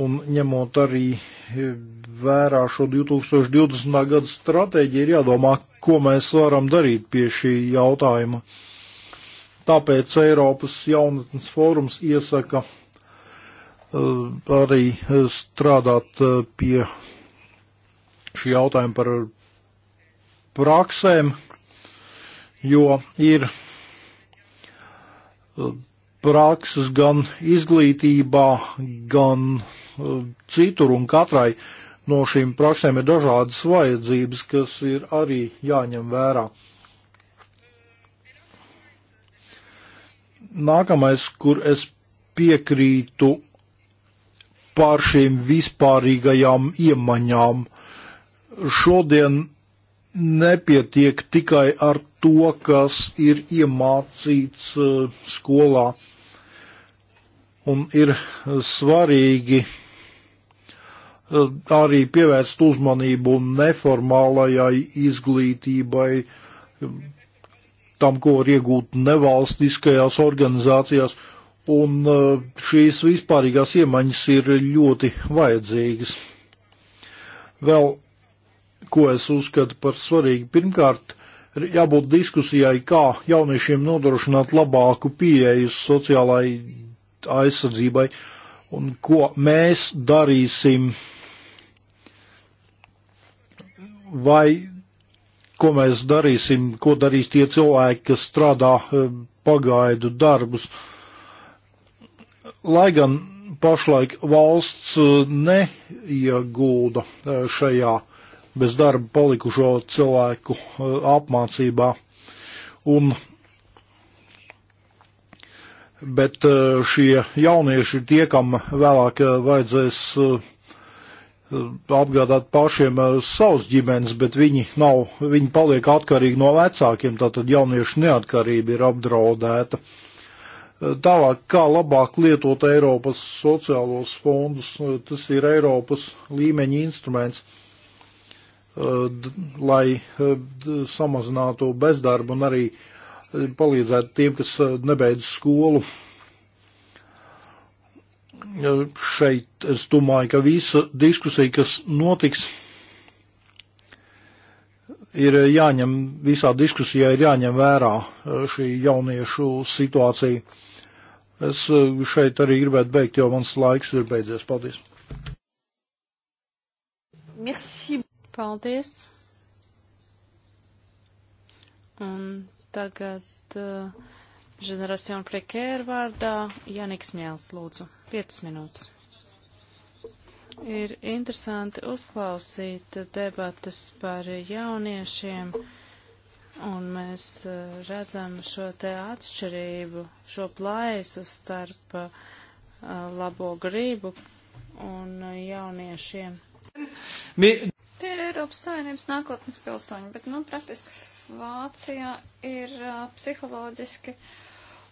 B: Un ņemot arī vērā šo 2020. gada stratēģiju, ir jādomā, ko mēs varam darīt pie šī jautājuma. Tāpēc Eiropas jaunatnes fórums iesaka eh, arī eh, strādāt eh, pie šī jautājuma par praksēm, jo ir prakses gan izglītībā, gan citur, un katrai no šīm praksēm ir dažādas vajadzības, kas ir arī jāņem vērā. Nākamais, kur es piekrītu pār šīm vispārīgajām iemaņām, šodien nepietiek tikai ar to, kas ir iemācīts eh, skolā. Un ir svarīgi Eh, arī pievērst uzmanību neformālajai izglītībai, tam, ko var iegūt nevalstiskajās organizācijās, un eh, šīs vispārīgās iemaņas ir ļoti vajadzīgas. Vēl, ko es uzskatu par svarīgu, pirmkārt, ir jābūt diskusijai, kā jauniešiem nodrošināt labāku pieeju sociālai aizsardzībai un ko mēs darīsim vai ko mēs darīsim, ko darīs tie cilvēki, kas strādā eh, pagaidu darbus. Lai gan pašlaik valsts eh, neiegulda eh, šajā bez darba palikušo cilvēku apmācībā. Un, bet šie jaunieši tie, kam vēlāk vajadzēs uh, Eh, apgādāt pašiem eh, savus ģimenes, bet viņi nav, viņi paliek atkarīgi no vecākiem, tātad jauniešu neatkarība ir apdraudēta. Eh, tālāk, kā labāk lietot Eiropas sociālos fondus, tas ir Eiropas līmeņa instruments, lai samazinātu bezdarbu un arī palīdzētu tiem, kas nebeidz skolu šeit es domāju, ka visa diskusija, kas notiks, ir jāņem, visā diskusijā ir jāņem vērā eh, šī jauniešu situācija. Es eh, šeit arī gribētu beigt, jo mans laiks ir beidzies. Paldies!
C: Merci. Paldies! Un tagad. Uh Generation Prekēra vārdā Janiks Mjēls, lūdzu, 5 minūtes. Ir interesanti uzklausīt debatas par jauniešiem, un mēs eh, redzam šo te atšķirību, šo plaisu starp uh, labo gribu un jauniešiem.
A: Mi... Tie ir Eiropas Savienības nākotnes pilsoņi, bet, nu, praktiski Vācijā ir uh, psiholoģiski uh,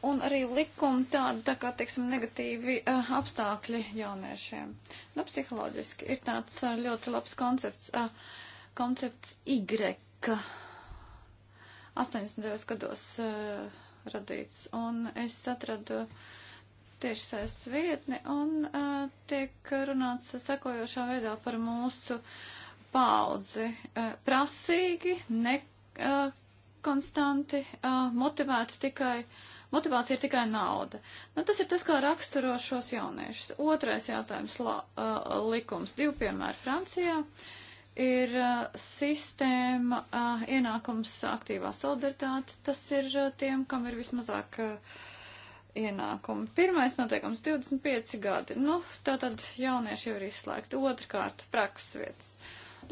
A: un arī likumi tādi, tā kā, teiksim, negatīvi uh, apstākļi jauniešiem. Nu, psiholoģiski ir tāds uh, ļoti labs koncepts, uh, koncepts Y, 80. gados uh, radīts, un es atradu tieši saistas vietni, un uh, tiek runāts sekojošā veidā par mūsu paudzi uh, prasīgi, ne. Uh, konstanti uh, motivēti tikai uh, Motivācija ir tikai nauda. Nu, tas ir tas, kā raksturo šos jauniešus. Otrais jautājums la, uh, likums. Divi piemēri Francijā ir uh, sistēma uh, ienākums aktīvā solidaritāte. Tas ir uh, tiem, kam ir vismazāk uh, ienākumi. Pirmais noteikums - 25 gadi. Nu, tātad jaunieši jau ir izslēgti. Otrkārt, prakses vietas.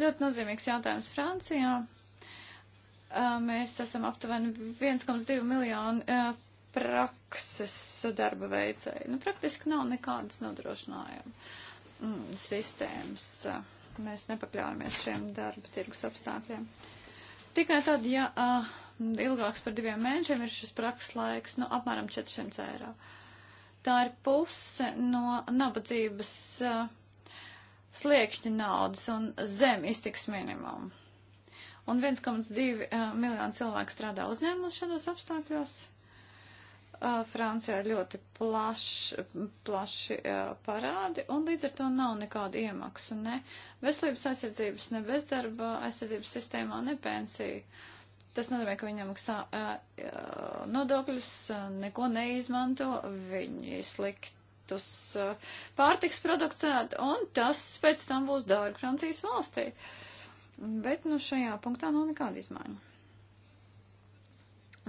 A: Ļoti nozīmīgs jautājums Francijā. Uh, mēs esam aptuveni 1,2 miljonu uh, prakses darba veicēji. Nu, praktiski nav nekādas nodrošinājuma mm, sistēmas. Mēs nepakļāvāmies šiem darba tirgus apstākļiem. Tikai tad, ja uh, ilgāks par diviem mēnešiem ir šis prakses laiks, nu, apmēram 400 eiro. Tā ir puse no nabadzības uh, sliekšņa naudas un zem iztiks minimumu. Un 1,2 uh, miljonu cilvēku strādā uzņēmumus šādos apstākļos Francijā ir ļoti plaš, plaši parādi, un līdz ar to nav nekāda iemaksa ne veselības aizsardzības, ne bezdarba aizsardzības sistēmā, ne pensiju. Tas nozīmē, ka viņi maksā nodokļus, neko neizmanto, viņi sliktus pārtiks produkcēt, un tas pēc tam būs dārgi Francijas valstī. Bet, nu, šajā punktā nav nekāda izmaiņa.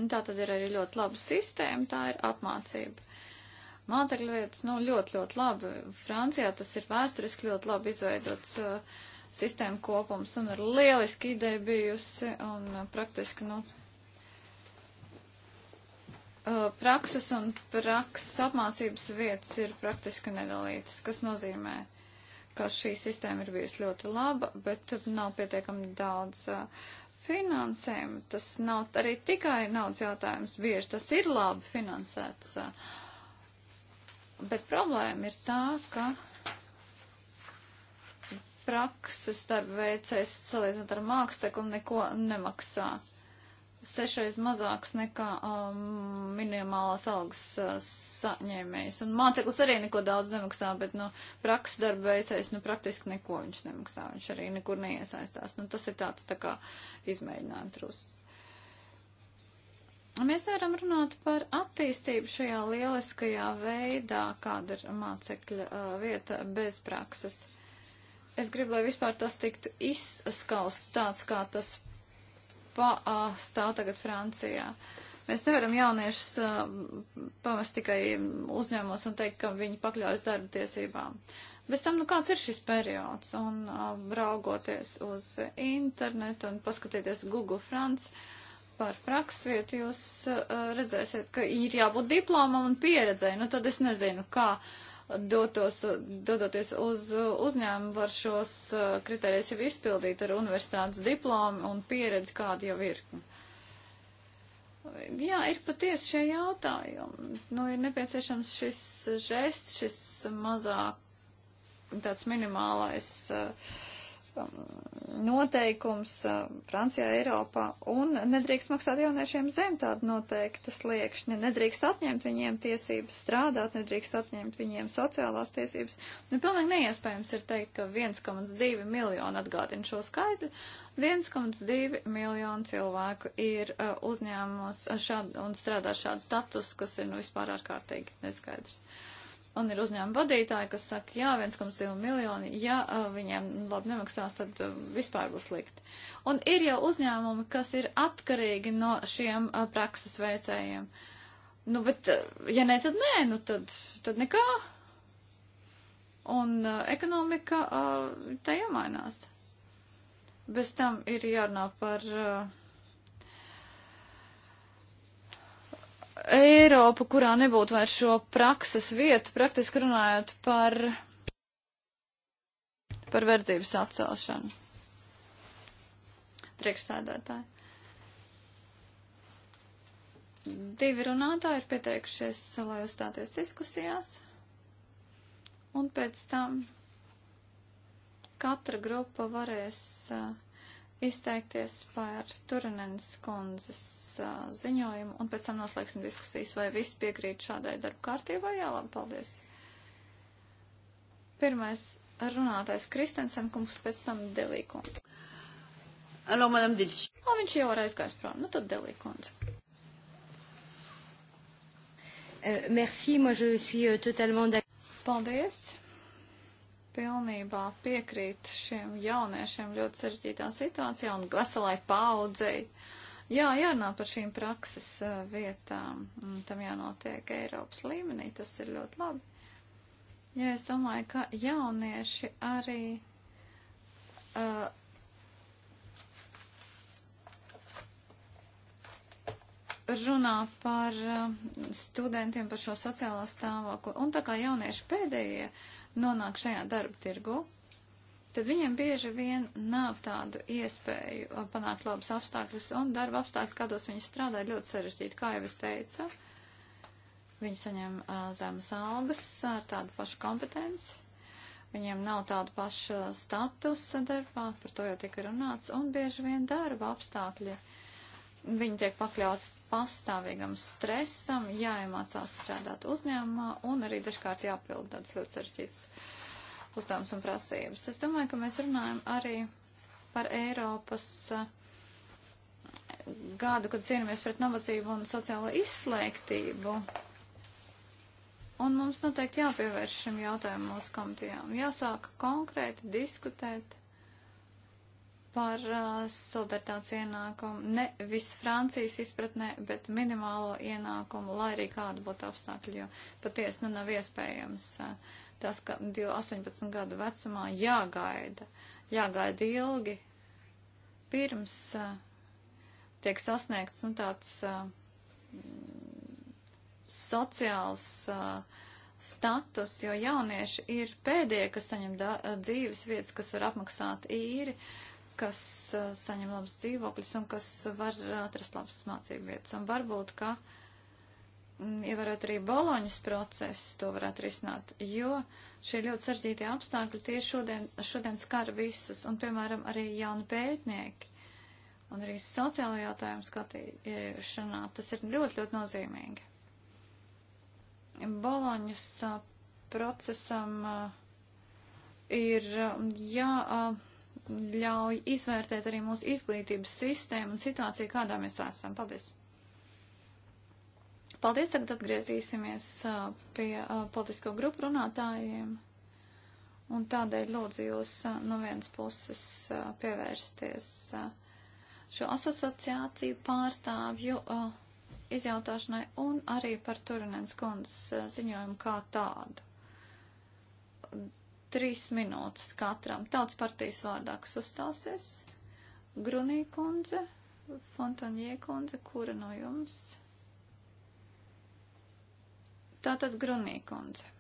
A: Un tā tad ir arī ļoti laba sistēma, tā ir apmācība. Mācekļu vietas, nu, ļoti, ļoti labi. Francijā tas ir vēsturiski ļoti labi izveidots uh, sistēma kopums un ir lieliski ideja bijusi un uh, praktiski, nu, uh, prakses un prakses apmācības vietas ir praktiski nedalītas, kas nozīmē, ka šī sistēma ir bijusi ļoti laba, bet uh, nav pietiekami daudz uh, finansējumu. Tas nav arī tikai naudas jautājums bieži, tas ir labi finansēts. Bet problēma ir tā, ka prakses darba veicējs salīdzinot ar māksteklu neko nemaksā sešreiz mazāks nekā um, minimālās algas uh, saņēmējs. Un māceklis arī neko daudz nemaksā, bet, nu, prakses darba veicējs, nu, praktiski neko viņš nemaksā. Viņš arī nekur neiesaistās. Nu, tas ir tāds tā kā izmēģinājums trusts. Mēs nevaram runāt par attīstību šajā lieliskajā veidā, kāda ir mācekļa uh, vieta bez prakses. Es gribu, lai vispār tas tiktu izskausts tāds, kā tas pa uh, stāv tagad Francijā. Mēs nevaram jauniešus uh, pamest tikai uzņēmumos un teikt, ka viņi pakļaujas darba tiesībām. Bez tam, nu kāds ir šis periods? Un uh, raugoties uz internetu un paskatīties Google France par praksvietu, jūs uh, redzēsiet, ka ir jābūt diplomam un pieredzēju. Nu tad es nezinu, kā. Uh, dotos, dodoties uz uzņēmumu, var šos uh, kriterijus jau izpildīt ar universitātes diplomu un pieredzi, kāda jau ir. Jā, ir patiesi šie jautājumi. Nu, ir nepieciešams šis žests, šis mazāk tāds minimālais uh, noteikums Francijā, Eiropā, un nedrīkst maksāt jauniešiem zem tādu noteikta sliekšņa, nedrīkst atņemt viņiem tiesības strādāt, nedrīkst atņemt viņiem sociālās tiesības. Nu, pilnīgi neiespējams ir teikt, ka 1,2 miljonu atgādina šo skaidru, 1,2 miljonu cilvēku ir uh, uzņēmumos šād, un strādā šādu statusu, kas ir nu vispār ārkārtīgi neskaidrs. Uh, Un ir uzņēmuma vadītāji, kas saka, jā, 1,2 miljoni, ja viņiem labi nemaksās, tad vispār būs slikti. Un ir jau uzņēmumi, kas ir atkarīgi no šiem prakses veicējiem. Nu, bet, ja ne, tad nē, nu, tad, tad nekā. Un ekonomika tā jāmainās. Bez tam ir jārunā par. Uh, Eiropu, kurā nebūtu vairs šo prakses vietu, praktiski runājot par, par verdzības atcelšanu. Priekšsēdētāji. Divi runātāji ir pieteikušies, lai uzstāties diskusijās. Un pēc tam katra grupa varēs uh, izteikties par Turunenes kundzes uh, ziņojumu, un pēc tam noslēgsim diskusijas, vai viss piekrīt šādai darba kārtībai. Jā, labi, paldies. Pirmais runātais Kristensen kungs, pēc tam Delīkons. Alo, madam Dilš. O, viņš jau ir aizgājis prom. Nu, tad Delīkons. Uh, eh, merci, moi je suis uh, totalement d'accord. Paldies pilnībā piekrīt šiem jauniešiem ļoti sarežģītā situācijā un veselai paudzei. Jā, jārunā par šīm prakses vietām, un mm, tam jānotiek Eiropas līmenī, tas ir ļoti labi. Ja es domāju, ka jaunieši arī uh, runā par studentiem, par šo sociālā stāvokli. Un tā kā jaunieši pēdējie nonāk šajā darba tirgu, tad viņiem bieži vien nav tādu iespēju uh, panākt labus apstākļus, un darba apstākļi, kādos viņi strādā, ir ļoti sarežģīti, kā jau es teicu. Viņi saņem uh, zemes algas ar tādu pašu kompetenci, viņiem nav tādu pašu statusa darbā, par to jau tika runāts, un bieži vien darba apstākļi viņi tiek pakļauti pastāvīgam stresam, jāiemācās strādāt uzņēmumā un arī dažkārt jāpild tāds ļoti sarežģīts uzdevums un prasības. Es domāju, ka mēs runājam arī par Eiropas eh, gadu, kad cīnāmies pret nabadzību un sociālo izslēgtību. Un mums noteikti jāpievērš šim jautājumam mūsu komitejām. Jāsāk konkrēti diskutēt par uh, solidaritātes ienākumu ne visu Francijas izpratnē, bet minimālo ienākumu, lai arī kāda būtu apstākļi, jo patiesi nu nav iespējams uh, tas, ka 18 gadu vecumā jāgaida, jāgaida ilgi pirms uh, tiek sasniegts nu, tāds uh, sociāls uh, status, jo jaunieši ir pēdējie, kas saņem da, uh, dzīves vietas, kas var apmaksāt īri. Uh, kas saņem labus dzīvokļus un kas var atrast labas mācību vietas. Un varbūt, ka mm, ievarot ja arī Boloņas procesu, to varētu risināt, jo šie ļoti saržģītie apstākļi tieši šodien, šodien skar visus, un, piemēram, arī jauni pētnieki, un arī sociālo jautājumu skatīšanā, tas ir ļoti, ļoti nozīmīgi. Boloņas procesam ir jā. Ja, ļauj izvērtēt arī mūsu izglītības sistēmu un situāciju, kādā mēs esam. Paldies! Paldies, tagad atgriezīsimies uh, pie uh, politisko grupu runātājiem. Un tādēļ lūdzu jūs uh, no vienas puses pievērsties šo asociāciju pārstāvju izjautāšanai un arī par Turinens kundzes ziņojumu kā tādu. Trīs minūtes katram. Tautas partijas vārdā, kas uzstāsies. Grunī kundze, Fontaņie kundze, kura no jums? Tātad Grunī kundze.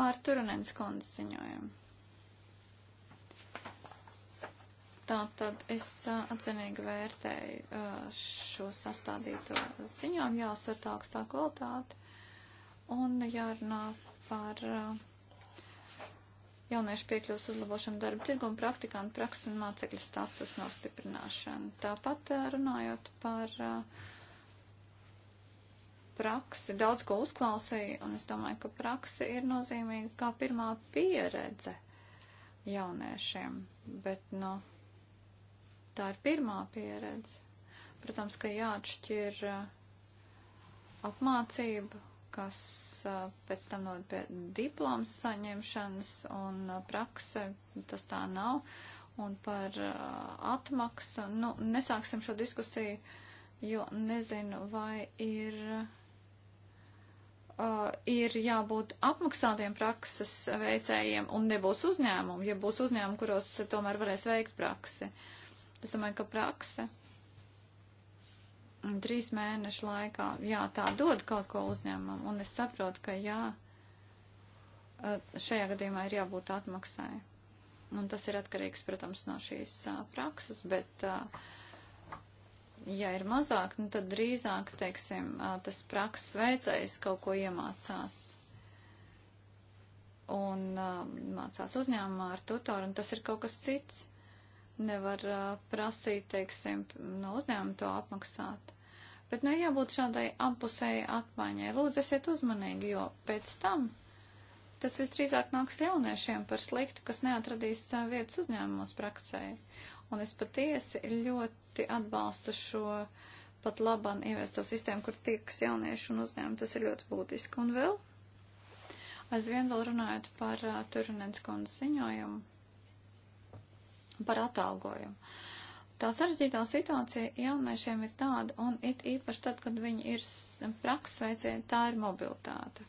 A: Pār Turunens kundze ziņojumu. Tātad es atzinīgi vērtēju šo sastādīto ziņojumu, jāsver tā augstā kvalitāte. Un jārunā par uh, jauniešu piekļuvas uzlabošanu darba tirgu un praktikantu prakses un mācekļu status nostiprināšanu. Tāpat uh, runājot par uh, praksi, daudz ko uzklausīju, un es domāju, ka praksi ir nozīmīga kā pirmā pieredze jauniešiem, bet, nu, tā ir pirmā pieredze. Protams, ka jāatšķir apmācība kas pēc tam nod pie diplomas saņemšanas un prakse, tas tā nav. Un par atmaksu, nu, nesāksim šo diskusiju, jo nezinu, vai ir, uh, ir jābūt apmaksātiem prakses veicējiem un nebūs uzņēmumu, ja būs uzņēmumi, kuros tomēr varēs veikt praksi. Es domāju, ka prakse trīs mēnešu laikā, jā, tā dod kaut ko uzņēmumam, un es saprotu, ka jā, šajā gadījumā ir jābūt atmaksai. Un tas ir atkarīgs, protams, no šīs uh, prakses, bet, uh, ja ir mazāk, nu, tad drīzāk, teiksim, uh, tas prakses veicējs kaut ko iemācās un uh, mācās uzņēmumā ar tutoru, un tas ir kaut kas cits nevar uh, prasīt, teiksim, no uzņēmuma to apmaksāt. Bet nu jābūt šādai apusēji atmaiņai. Lūdzu, esiet uzmanīgi, jo pēc tam tas visdrīzāk nāks jauniešiem par sliktu, kas neatradīs uh, vietas uzņēmumos praksē. Un es patiesi ļoti atbalstu šo pat laban ieviesto sistēmu, kur tiekas jaunieši un uzņēmumi. Tas ir ļoti būtiski. Un vēl aizvien vēl runājot par uh, Turinens kundzes ziņojumu par atalgojumu. Tā sarežģītā situācija jauniešiem ir tāda, un it īpaši tad, kad viņi ir praksveicēji, tā ir mobilitāte.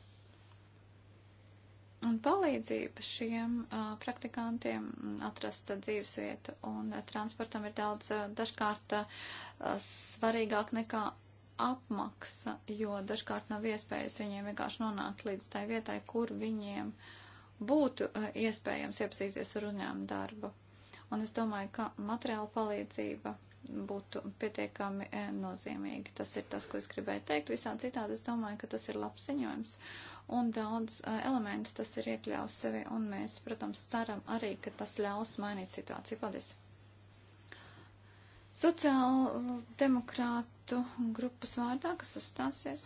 A: Un palīdzība šiem uh, praktikantiem atrast dzīvesvietu un uh, transportam ir daudz uh, dažkārt uh, svarīgāk nekā apmaksa, jo dažkārt nav iespējas viņiem vienkārši nonākt līdz tai vietai, kur viņiem būtu uh, iespējams iepazīties ar uzņēmumu darbu. Un es domāju, ka materiāla palīdzība būtu pietiekami e, nozīmīga. Tas ir tas, ko es gribēju teikt. Visā citādi es domāju, ka tas ir labs ziņojums. Un daudz e, elementu tas ir iekļaus sevi, un mēs, protams, ceram arī, ka tas ļaus mainīt situāciju. Paldies! Sociāldemokrātu grupas vārdā, kas uzstāsies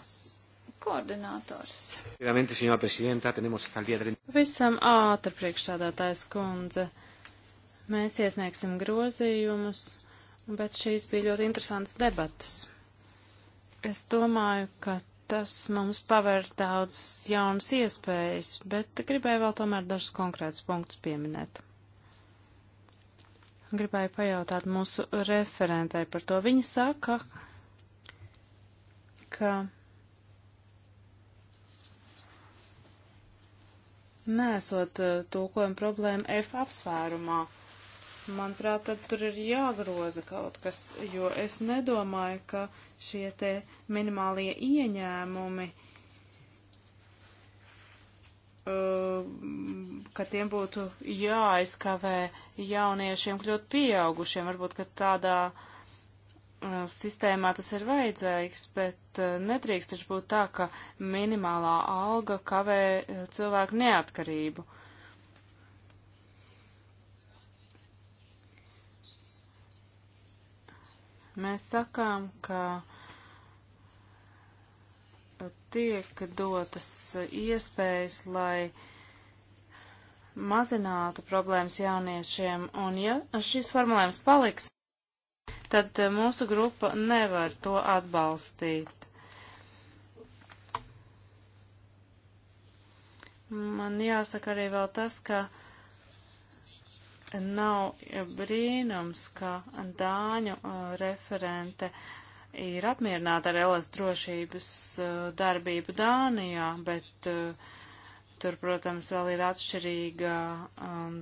A: koordinators.
C: Visam ātri priekšsādātājs kundze. Mēs iesniegsim grozījumus, bet šīs bija ļoti interesantas debatas. Es domāju, ka tas mums paver daudz jaunas iespējas, bet gribēju vēl tomēr dažus konkrētus punktus pieminēt. Gribēju pajautāt mūsu referentai par to. Viņa saka, ka nesot uh, tulkojuma problēmu F apsvērumā. Manuprāt, tad tur ir jāgroza kaut kas, jo es nedomāju, ka šie te minimālie ieņēmumi, uh, ka tiem būtu jāaizkavē jauniešiem kļūt pieaugušiem. Varbūt, ka tādā uh, sistēmā tas ir vajadzīgs, bet uh, nedrīkst taču būt tā, ka minimālā alga kavē cilvēku neatkarību. Mēs sakām, ka tiek dotas iespējas, lai mazinātu problēmas jauniešiem, un ja šis formulējums paliks, tad mūsu grupa nevar to atbalstīt. Man jāsaka arī vēl tas, ka Nav brīnums, ka Dāņu uh, referente ir apmierināta ar LS drošības uh, darbību Dānijā, bet uh, tur, protams, vēl ir atšķirīga um,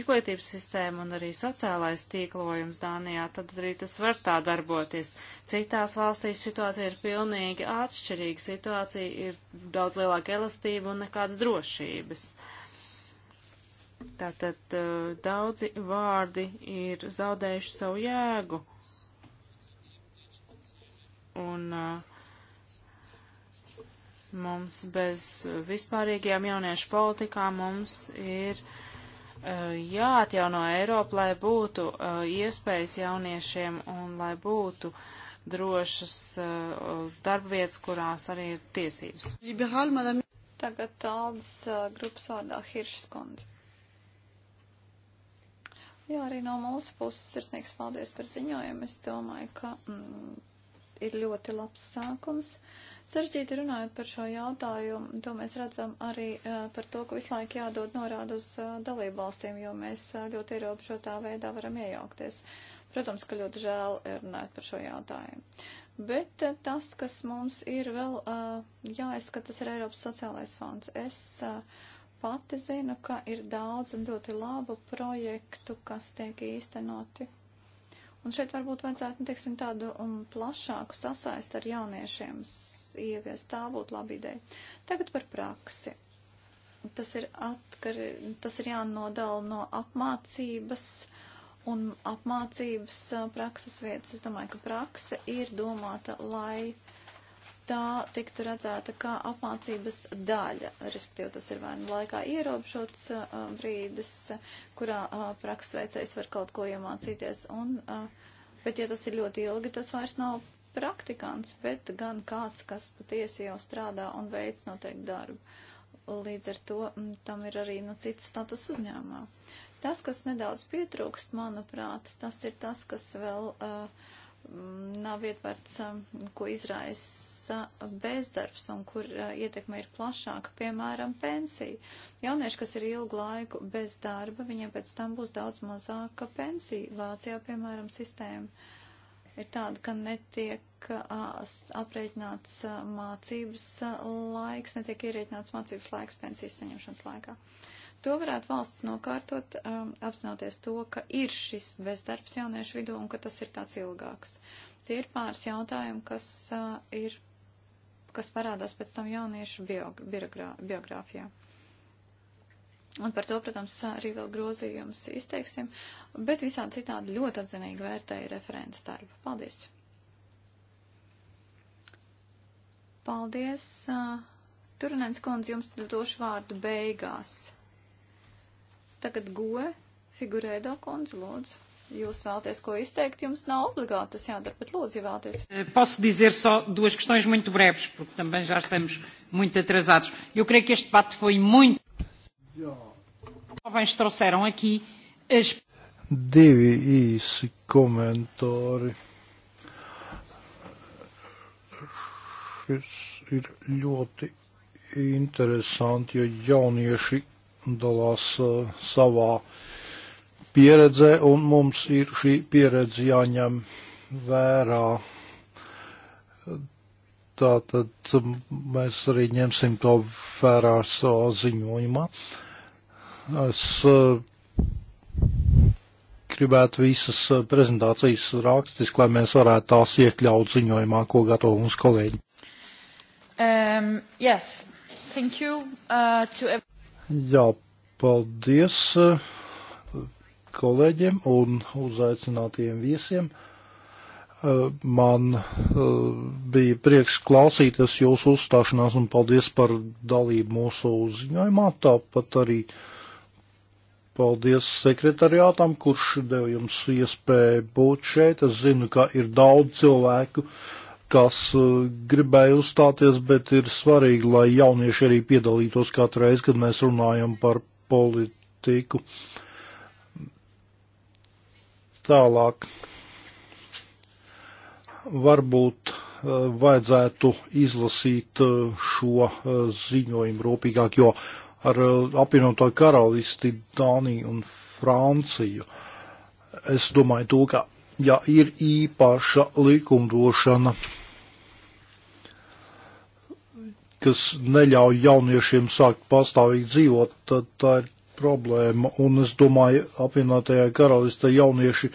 C: izglītības sistēma un arī sociālais tīklojums Dānijā, tad arī tas var tā darboties. Citās valstīs situācija ir pilnīgi atšķirīga. Situācija ir daudz lielāka elastība un nekādas drošības. Uh, Tātad daudzi vārdi ir zaudējuši savu jēgu. Un mums bez vispārīgajām jauniešu politikām mums ir jāatjauno Eiropa, lai būtu iespējas jauniešiem un lai būtu drošas darbvietas, kurās arī ir tiesības.
A: Liberāli, madam. Tagad tādas grupas vārdā Hiršskundze. Jā, arī no mūsu puses sirsnīgs paldies par ziņojumu. Es domāju, ka mm, ir ļoti labs sākums. Saržģīti runājot par šo jautājumu, to mēs redzam arī uh, par to, ka visu laiku jādod norāda uz uh, dalību valstīm, jo mēs uh, ļoti ierobežotā veidā varam iejaukties. Protams, ka ļoti žēl runāt par šo jautājumu. Bet uh, tas, kas mums ir vēl uh, jāizskatās, ir Eiropas sociālais fonds. Es, uh, Pati zinu, ka ir daudz un ļoti labu projektu, kas tiek īstenoti. Un šeit varbūt vajadzētu, nu, teiksim, tādu um, plašāku sasaist ar jauniešiem ievies. Tā būtu laba ideja. Tagad par praksi. Tas ir, atkar, tas ir jānodala no apmācības un apmācības uh, prakses vietas. Es domāju, ka prakse ir domāta, lai uh, tā tiktu redzēta kā apmācības daļa, respektīvi tas ir vai nu laikā ierobežots uh, um, brīdis, kurā uh, praksveicējs var kaut ko iemācīties, un, uh, bet ja tas ir ļoti ilgi, tas vairs nav praktikants, bet gan kāds, kas patiesi jau strādā un veic noteikti darbu. Līdz ar to mm, tam ir arī nu, cits status uzņēmumā. Tas, kas nedaudz pietrūkst, manuprāt, tas ir tas, kas vēl uh, nav ietverts, um, ko izraisa bezdarbs un kur uh, ietekme ir plašāka, piemēram, pensija. Jaunieši, kas ir ilgu laiku bez darba, viņiem pēc tam būs daudz mazāka pensija. Vācijā, piemēram, sistēma ir tāda, ka netiek uh, aprēķināts uh, mācības laiks, netiek ierēķināts mācības laiks pensijas saņemšanas laikā. Uh, To varētu valsts nokārtot, um, apzinoties to, ka ir šis bezdarbs jauniešu vidū un ka tas ir tāds ilgāks. Tie ir pāris jautājumi, kas uh, ir, kas parādās pēc tam jauniešu biogra biogrāfijā. Un par to, protams, arī vēl grozījumus izteiksim, bet visādi citādi ļoti atzinīgi vērtēja referents darbu. Paldies! Paldies! Uh, Turnēns kundze, jums došu vārdu beigās. Tagad goe figurēdo kundze, lūdzu. Jūs vēlaties ko izteikt, jums nav obligāti tas jādara, bet lūdzu, ja vēlaties.
C: Eh, posso dizer só duas questões muito breves, porque também já estamos muito atrasados. Eu creio que este debate foi muito. Jovens trouxeram aqui as.
B: Divi īsi komentāri. Šis ir ļoti interesanti, jo jaunieši dalās eh, savā pieredzē, un mums ir šī pieredze jāņem vērā. Tātad mēs arī ņemsim to vērā savā ziņojumā. Es eh, gribētu visas eh, prezentācijas rakstiski, lai mēs varētu tās iekļaut ziņojumā, ko gatavo mūsu kolēģi.
A: Um, yes. Thank you uh, to
B: Jā, paldies eh, kolēģiem un uzaicinātiem viesiem. Eh, man eh, bija prieks klausīties jūsu uzstāšanās un paldies par dalību mūsu ziņojumā. Tāpat arī paldies sekretariātam, kurš deva jums iespēju būt šeit. Es zinu, ka ir daudz cilvēku, uh, kas eh, gribēja uzstāties, bet ir svarīgi, lai jaunieši arī piedalītos katru reizi, kad mēs runājam par politiku. Tālāk. Varbūt eh, vajadzētu izlasīt eh, šo ziņojumu rūpīgāk, jo ar apvienoto karalisti Dāniju un Franciju es domāju to, ka ja ir īpaša likumdošana, kas neļauj jauniešiem sākt pastāvīgi dzīvot, tad tā ir problēma. Un es domāju, apvienotajā karalistē jaunieši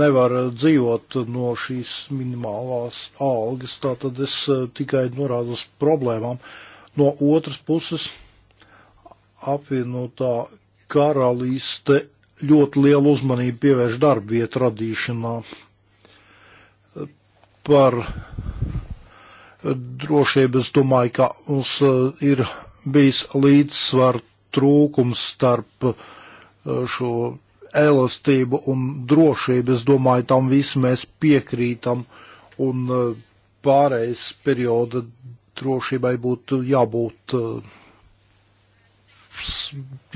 B: nevar dzīvot no šīs minimālās algas, tā tad es e, tikai norādu uz problēmām. No otras puses, apvienotā karaliste ļoti lielu uzmanību pievērš darba vietu radīšanā. Par drošību es domāju, ka mums eh, ir bijis līdzsvar trūkums starp eh, šo elastību un drošību. Es domāju, tam visi mēs piekrītam un eh, pārējais perioda drošībai būtu jābūt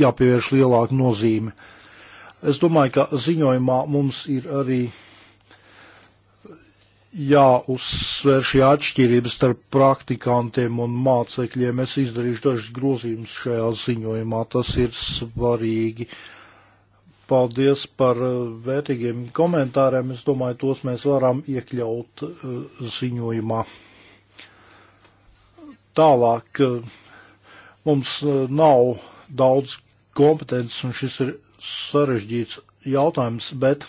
B: jāpievērš lielāka nozīme. Uh, Es domāju, ka ziņojumā mums ir arī jāuzsver šī atšķirība starp praktikantiem un mācekļiem. Es izdarīšu dažus grozījumus šajā ziņojumā, tas ir svarīgi. Paldies par uh, vērtīgiem komentāriem. Es domāju, tos mēs varam iekļaut uh, ziņojumā. Tālāk uh, mums nav daudz kompetences, un šis ir sarežģīts jautājums, bet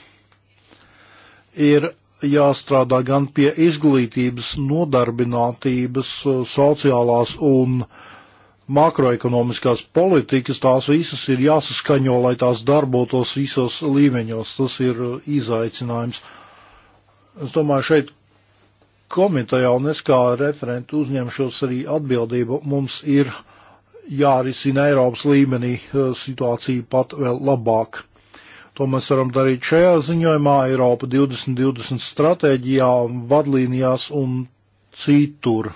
B: ir jāstrādā gan pie izglītības, nodarbinātības, sociālās un makroekonomiskās politikas. Tās visas ir jāsaskaņo, lai tās darbotos visos līmeņos. Tas ir izaicinājums. Es domāju, šeit komitejā un es kā referentu uzņemšos arī atbildību. Mums ir uh, jārisina Eiropas līmenī e, situācija pat vēl labāk. To mēs varam darīt šajā ziņojumā, Eiropa 2020 stratēģijā, vadlīnijās un citur.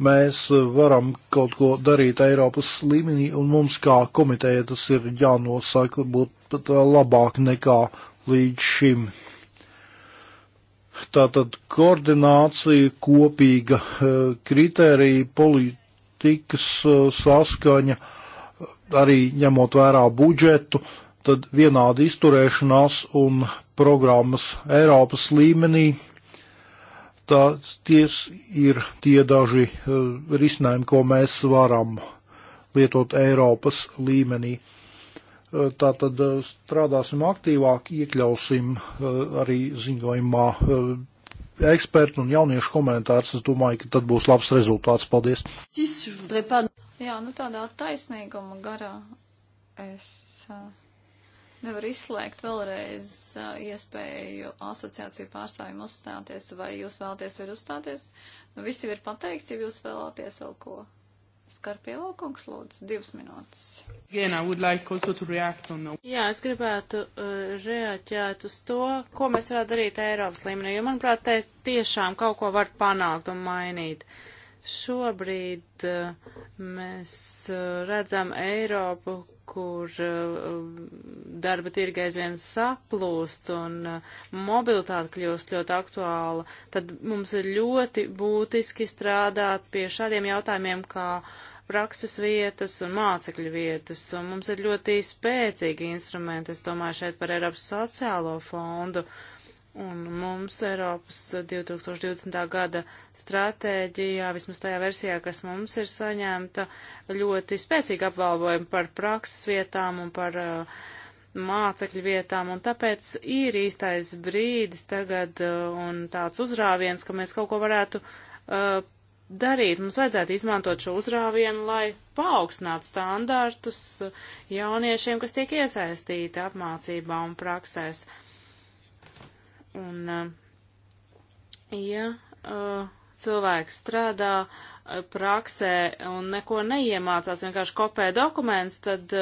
B: Mēs e, varam kaut ko darīt Eiropas līmenī, un mums kā komiteja tas ir jānosaka, būt pat vēl labāk nekā līdz šim. Tātad koordinācija, kopīga e, kritērija, polit politikas eh, saskaņa, arī ņemot vērā budžetu, tad vienāda izturēšanās un programmas Eiropas līmenī. Tās ties ir tie daži eh, risinājumi, ko mēs varam lietot Eiropas līmenī. Eh, tātad strādāsim aktīvāk, iekļausim arī ziņojumā ekspertu un jauniešu komentārus. Es domāju, ka tad būs labs rezultāts. Paldies!
A: Jā, nu tādā taisnīguma garā es uh, nevaru izslēgt vēlreiz uh, iespēju asociāciju pārstāvjiem uzstāties, vai jūs vēlaties vēl uzstāties. Nu, visi ir pateikts, ja jūs vēlaties vēl ko Skarpielo kungs lūdzu,
C: divas minūtes. Again, like on... Jā, es gribētu uh, reaģēt uz to, ko mēs varētu darīt Eiropas līmenī, jo, manuprāt, te tiešām kaut ko var panākt un mainīt. Šobrīd uh, mēs uh, redzam Eiropu kur eh, darba tirga aizvien saplūst un eh, mobilitāte kļūst ļoti aktuāla, tad mums ir ļoti būtiski strādāt pie šādiem jautājumiem kā prakses vietas un mācekļu vietas, un mums ir ļoti spēcīgi instrumenti, es domāju šeit par Eiropas sociālo fondu, uh, Un mums Eiropas 2020. gada stratēģijā, vismaz tajā versijā, kas mums ir saņemta, ļoti spēcīgi apvalvojumi par prakses vietām un par uh, mācekļu vietām, un tāpēc ir īstais brīdis tagad uh, un tāds uzrāviens, ka mēs kaut ko varētu uh, darīt. Mums vajadzētu izmantot šo uzrāvienu, lai paaugstinātu standartus jauniešiem, kas tiek iesaistīti apmācībā un praksēs. Uh, Un, eh, ja eh, cilvēks strādā eh, praksē un neko neiemācās, vienkārši kopē dokumentus, tad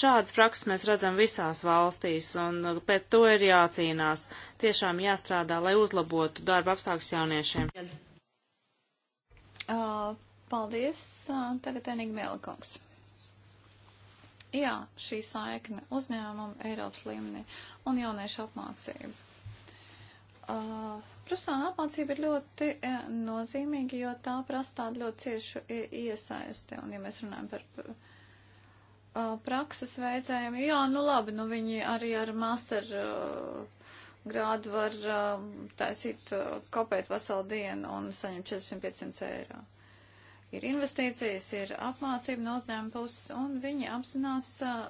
C: šādas prakses mēs redzam visās valstīs, un pēc to ir jācīnās. Tiešām jāstrādā, lai uzlabotu darba apstākļus jauniešiem.
A: Uh, paldies. Uh, tagad Enigmēla kungs jā, šī saikne uzņēmuma Eiropas līmenī un jauniešu apmācība. Uh, Profesionāla apmācība ir ļoti uh, nozīmīga, jo tā prasa tādu ļoti ciešu e, iesaisti. Un, ja mēs runājam par uh, prakses veicējiem, jā, nu labi, nu viņi arī ar master uh, grādu var uh, taisīt, uh, kopēt veselu dienu un saņemt 400-500 eiro. Uh, Ir investīcijas, ir apmācība no uzņēmuma puses, un viņi apzinās uh,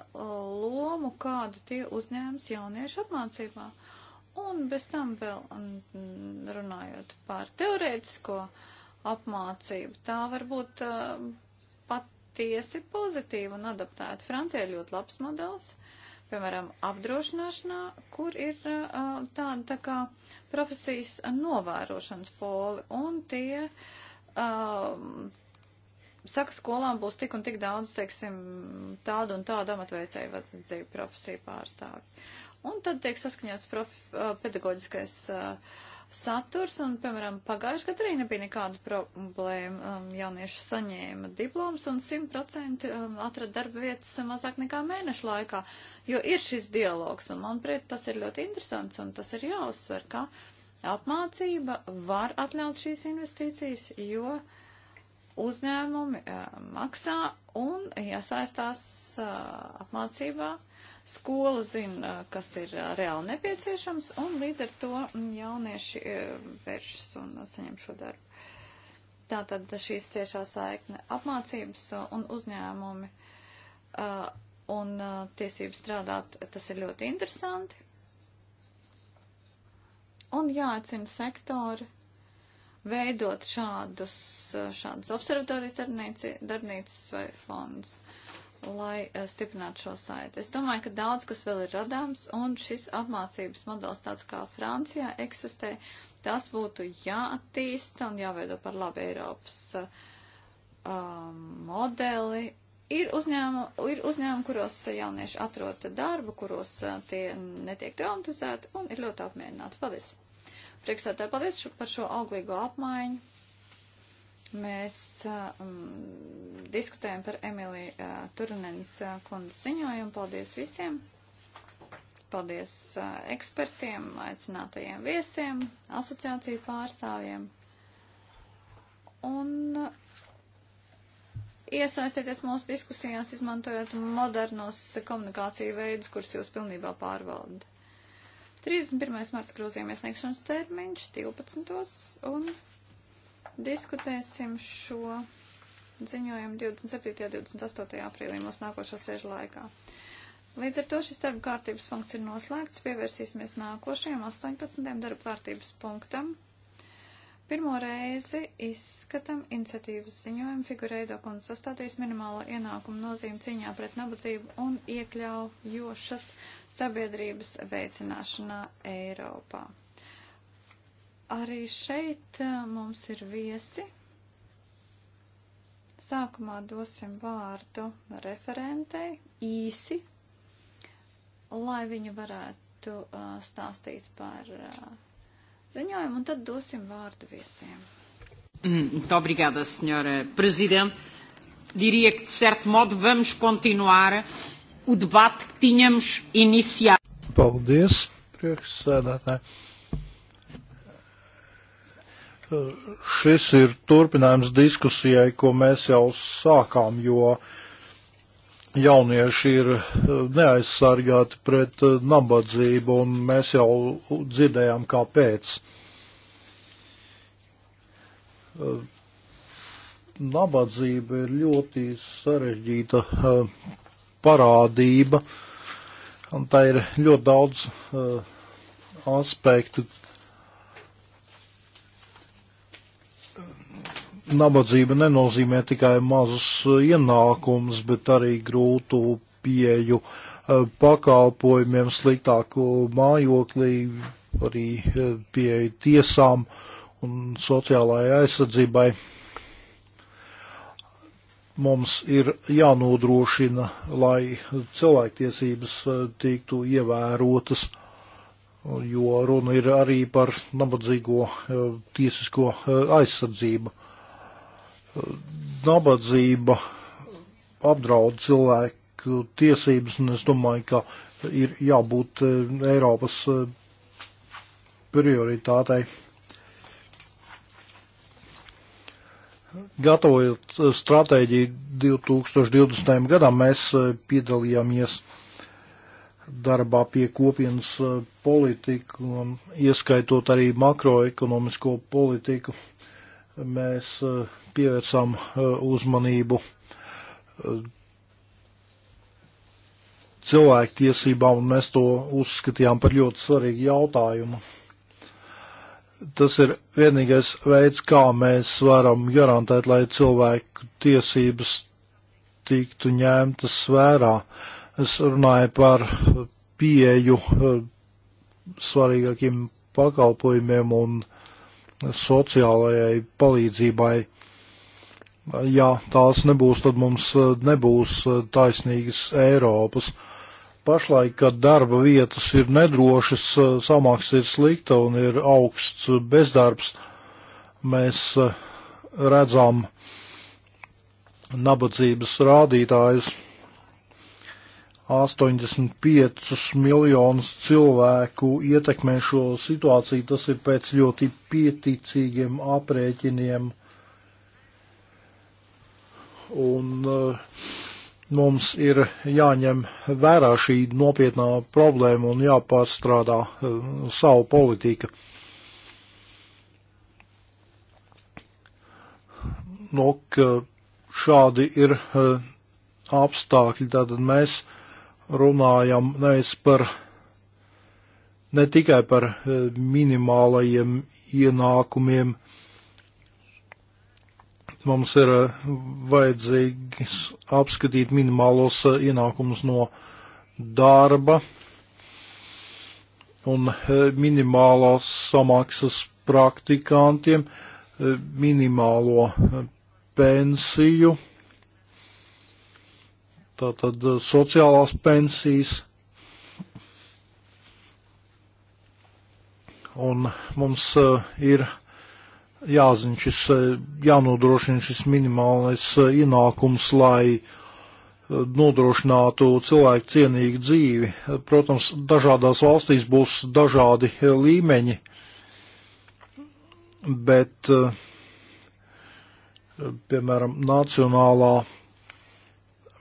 A: lomu, kādu tie uzņēmas jauniešu apmācībā. Un bez tam vēl mm, runājot par teorētisko apmācību, tā var būt uh, patiesi pozitīva un adaptēta. Francija ir ļoti labs modelis, piemēram, apdrošināšanā, kur ir uh, tāda tā kā profesijas novērošanas poli, un tie um, saka, skolām būs tik un tik daudz, teiksim, tādu un tādu amatveicēju vadzību profesiju pārstāvi. Un tad tiek saskaņots prof, pedagoģiskais uh, saturs, un, piemēram, pagājušajā gadā arī nebija nekādu problēmu. Um, jaunieši saņēma diplomas un 100% um, atrada darba vietas mazāk nekā mēnešu laikā, jo ir šis dialogs, un, manuprāt, tas ir ļoti interesants, un tas ir jāuzsver, ka apmācība var atļaut šīs investīcijas, jo. Uh, uzņēmumi maksā un iesaistās apmācībā. Skola zina, kas ir reāli nepieciešams, un līdz ar to jaunieši vēršas un saņem šo darbu. Tātad šīs tiešā saikne apmācības un uzņēmumi un tiesības strādāt, tas ir ļoti interesanti. Un jāatcina sektori, veidot šādus, šādas observatorijas darbnīcas vai fondus, lai eh, stiprinātu šo saiti. Es domāju, ka daudz kas vēl ir radāms, un šis apmācības modelis tāds kā Francijā eksistē, tas būtu jāattīsta un jāveido par labu Eiropas eh, um, modeli. Ir uzņēmumi, ir uzņēmumi, kuros jaunieši atrod darbu, kuros eh, tie netiek traumatizēti un ir ļoti apmierināti. Paldies! Priekšsētāji, paldies par šo auglīgo apmaiņu. Mēs um, diskutējam par Emiliju uh, Turunenes uh, kundas ziņojumu. Paldies visiem! Paldies uh, ekspertiem, aicinātajiem viesiem, asociāciju pārstāvjiem. Un uh, iesaistieties mūsu diskusijās, izmantojot modernos komunikāciju veidus, kurus jūs pilnībā pārvaldat. 31. marts grozījuma iesniegšanas termiņš 12. un diskutēsim šo ziņojumu 27. un 28. aprīlī mūsu nākošā sēžu laikā. Līdz ar to šis darba kārtības punkts ir noslēgts. Pievērsīsimies nākošajam 18. darba kārtības punktam. Pirmo reizi izskatam iniciatīvas ziņojumu figurēdo kundze sastādījis minimālo ienākumu nozīmi cīņā pret nabadzību un iekļaujošas sabiedrības veicināšanā Eiropā. Arī šeit eh, mums ir viesi. Sākumā dosim vārdu referentei īsi, lai viņa varētu uh, stāstīt par uh, ziņojumu, un tad dosim vārdu
C: viesiem. Muito obrigada, senhora Presidente. Diria que, de certo modo, vamos continuar uh, o debate que tínhamos iniciado.
B: Paldies, priekšsēdētāji. Šis ir turpinājums diskusijai, ko mēs jau sākām, jo jaunieši ir neaizsargāti pret nabadzību, un mēs jau dzirdējām, kāpēc. Nabadzība ir ļoti sarežģīta parādība, un tā ir ļoti daudz uh, aspektu. Nabadzība nenozīmē tikai mazus uh, ienākumus, bet arī grūtu pieju uh, pakalpojumiem, sliktāku mājoklī, arī uh, pieeja tiesām un sociālajai aizsardzībai mums ir jānodrošina, lai cilvēktiesības eh, tiktu ievērotas, jo runa ir arī par nabadzīgo eh, tiesisko eh, aizsardzību. Nabadzība apdraud cilvēku tiesības, un es domāju, ka ir jābūt Eiropas prioritātei. gatavojot eh, stratēģiju 2020. gadam, mēs eh, piedalījāmies darbā pie kopienas eh, politika, ieskaitot arī makroekonomisko politiku. Mēs pievērsām uzmanību cilvēktiesībām, un mēs to uzskatījām par ļoti svarīgu jautājumu tas ir vienīgais veids, kā mēs varam garantēt, lai cilvēku tiesības tiktu ņemtas vērā. Es runāju par pieeju eh, svarīgākiem pakalpojumiem un sociālajai palīdzībai. Ja tās nebūs, tad mums eh, nebūs eh, taisnīgas Eiropas. Uh, pašlaik, kad darba vietas ir nedrošas, eh, samaksa ir slikta un ir augsts bezdarbs, mēs eh, redzam nabadzības rādītājus. 85 miljonus cilvēku ietekmē šo situāciju, tas ir pēc ļoti pieticīgiem aprēķiniem. Un uh, mums ir jāņem vērā šī nopietnā problēma un jāpārstrādā eh, savu politika. Nu, Lūk, šādi ir eh, apstākļi, tad mēs runājam nevis par, ne tikai par eh, minimālajiem ienākumiem, Mums ir eh, vajadzīgs apskatīt minimālos eh, ienākumus no darba un eh, minimālās samaksas praktikantiem, minimālo pensiju, tātad sociālās pensijas. Un mums ir uh, jāzina šis, eh, jānodrošina šis minimālais eh, ienākums, lai eh, nodrošinātu cilvēku cienīgu dzīvi. Protams, dažādās valstīs būs dažādi līmeņi, bet, piemēram, nacionālā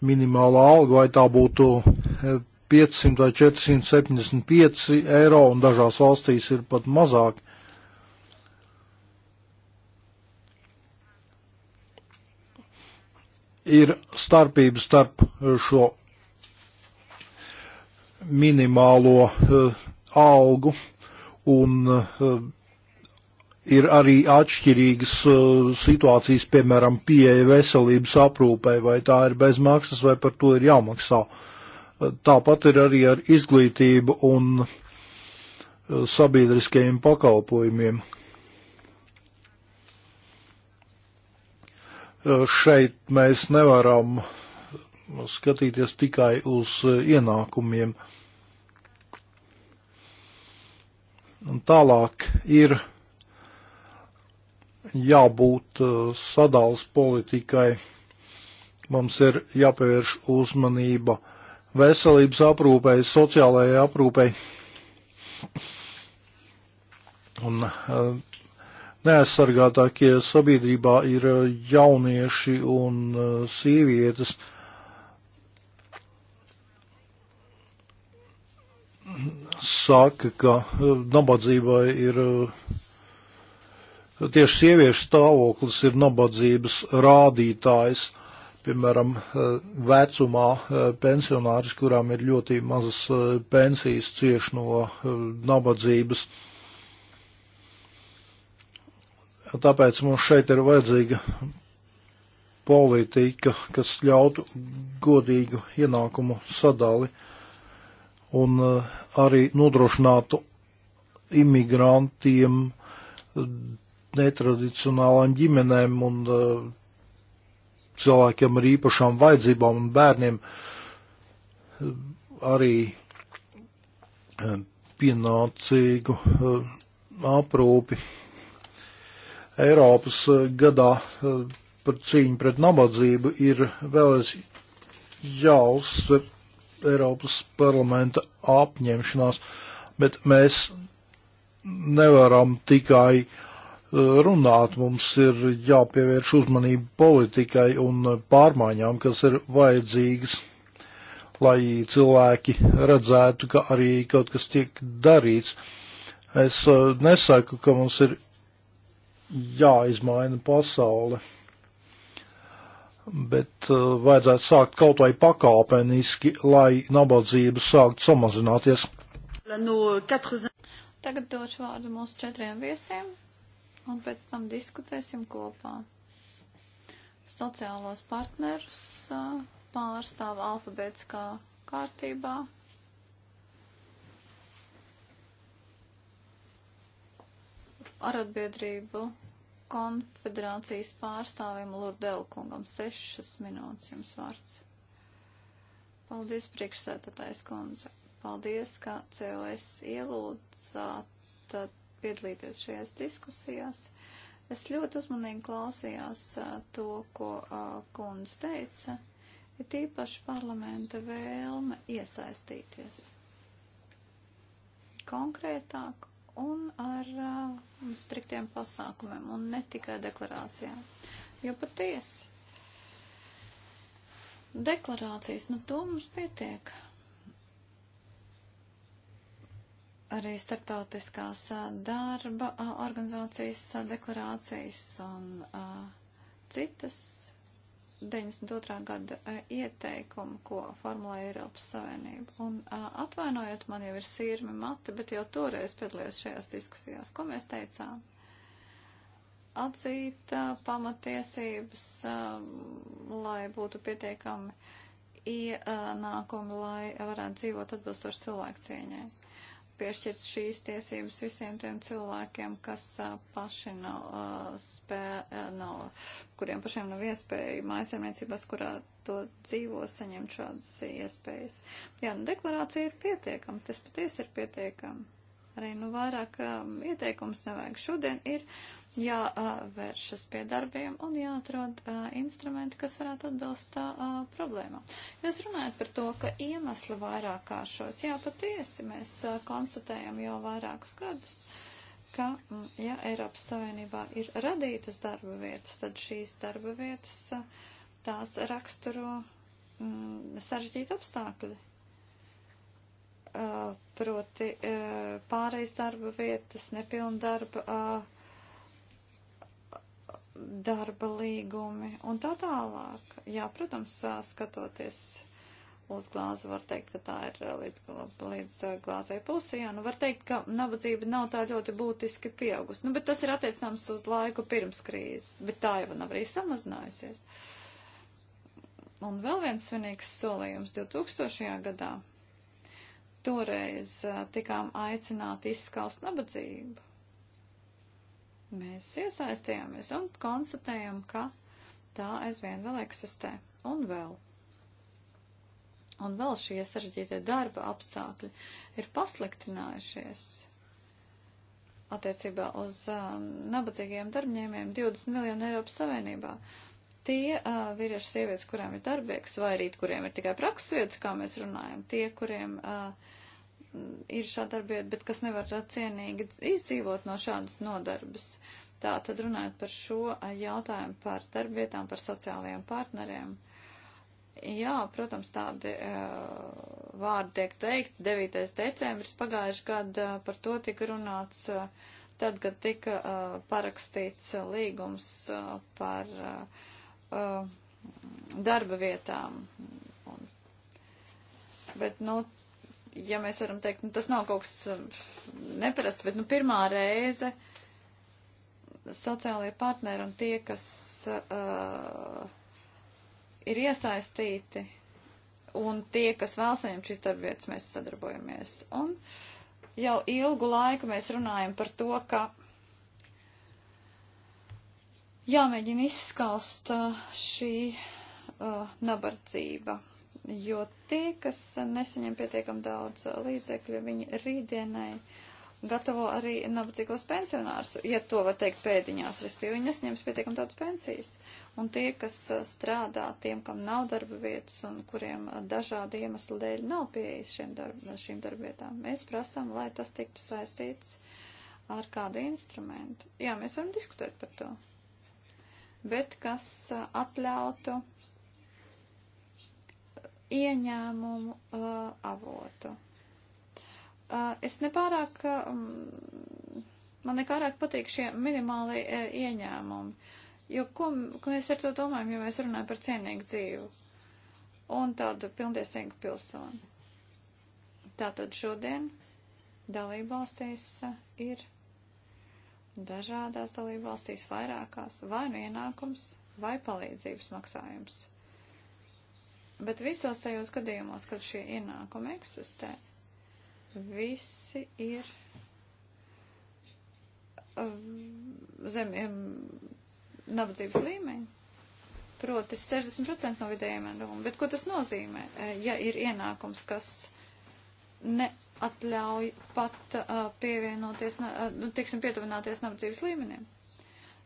B: minimālā alga, vai tā būtu 500 vai 475 eiro, un dažās valstīs ir pat mazāk. ir starpība starp eh, šo minimālo eh, algu un eh, ir arī atšķirīgas situācijas, piemēram, pieeja veselības aprūpē, vai tā ir bez maksas, vai par to ir jāmaksā. Tāpat ir arī ar izglītību un sabiedriskajiem pakalpojumiem. Eh, šeit mēs nevaram skatīties tikai uz eh, ienākumiem. Un tālāk ir jābūt eh, sadals politikai. Mums ir jāpievērš uzmanība veselības aprūpei, sociālajai aprūpei. Un neaizsargātākie sabiedrībā ir eh, jaunieši un eh, sievietes. Saka, ka eh, nabadzībai ir tieši sieviešu stāvoklis ir nabadzības rādītājs. Piemēram, vecumā pensionāris, kurām ir ļoti mazas pensijas, cieši no nabadzības. Uh, Tāpēc mums šeit ir vajadzīga politika, kas ļautu godīgu ienākumu sadali un eh, arī nodrošinātu imigrantiem, netradicionālām ģimenēm un eh, cilvēkiem ar īpašām vajadzībām un bērniem eh, arī pienācīgu aprūpi Eiropas eh, gadā eh, par cīņu pret nabadzību ir vēlreiz jāuzsver Eiropas parlamenta apņemšanās, bet mēs nevaram tikai eh, runāt, mums ir jāpievērš uzmanība politikai un pārmaiņām, kas ir vajadzīgas, lai cilvēki redzētu, ka arī kaut kas tiek darīts. Es nesaku, ka mums ir jāizmaina pasaule. Bet uh, vajadzētu sākt kaut vai pakāpeniski, lai nabadzība sākt samazināties.
A: Tagad došu vārdu mūsu četriem viesiem, un pēc tam diskutēsim kopā. Sociālos partnerus uh, pārstāv alfabētiskā kārtībā arotbiedrību konfederācijas pārstāvim Lurdelkungam. Sešas minūtes jums vārds. Paldies, priekšsētātais kundze. Paldies, ka COS ielūdzāt uh, piedalīties šajās diskusijās. Es ļoti uzmanīgi klausījās uh, to, ko uh, kundze teica, ir tīpaši parlamenta vēlme iesaistīties konkrētāk un ar uh, striktiem pasākumiem un ne tikai deklarācijām. Jo patiesi, deklarācijas, nu to mums pietiek. Arī starptautiskās uh, darba uh, organizācijas uh, deklarācijas un uh, citas 92. gada e, ieteikumu, ko formulēja Eiropas Savienība. Un e, atvainojiet, man jau ir sirmi mati, bet jau toreiz piedalījos šajās diskusijās. Ko mēs teicām? Atzīt e, pamatiesības, lai būtu pietiekami ienākumi, lai varētu dzīvot atbilstoši cilvēku cieņai piešķirt šīs tiesības visiem tiem cilvēkiem, kas uh, paši nav uh, spē, uh, nav, kuriem pašiem nav iespēja mājasemniecībās, kurā to dzīvo, saņemt šādas iespējas. Jā, nu deklarācija ir pietiekama, tas patiesi ir pietiekama. Arī nu vairāk um, ieteikums nevajag. Šodien ir. Uh, jāvēršas pie darbiem un jāatrod uh, instrumenti, kas varētu atbilst uh, problēmām. Jūs runājat par to, ka iemesli vairāk kāršos. Jā, patiesi mēs uh, konstatējam jau vairākus gadus, ka, mm, ja Eiropas Savienībā ir radītas darba vietas, tad šīs darba vietas uh, tās raksturo mm, sarežģīti apstākļi. Uh, proti uh, pāreiz darba vietas, nepilndarba uh, darba līgumi un tā tālāk. Jā, protams, skatoties uz glāzi, var teikt, ka tā ir līdz, līdz glāzai pusē. Jā, nu var teikt, ka nabadzība nav tā ļoti būtiski pieaugusi. Nu, bet tas ir attiecams uz laiku pirms krīzes, bet tā jau nav arī samazinājusies. Un vēl viens svinīgs solījums 2000. gadā. Toreiz tikām aicināti izskaust nabadzību Mēs iesaistījāmies un konstatējam, ka tā aizvien vēl eksistē. Un vēl. Un vēl šie sarežģītie darba apstākļi ir pasliktinājušies attiecībā uz uh, nabadzīgiem darbņēmiem 20 miljonu Eiropas Savienībā. Tie uh, vīrieši sievietes, kurām ir darbiegs, vai arī kuriem ir tikai prakses vietas, kā mēs runājam, tie, kuriem uh, ir šāda darbiet, bet kas nevar cienīgi izdzīvot no šādas nodarbas. Tā tad runājot par šo jautājumu par darbietām, par sociālajiem partneriem. Jā, protams, tādi uh, vārdi tiek teikt. 9. decembris pagājuši gadu uh, eh, par to tika runāts, uh, tad, kad tika uh, parakstīts uh, līgums uh, par uh, uh, darba vietām. Un, bet, nu, ja mēs varam teikt, nu, tas nav kaut kas um, neparasts, bet nu, pirmā reize sociālajie partneri un tie, kas uh, ir iesaistīti un tie, kas vēl saņem šīs darbvietas, mēs sadarbojamies. Un jau ilgu laiku mēs runājam par to, ka jāmēģina izskaust uh, šī uh, nabardzība jo tie, kas nesaņem pietiekam daudz līdzekļu, viņi rītdienai gatavo arī nabadzīgos pensionārus, ja to var teikt pēdiņās, respektīvi viņi nesaņems pietiekam daudz pensijas. Un tie, kas strādā, tiem, kam nav darba vietas un kuriem dažādi iemesli dēļ nav pieejas darb, šīm darbvietām, mēs prasām, lai tas tiktu saistīts ar kādu instrumentu. Jā, mēs varam diskutēt par to. Bet kas atļautu ieņēmumu uh, avotu. Uh, es nepārāk, um, man nepārāk patīk šie minimāli uh, ieņēmumi, jo ko, ko mēs ar to domājam, ja mēs runājam par cienīgu dzīvu un tādu pilntiesīgu pilsoni. Tātad šodien dalībvalstīs uh, ir dažādās dalībvalstīs vairākās vai nu ienākums, vai palīdzības maksājums. Bet visos tajos gadījumos, kad šie ienākumi eksistē, visi ir um, zem um, nabadzības līmeņa. Proti 60% no vidējiem ienākumiem. Bet ko tas nozīmē, e, ja ir ienākums, kas neatļauj pat uh, pievienoties, uh, nu, teiksim, pietuvināties nabadzības līmenim?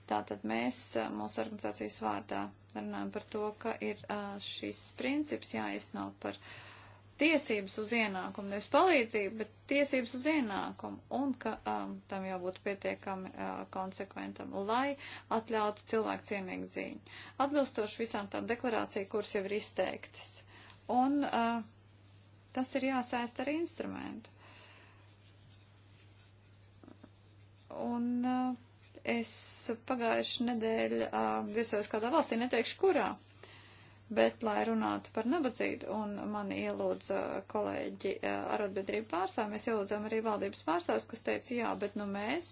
A: Tātad mēs mūsu organizācijas vārdā runājam par to, ka ir šis princips jāizno par tiesības uz ienākumu, nevis palīdzību, bet tiesības uz ienākumu, un ka um, tam jābūt pietiekami uh, konsekventam, lai atļautu cilvēku cienīgu dzīvi. Atbilstoši visām tām deklarāciju, kuras jau ir izteiktas. Un uh, tas ir jāsaist ar instrumentu. Un uh, Es pagājuši nedēļu uh, viesojos kādā valstī, neteikšu kurā, bet, lai runātu par nabadzību, un man ielūdza kolēģi uh, arotbiedrību pārstāvju, mēs ielūdzām arī valdības pārstāvs, kas teica, jā, bet nu mēs,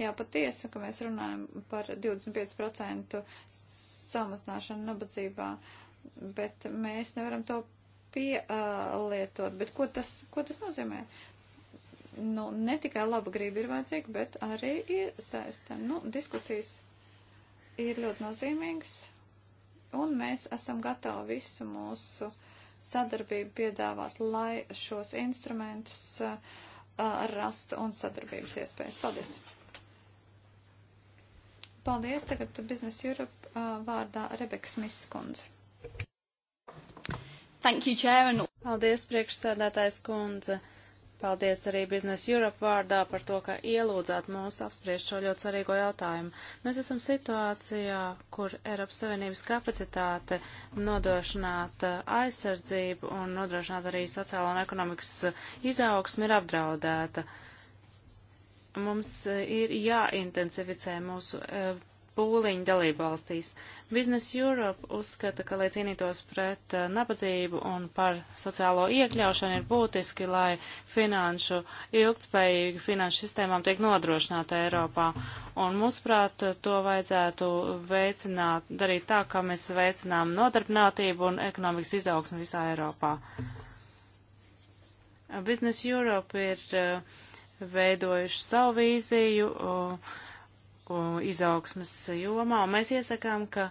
A: jā, patiesi, ka mēs runājam par 25% samazināšanu nabadzībā, bet mēs nevaram to pielietot. Uh, bet ko tas, ko tas nozīmē? nu, ne tikai laba grība ir vajadzīga, bet arī iesaista. Nu, diskusijas ir ļoti nozīmīgas, un mēs esam gatavi visu mūsu sadarbību piedāvāt, lai šos instrumentus uh, rastu un sadarbības iespējas. Paldies! Paldies! Tagad Business Europe uh, vārdā Rebeka Smiss kundze.
C: Thank you, Chair. And... Paldies, priekšsēdētājs kundze. Uh, Paldies arī Biznesa Europe vārdā par to, ka ielūdzāt mūs apspriest šo ļoti svarīgo jautājumu. Mēs esam situācijā, kur Eiropas Savienības kapacitāte nodrošināt uh, aizsardzību un nodrošināt arī sociālo un ekonomikas uh, izaugsmi ir apdraudēta. Mums uh, ir jāintensificē mūsu pūliņi dalībvalstīs. Business Europe uzskata, ka, lai cīnītos pret uh, nabadzību un par sociālo iekļaušanu, ir būtiski, lai finanšu ilgtspējīgi finanšu sistēmām tiek nodrošināta Eiropā. Un, mūsuprāt, to vajadzētu veicināt, darīt tā, kā mēs veicinām nodarbinātību un ekonomikas izaugsmu visā Eiropā. Business Europe ir uh, veidojuši savu vīziju. Uh, izaugsmas jomā, un mēs iesakām, ka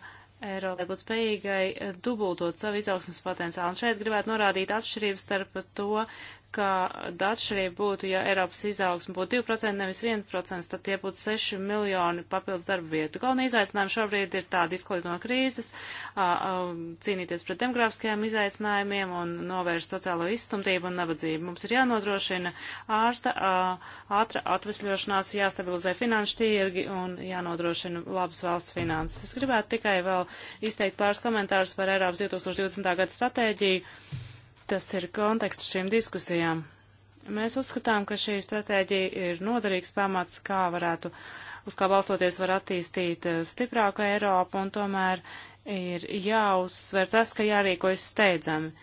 C: Eiropai būtu spējīgai dubultot savu izaugsmas potenciālu. Un šeit gribētu norādīt atšķirības starp to, kāda atšķirība būtu, ja Eiropas izaugsme būtu 2%, nevis 1%, tad tie būtu 6 miljoni papildus darba vietu. Galvenā izaicinājuma šobrīd ir tāda izklaid no krīzes, cīnīties pret demografiskajiem izaicinājumiem un novērst sociālo izstumtību un nabadzību. Mums ir jānodrošina ārsta ātra atvesļošanās, jāstabilizē finanšu tirgi un jānodrošina labas valsts finanses. Es gribētu tikai vēl izteikt pāris komentārus par Eiropas 2020. gada stratēģiju Tas ir konteksts šīm diskusijām. Mēs uzskatām, ka šī stratēģija ir noderīgs pamats, kā varētu, uz kā balstoties var attīstīt eh, stiprāku Eiropu, un tomēr ir jāuzsver tas, ka jārīkojas steidzami.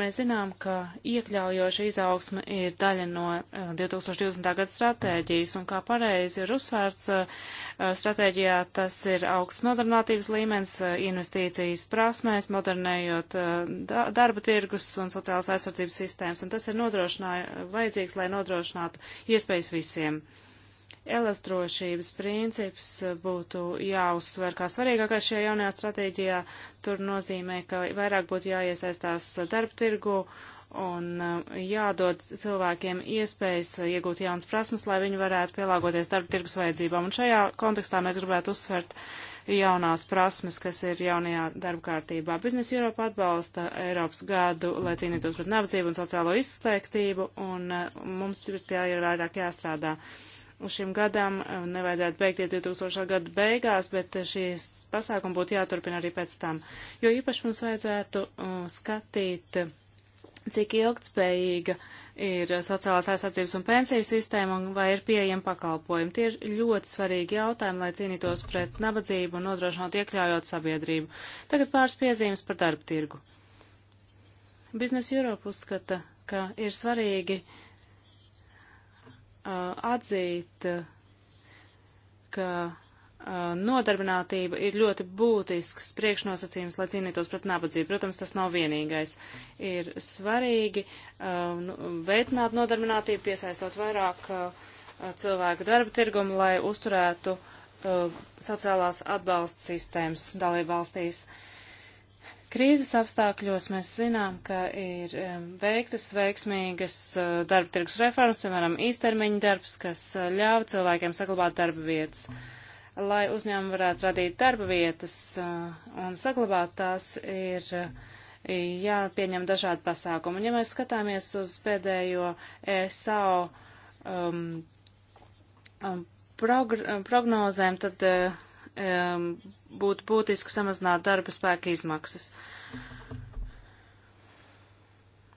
C: Mēs zinām, ka iekļaujoša izaugsme ir daļa no 2020. Eh, gada stratēģijas, un kā pareizi ir uzsvērts eh, stratēģijā, tas ir augsts nodarbinātības līmenis, eh, investīcijas prasmēs, modernējot darba tirgus un sociālas aizsardzības sistēmas, un tas ir vajadzīgs, lai nodrošinātu iespējas visiem. Uh, elastrošības princips būtu jāuzsver kā svarīgākais šajā jaunajā stratēģijā. Tur nozīmē, ka vairāk būtu jāiesaistās darba tirgu un uh, jādod cilvēkiem iespējas iegūt jaunas prasmes, lai viņi varētu pielāgoties darba tirgus vajadzībām. Un šajā kontekstā mēs gribētu uzsvert jaunās prasmes, kas ir jaunajā darba kārtībā. Biznesa Eiropa atbalsta Eiropas gadu, lai cīnītos pret nabadzību un sociālo izslēgtību, un uh, mums pie tā ir vairāk jāstrādā. Uh, šim gadam eh, nevajadzētu beigties 2000. gada beigās, bet eh, šīs pasākumi būtu jāturpina arī pēc tam. Jo īpaši mums vajadzētu eh, skatīt, cik ilgtspējīga ir sociālās aizsardzības un pensiju sistēma un vai ir pieejama pakalpojumi. Tie ir ļoti svarīgi jautājumi, lai cīnītos pret nabadzību un nodrošinātu iekļaujot sabiedrību. Tagad pāris piezīmes par darba tirgu. Biznes Europe uzskata, ka ir svarīgi uh, Uh, atzīt, uh, ka uh, nodarbinātība ir ļoti būtisks priekšnosacījums, lai cīnītos pret nabadzību. Protams, tas nav vienīgais. Ir svarīgi nu, veicināt nodarbinātību, piesaistot vairāk cilvēku darba tirgumu, lai uzturētu sociālās atbalsta sistēmas dalību valstīs. Uh, Krīzes apstākļos mēs zinām, ka ir veiktas veiksmīgas eh, darba tirgus reformas, piemēram, īstermiņa darbs, kas eh, ļāva cilvēkiem saglabāt darba vietas. Lai uzņēmumi varētu radīt darba vietas eh, un saglabāt tās, ir jāpieņem dažādi pasākumi. Un, ja mēs skatāmies uz pēdējo ESAO um, um, prog prognozēm, tad uh, um, būtu būtiski samazināt darba spēka izmaksas.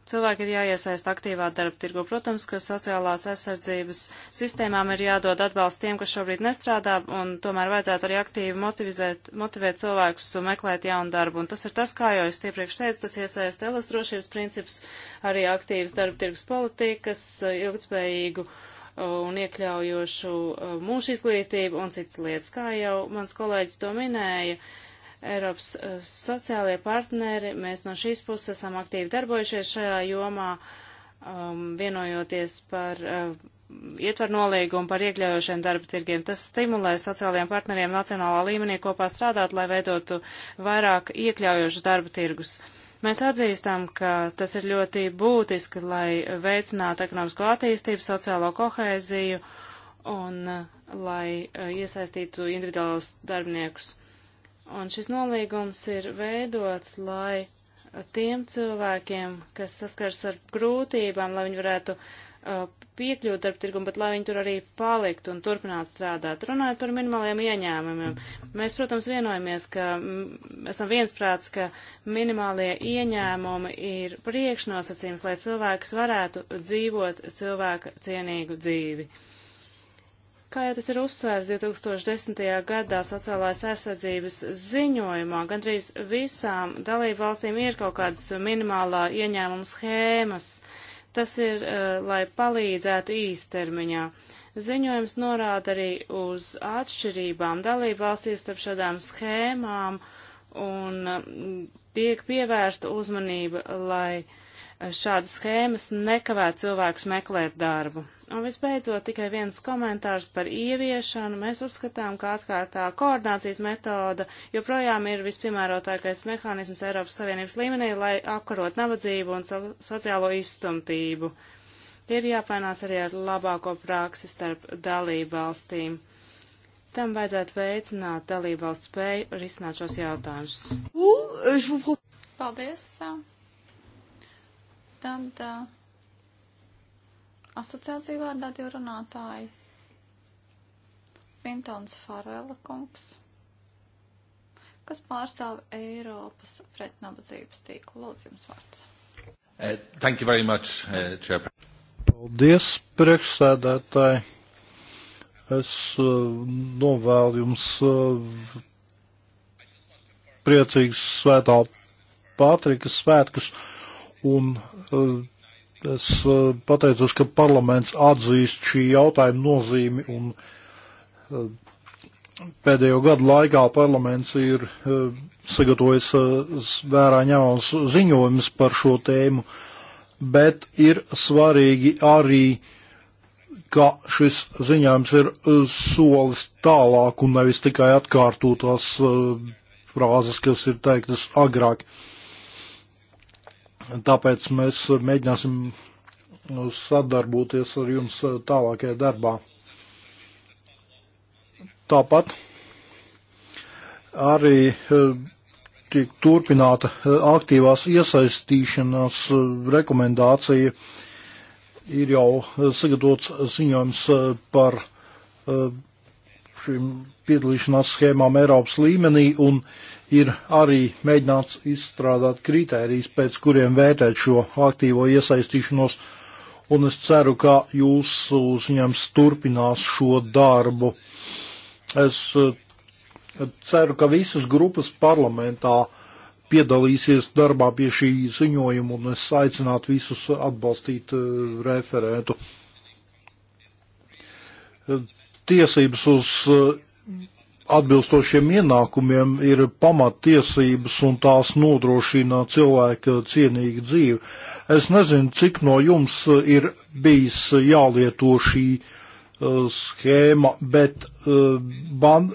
C: Cilvēki ir jāiesaist aktīvā darba tirgu. Protams, ka sociālās aizsardzības sistēmām ir jādod atbalsts tiem, kas šobrīd nestrādā, un tomēr vajadzētu arī aktīvi motivizēt, motivēt cilvēkus un meklēt jaunu darbu. Un tas ir tas, kā jau es iepriekš teicu, tas iesaist elastrošības princips, arī aktīvas darba tirgus politikas, ilgtspējīgu uh, un iekļaujošu uh, mūža izglītību un citas lietas. Kā jau mans kolēģis to minēja, Eiropas uh, sociālajie partneri, mēs no šīs puses esam aktīvi darbojušies šajā jomā, um, vienojoties par uh, ietver nolīgumu par iekļaujošiem darba tirgiem. Tas stimulē sociālajiem partneriem nacionālā līmenī kopā strādāt, lai veidotu vairāk iekļaujošus darba tirgus. Uh, Mēs atzīstam, ka tas ir ļoti būtiski, lai veicinātu ekonomisko attīstību, sociālo kohēziju un uh, lai uh, iesaistītu individuālus darbiniekus. Un šis nolīgums ir veidots, lai tiem cilvēkiem, kas saskars ar grūtībām, lai viņi varētu Uh, piekļūt darba tirgumu, bet lai viņi tur arī paliktu un turpinātu strādāt. Runājot par minimāliem ieņēmumiem, mēs, protams, vienojamies, ka mm, esam viensprāts, ka minimālie ieņēmumi ir priekšnosacījums, lai cilvēks varētu dzīvot cilvēka cienīgu dzīvi. Kā jau tas ir uzsvērts 2010. gadā sociālās aizsardzības ziņojumā, gandrīz visām dalību valstīm ir kaut kādas minimālā ieņēmuma schēmas. Uh, Tas ir, eh, lai palīdzētu īstermiņā. Ziņojums norāda arī uz atšķirībām dalību valstīs starp šādām schēmām un eh, tiek pievērsta uzmanība, lai eh, šādas schēmas nekavētu cilvēkus meklēt darbu. Un visbeidzot, tikai viens komentārs par ieviešanu. Mēs uzskatām, ka atkārtā koordinācijas metoda joprojām ir vispiemērotākais mehānisms Eiropas Savienības līmenī, lai apkarot nabadzību un so sociālo izstumtību. Ir jāpainās arī ar labāko praksi starp dalību valstīm. Tam vajadzētu veicināt dalību valstu spēju risināt šos jautājumus.
A: Euh, Paldies! Tad. Uh asociāciju vārdā divi runātāji. Fintons Farela kungs, kas pārstāv Eiropas pretnabadzības tīklu. Lūdzu, jums
B: vārds. Uh, thank you very much, uh, eh, Chairman. Paldies, priekšsēdētāji. Es uh, novēlu jums uh, priecīgus svētā Pātrika svētkus un uh, Es eh, pateicos, ka parlaments atzīst šī jautājuma nozīmi un eh, pēdējo gadu laikā parlaments ir eh, sagatavojis vērā ņemams ziņojums par šo tēmu, bet ir svarīgi arī, ka šis ziņojums ir solis tālāk un nevis tikai atkārtotās frāzes, kas ir teiktas agrāk. Uh, Tāpēc mēs mēģināsim nu, sadarboties ar jums tālākajā darbā. Tāpat arī e, tiek turpināta e, aktīvās iesaistīšanās e, rekomendācija. Ir jau sagatavots ziņojums par šīm piedalīšanās schēmām Eiropas līmenī, un uh, ir arī mēģināts izstrādāt kritērijas, pēc kuriem vērtēt šo aktīvo iesaistīšanos, un es ceru, ka jūs uzņems turpinās šo darbu. Es eh, ceru, ka visas grupas parlamentā piedalīsies darbā pie šī ziņojuma, un es aicinātu visus atbalstīt eh, referētu. Eh, tiesības uz atbilstošiem ienākumiem ir pamatiesības un tās nodrošina cilvēka cienīgu dzīvi. Es nezinu, cik no jums ir bijis jālieto šī uh, schēma, bet uh, man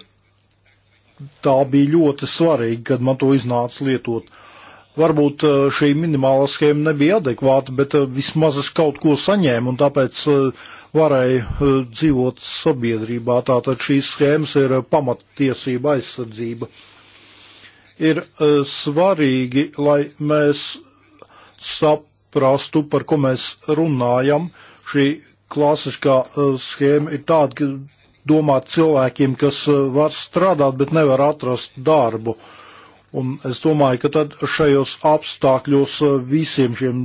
B: tā bija ļoti svarīga, kad man to iznāca lietot. Varbūt uh, šī minimālā schēma nebija adekvāta, bet uh, vismaz es kaut ko saņēmu un tāpēc uh, varēja eh, dzīvot sabiedrībā. Tātad šīs schēmas ir eh, pamattiesība aizsardzība. Ir eh, svarīgi, lai mēs saprastu, par ko mēs runājam. Šī klasiskā schēma ir tāda, ka domāt cilvēkiem, kas var strādāt, bet nevar atrast darbu. Un es domāju, ka tad šajos apstākļos visiem šiem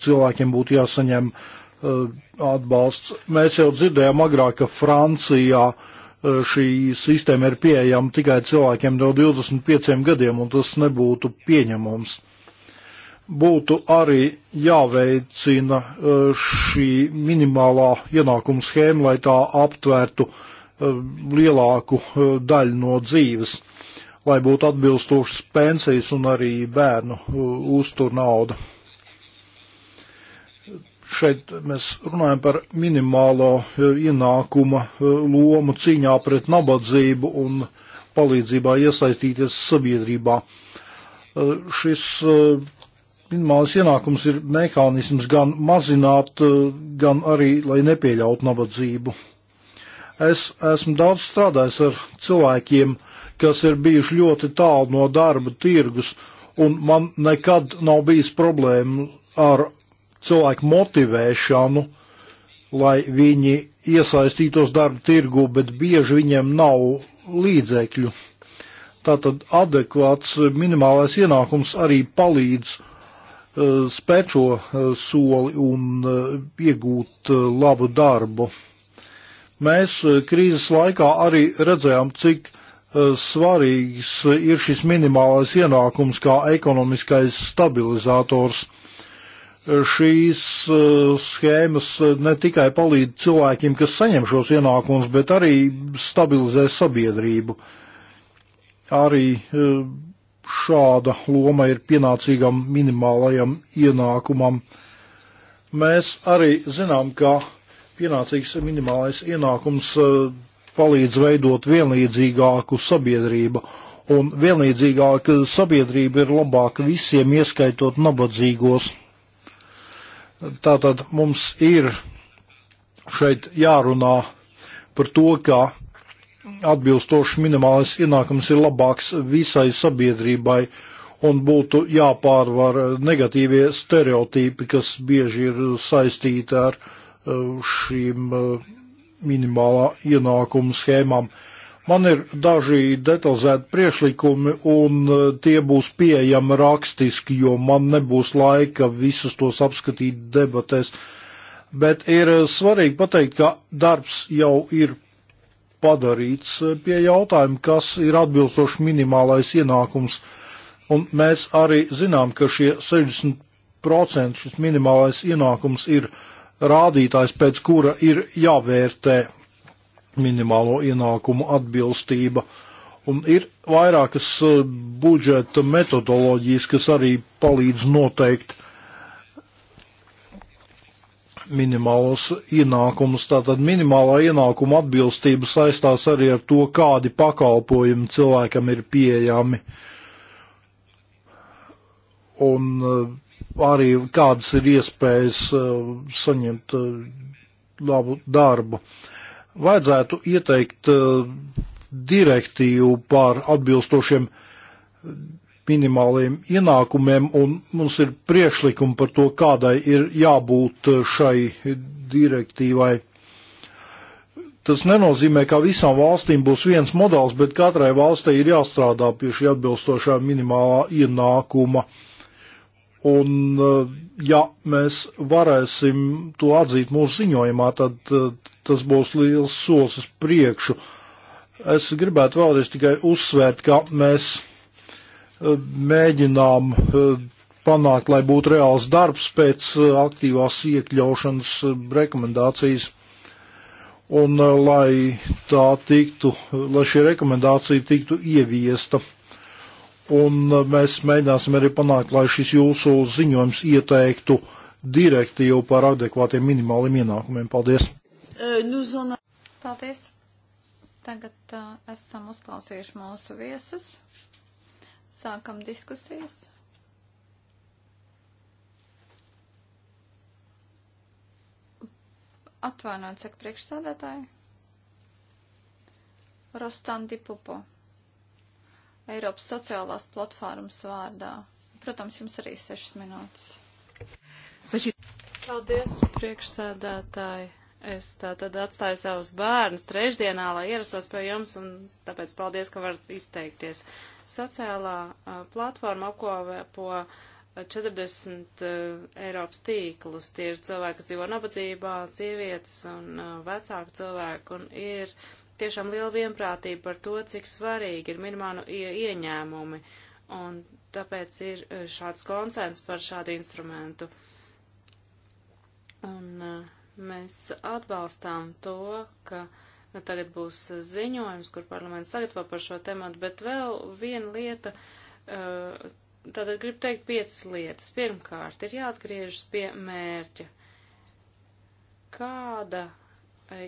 B: cilvēkiem būtu jāsaņem uh, Uh, atbalsts. Mēs jau dzirdējām agrāk, ka Francijā uh, šī sistēma ir pieejama tikai cilvēkiem no 25 gadiem, un tas nebūtu pieņemams. Būtu arī jāveicina uh, šī minimālā ienākuma schēma, lai tā aptvērtu lielāku daļu no dzīves, lai būtu atbilstošas pensijas un arī bērnu uzturnauda. nauda. Šeit mēs runājam par minimālo e, ienākuma e, lomu cīņā pret nabadzību un palīdzībā iesaistīties sabiedrībā. E, šis minimālais ienākums ir mehānisms gan mazināt, gan arī, lai nepieļaut nabadzību. Es esmu daudz strādājis ar cilvēkiem, kas ir bijuši ļoti tālu no darba tirgus, un man nekad nav bijis problēma ar cilvēku motivēšanu, lai viņi iesaistītos darba tirgu, bet bieži viņiem nav līdzekļu. Tātad adekvāts minimālais ienākums arī palīdz eh, spēt šo eh, soli un eh, iegūt labu darbu. Mēs krīzes laikā arī redzējām, cik svarīgs ir šis minimālais ienākums kā ekonomiskais stabilizators šīs e, schēmas e, ne tikai palīdz cilvēkiem, kas saņem šos ienākumus, bet arī stabilizē sabiedrību. Arī e, šāda loma ir pienācīgam minimālajam ienākumam. Mēs arī zinām, ka pienācīgs minimālais ienākums palīdz veidot vienlīdzīgāku sabiedrību, un vienlīdzīgāka sabiedrība ir labāka visiem, ieskaitot nabadzīgos. Tātad mums ir šeit jārunā par to, ka atbilstoši minimālais ienākums ir labāks visai sabiedrībai un būtu jāpārvar negatīvie stereotipi, kas bieži ir saistīti ar uh, šīm uh, minimālā ienākuma schēmām. Uh, Man ir daži detalizēti priešlikumi, un eh, tie būs pieejami rakstiski, jo man nebūs laika visus tos apskatīt debatēs. Bet ir eh, svarīgi pateikt, ka darbs jau ir padarīts eh, pie jautājuma, kas ir atbilstoši minimālais ienākums. Un mēs arī zinām, ka šie 60% šis minimālais ienākums ir rādītājs, pēc kura ir jāvērtē minimālo ienākumu atbilstība. Un ir vairākas eh, budžeta metodoloģijas, kas arī palīdz noteikt minimālos ienākumus. Tātad minimālā ienākuma atbilstība saistās arī ar to, kādi pakalpojumi cilvēkam ir pieejami. Un eh, arī kādas ir iespējas eh, saņemt labu darbu. Uh, vajadzētu ieteikt eh, direktīvu par atbilstošiem minimāliem ienākumiem, un mums ir priekšlikumi par to, kādai ir jābūt eh, šai direktīvai. Tas nenozīmē, ka visām valstīm būs viens modelis, bet katrai valstī ir jāstrādā pie šī atbilstošā minimālā ienākuma. Uh, Un, eh, ja mēs varēsim to atzīt mūsu ziņojumā, tad eh, tas būs liels solis uz priekšu. Es gribētu vēlreiz tikai uzsvērt, ka mēs eh, mēģinām panākt, lai būtu reāls darbs pēc aktīvās iekļaušanas rekomendācijas. Un lai tā tiktu, lai šī rekomendācija tiktu ieviesta un uh, mēs mēģināsim arī panākt, lai šis jūsu ziņojums ieteiktu direktīvu par adekvātiem minimāliem ienākumiem. Paldies!
A: Nu, Paldies! Tagad uh, esam uzklausījuši mūsu viesus. Sākam diskusijas. Atvainojiet, saka priekšsādātāji. Rostanti Pupo. Eiropas sociālās platformas vārdā. Protams, jums arī sešas
C: minūtes. Paldies, priekšsēdētāji. Es tātad atstāju savus bērnus trešdienā, lai ierastos pie jums, un tāpēc paldies, ka varat izteikties. Sociālā uh, platforma apkopo 40 uh, Eiropas tīklus. Tie ir cilvēki, kas dzīvo nabadzībā, sievietes un uh, vecāku cilvēku, un ir tiešām liela vienprātība par to, cik svarīgi ir minimālu ieņēmumi, un tāpēc ir eh, šāds konsens par šādu instrumentu. Un eh, mēs atbalstām to, ka tagad būs ziņojums, kur parlaments sagatavo par šo tematu, bet vēl viena lieta, eh, tātad gribu teikt piecas lietas. Pirmkārt, ir jāatgriežas pie mērķa. Kāda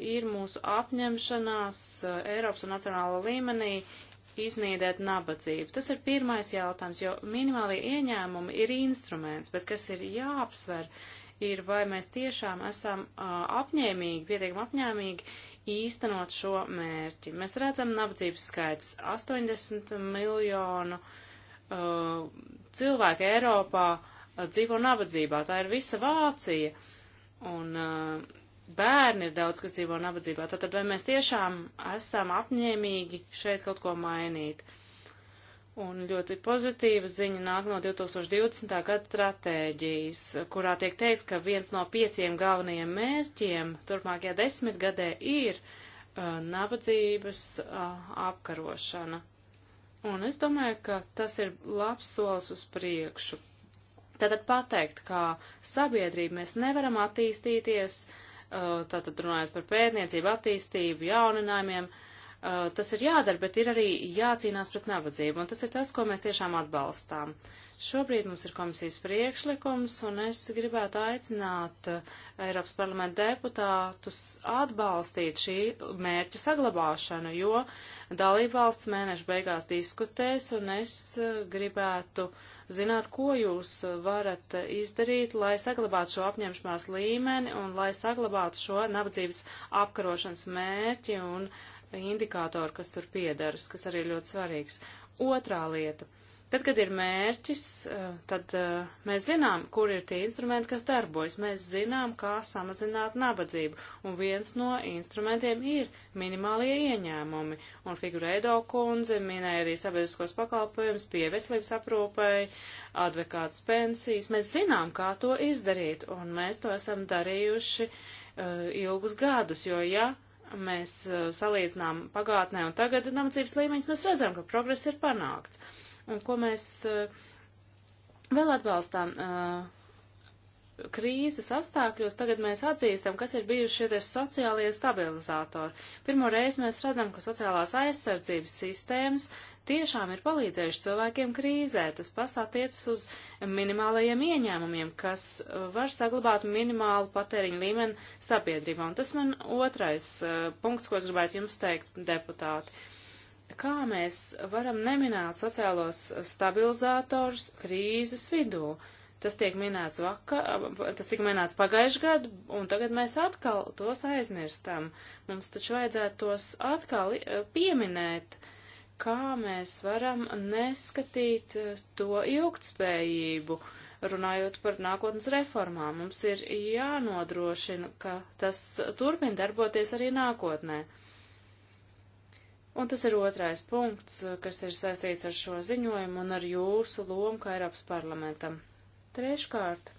C: ir mūsu apņemšanās eh, Eiropas un nacionāla līmenī iznīdēt nabadzību. Tas ir pirmais jautājums, jo minimālie ieņēmumi ir instruments, bet kas ir jāapsver, ir vai mēs tiešām esam apņēmīgi, pietiekami apņēmīgi īstenot šo mērķi. Mēs redzam nabadzības skaidrs - 80 miljonu uh, cilvēku Eiropā dzīvo nabadzībā. Tā ir visa Vācija. Un uh, bērni ir daudz, kas dzīvo nabadzībā. Tātad vai mēs tiešām esam apņēmīgi šeit kaut ko mainīt? Un ļoti pozitīva ziņa nāk no 2020. gada stratēģijas, kurā tiek teikts, ka viens no pieciem galvenajiem mērķiem turpmākajā desmitgadē ir uh, nabadzības uh, apkarošana. Un es domāju, ka tas ir labs solis uz priekšu. Tātad pateikt, kā sabiedrība mēs nevaram attīstīties uh, Eh, tātad runājot par pētniecību, attīstību, jauninājumiem. Eh, tas ir jādara, bet ir arī jācīnās pret nabadzību, un tas ir tas, ko mēs tiešām atbalstām. Uh, Šobrīd mums ir komisijas priekšlikums, un es gribētu aicināt eh, Eiropas parlamenta deputātus atbalstīt šī mērķa saglabāšanu, jo dalībvalsts mēnešu beigās diskutēs, un es eh, gribētu zināt, ko jūs varat izdarīt, lai saglabātu šo apņemšanās līmeni un lai saglabātu šo nabadzības apkarošanas mērķi un indikātoru, kas tur piedaras, kas arī ir ļoti svarīgs. Otrā lieta. Tad, kad ir mērķis, eh, tad eh, mēs zinām, kur ir tie instrumenti, kas darbojas. Mēs zinām, kā samazināt nabadzību. Un viens no instrumentiem ir minimālie ieņēmumi. Un figurēdo kundze minēja arī sabiedriskos pakalpojumus, pieveslības aprūpēji, advekātas pensijas. Mēs zinām, kā to izdarīt. Un mēs to esam darījuši uh, ilgus gadus, jo ja mēs uh, salīdzinām pagātnē un tagad nabadzības līmeņus, mēs redzam, ka progress ir panākts un ko mēs eh, vēl atbalstām eh, krīzes apstākļos tagad mēs atzīstam, kas ir bijuši šie sociālie stabilizatori. Pirmo reizi mēs redzam, ka sociālās aizsardzības sistēmas tiešām ir palīdzējuši cilvēkiem krīzē. Tas pats attiecas uz minimālajiem ieņēmumiem, kas eh, var saglabāt minimālu patēriņu līmeni sabiedrībā. Un tas man otrais uh, punkts, ko es gribētu jums teikt, deputāti. Uh, kā mēs varam neminēt sociālos stabilizātors krīzes vidū. Tas tiek minēts vakar, tas tika minēts pagājuši gadu, un tagad mēs atkal tos aizmirstam. Mums taču vajadzētu tos atkal eh, pieminēt, kā mēs varam neskatīt eh, to ilgtspējību, runājot par nākotnes reformām. Mums ir jānodrošina, ka tas turpin darboties arī nākotnē. Uh, Un tas ir otrais punkts, kas ir saistīts ar šo ziņojumu un ar jūsu lomu kā Eiropas parlamentam. Treškārt,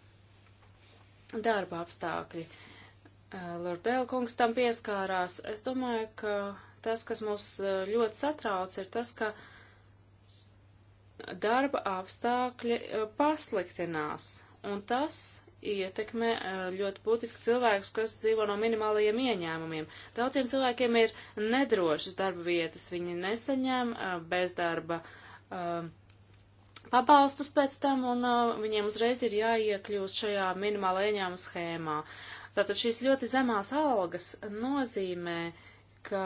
C: darba apstākļi. Lordēla kungs tam pieskārās. Es domāju, ka tas, kas mūs ļoti satrauc, ir tas, ka darba apstākļi pasliktinās. Un tas ietekmē eh, ļoti būtiski cilvēkus, kas dzīvo no minimālajiem ieņēmumiem. Daudziem cilvēkiem ir nedrošas darba vietas, viņi nesaņem eh, bezdarba eh, pabalstus pēc tam, un viņiem uzreiz ir jāiekļūst šajā minimālajā ieņēmuma schēmā. Tātad šīs ļoti zemās algas nozīmē uh, ka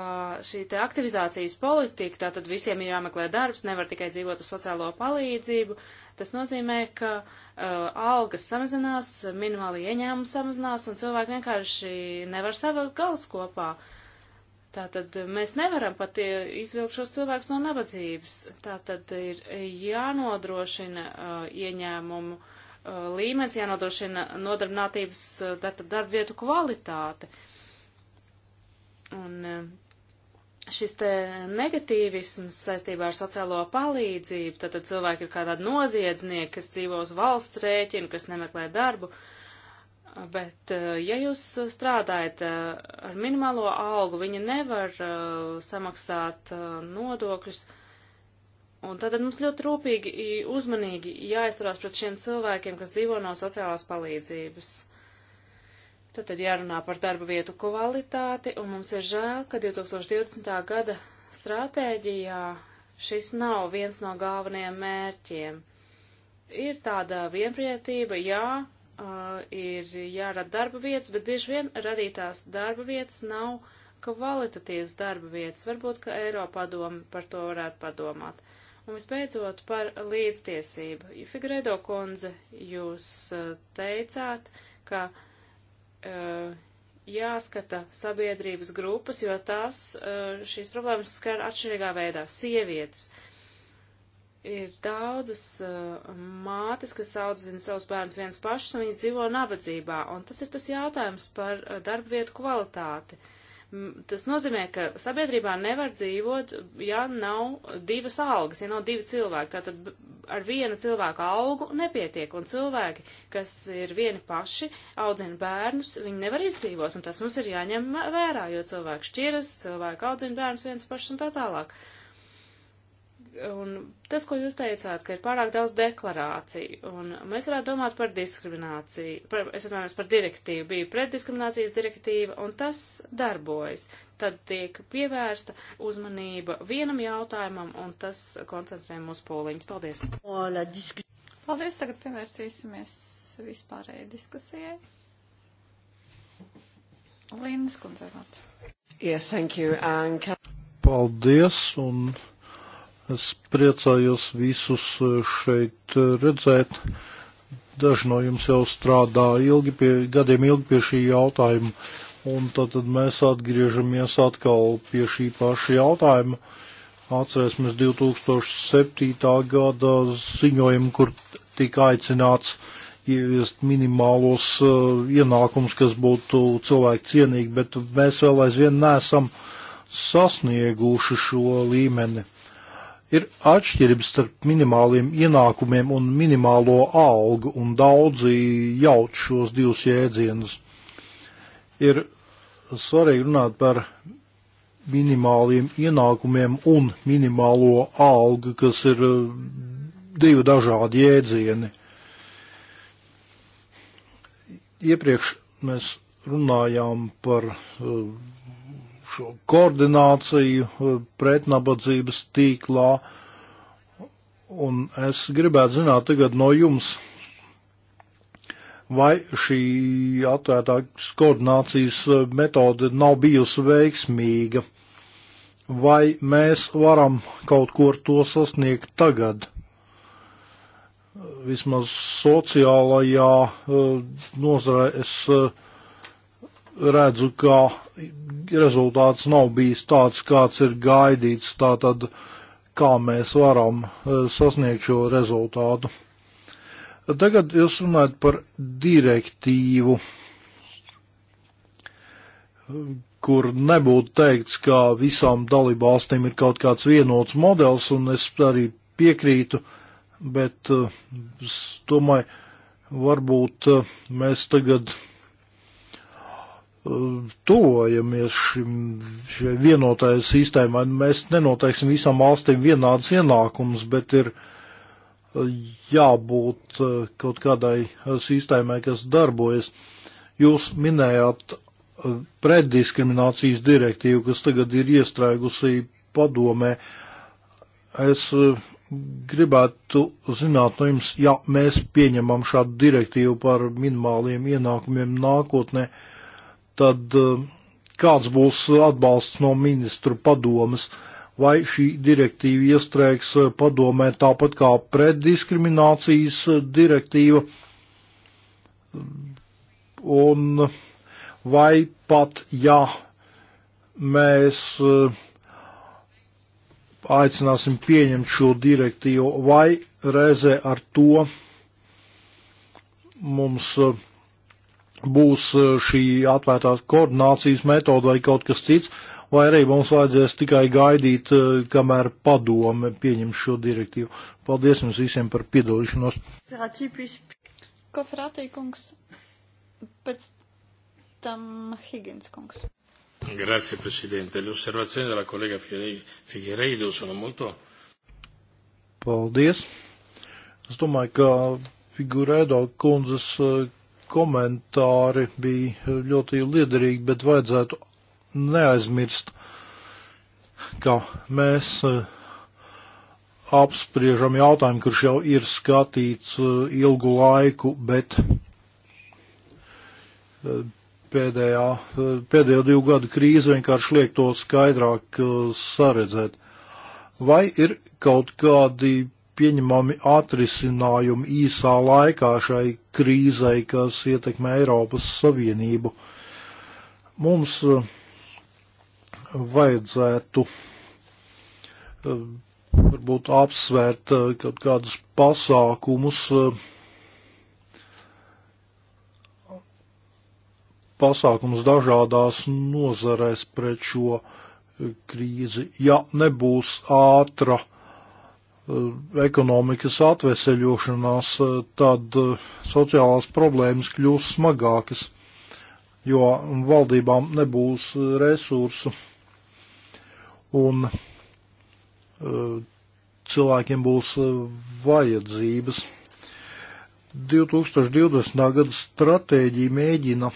C: šī te aktivizācijas politika, tātad visiem ir jāmeklē darbs, nevar tikai dzīvot uz sociālo palīdzību, tas nozīmē, ka uh, algas samazinās, minimāli ieņēmumi samazinās un cilvēki vienkārši nevar savilkt galus kopā. Tātad mēs nevaram pat uh, izvilkt šos cilvēkus no nabadzības. Tātad ir jānodrošina uh, ieņēmumu uh, līmenis, jānodrošina nodarbinātības uh, darbvietu kvalitāte. Uh, Un e, šis te negatīvisms saistībā ar sociālo palīdzību, tad, tad cilvēki ir kā tādi noziedznieki, kas dzīvo uz valsts rēķinu, kas nemeklē darbu, bet e, ja jūs strādājat e, ar minimālo algu, viņi nevar samaksāt nodokļus, un tātad mums ļoti rūpīgi, uzmanīgi jāizturās pret šiem cilvēkiem, kas dzīvo no sociālās palīdzības. Uh, Tad, tad jārunā par darba vietu kvalitāti, un mums ir žēl, ka 2020. gada stratēģijā šis nav viens no galvenajiem mērķiem. Ir tāda vienprietība, jā, uh, ir jārada darba vietas, bet bieži vien radītās darba vietas nav kvalitatīvas darba vietas. Varbūt, ka Eiropā doma par to varētu padomāt. Un visbeidzot par līdztiesību. Figredo kundze, jūs teicāt, ka uh, Uh, jāskata sabiedrības grupas, jo tās uh, šīs problēmas skar atšķirīgā veidā. Sievietes. Ir daudzas uh, mātes, kas audzina savus bērnus viens pašas, un viņi dzīvo nabadzībā, un tas ir tas jautājums par darba vietu kvalitāti. Uh, Tas nozīmē, ka sabiedrībā nevar dzīvot, ja nav divas algas, ja nav divi cilvēki. Tātad ar vienu cilvēku algu nepietiek, un cilvēki, kas ir vieni paši, audzina bērnus, viņi nevar izdzīvot, un tas mums ir jāņem vērā, jo cilvēki šķiras, cilvēki audzina bērnus viens pašs un tā tālāk. Uh, Un tas, ko jūs teicāt, ka ir pārāk daudz deklarāciju, un mēs varētu domāt par diskrimināciju, par, es atvainojos par direktīvu, bija pretdiskriminācijas direktīva, un tas darbojas. Tad tiek pievērsta uzmanība vienam jautājumam, un tas koncentrē mūsu pūliņus. Paldies!
A: Paldies, tagad pievērsīsimies vispārējai diskusijai. Lindas kundze vārds.
B: Yes, thank you. And... Paldies, un. Es priecājos visus šeit redzēt. Daži no jums jau strādā ilgi pie, gadiem ilgi pie šī jautājuma, un tad, tad mēs atgriežamies atkal pie šī paša jautājuma. Atcerēsimies 2007. gada ziņojumu, kur tika aicināts ieviest minimālos uh, eh, ienākums, kas būtu cilvēku cienīgi, bet mēs vēl aizvien nesam sasnieguši šo līmeni ir atšķirības starp minimāliem ienākumiem un minimālo algu, un daudzi jauč šos divus jēdzienus. Ir svarīgi runāt par minimāliem ienākumiem un minimālo algu, kas ir uh, divi dažādi jēdzieni. Iepriekš mēs runājām par uh, šo koordināciju eh, pretnabadzības tīklā. Un es gribētu zināt tagad no jums, vai šī atvērtākas koordinācijas eh, metode nav bijusi veiksmīga, vai mēs varam kaut ko ar to sasniegt tagad vismaz sociālajā eh, nozarē es redzu, ka rezultāts nav bijis tāds, kāds ir gaidīts, tātad kā mēs varam e, sasniegt šo rezultātu. Tagad jūs runājat par direktīvu, kur nebūtu teikts, ka visām dalībvalstīm ir kaut kāds vienots modelis, un es arī piekrītu, bet e, es domāju, varbūt e, mēs tagad tuvojamies šim vienotajai sistēmai. Mēs nenoteiksim visām valstīm vienādas ienākumus, bet ir eh, jābūt eh, kaut kādai eh, sistēmai, kas darbojas. Jūs minējāt preddiskriminācijas direktīvu, kas tagad ir iestrēgusi padomē. Es gribētu zināt no jums, ja mēs pieņemam šādu direktīvu par minimāliem ienākumiem nākotnē, uh, tad eh, kāds būs atbalsts no ministru padomas? Vai šī direktīva iestrēgs eh, padomē tāpat kā preddiskriminācijas eh, direktīva? Un vai pat, ja mēs aicināsim pieņemt šo direktīvu, vai reizē ar to mums uh, būs e, šī atvērtās koordinācijas metode vai kaut kas cits, vai arī mums vajadzēs tikai gaidīt, e, kamēr padome pieņem šo direktīvu. Paldies jums visiem par piedalīšanos.
A: Koferātī kungs, pēc tam Higgins kungs.
B: Grazie
C: Presidente. Le osservazioni della collega Figueiredo sono molto.
B: Paldies. Es domāju, ka Figueiredo kundzes e, komentāri bija ļoti liederīgi, bet vajadzētu neaizmirst, ka mēs eh, apspriežam jautājumu, kurš jau ir skatīts eh, ilgu laiku, bet eh, pēdējā, pēdējo divu gadu krīze vienkārši liek to skaidrāk saredzēt. Vai ir kaut kādi pieņemami atrisinājumi īsā laikā šai krīzei, kas ietekmē Eiropas Savienību. Mums eh, vajadzētu eh, varbūt apsvērt eh, kaut kādus pasākumus, pasākumus dažādās nozarēs pret šo krīzi. Ja nebūs ātra, uh, Eh, ekonomikas atveseļošanās, eh, tad eh, sociālās problēmas kļūs smagākas, jo valdībām nebūs resursu un cilvēkiem būs vajadzības. 2020. gada stratēģija mēģina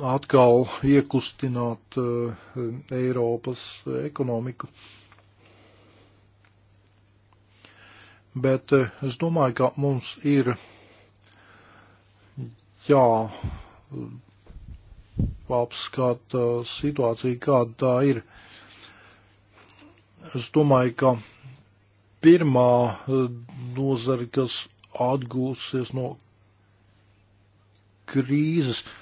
B: atkal iekustināt eh, Eiropas ekonomiku. Bet eh, es domāju, ka mums ir jā, apskata situācija, kāda tā ir. Es domāju, ka pirmā eh, nozara, kas atgūsies no krīzes, uh,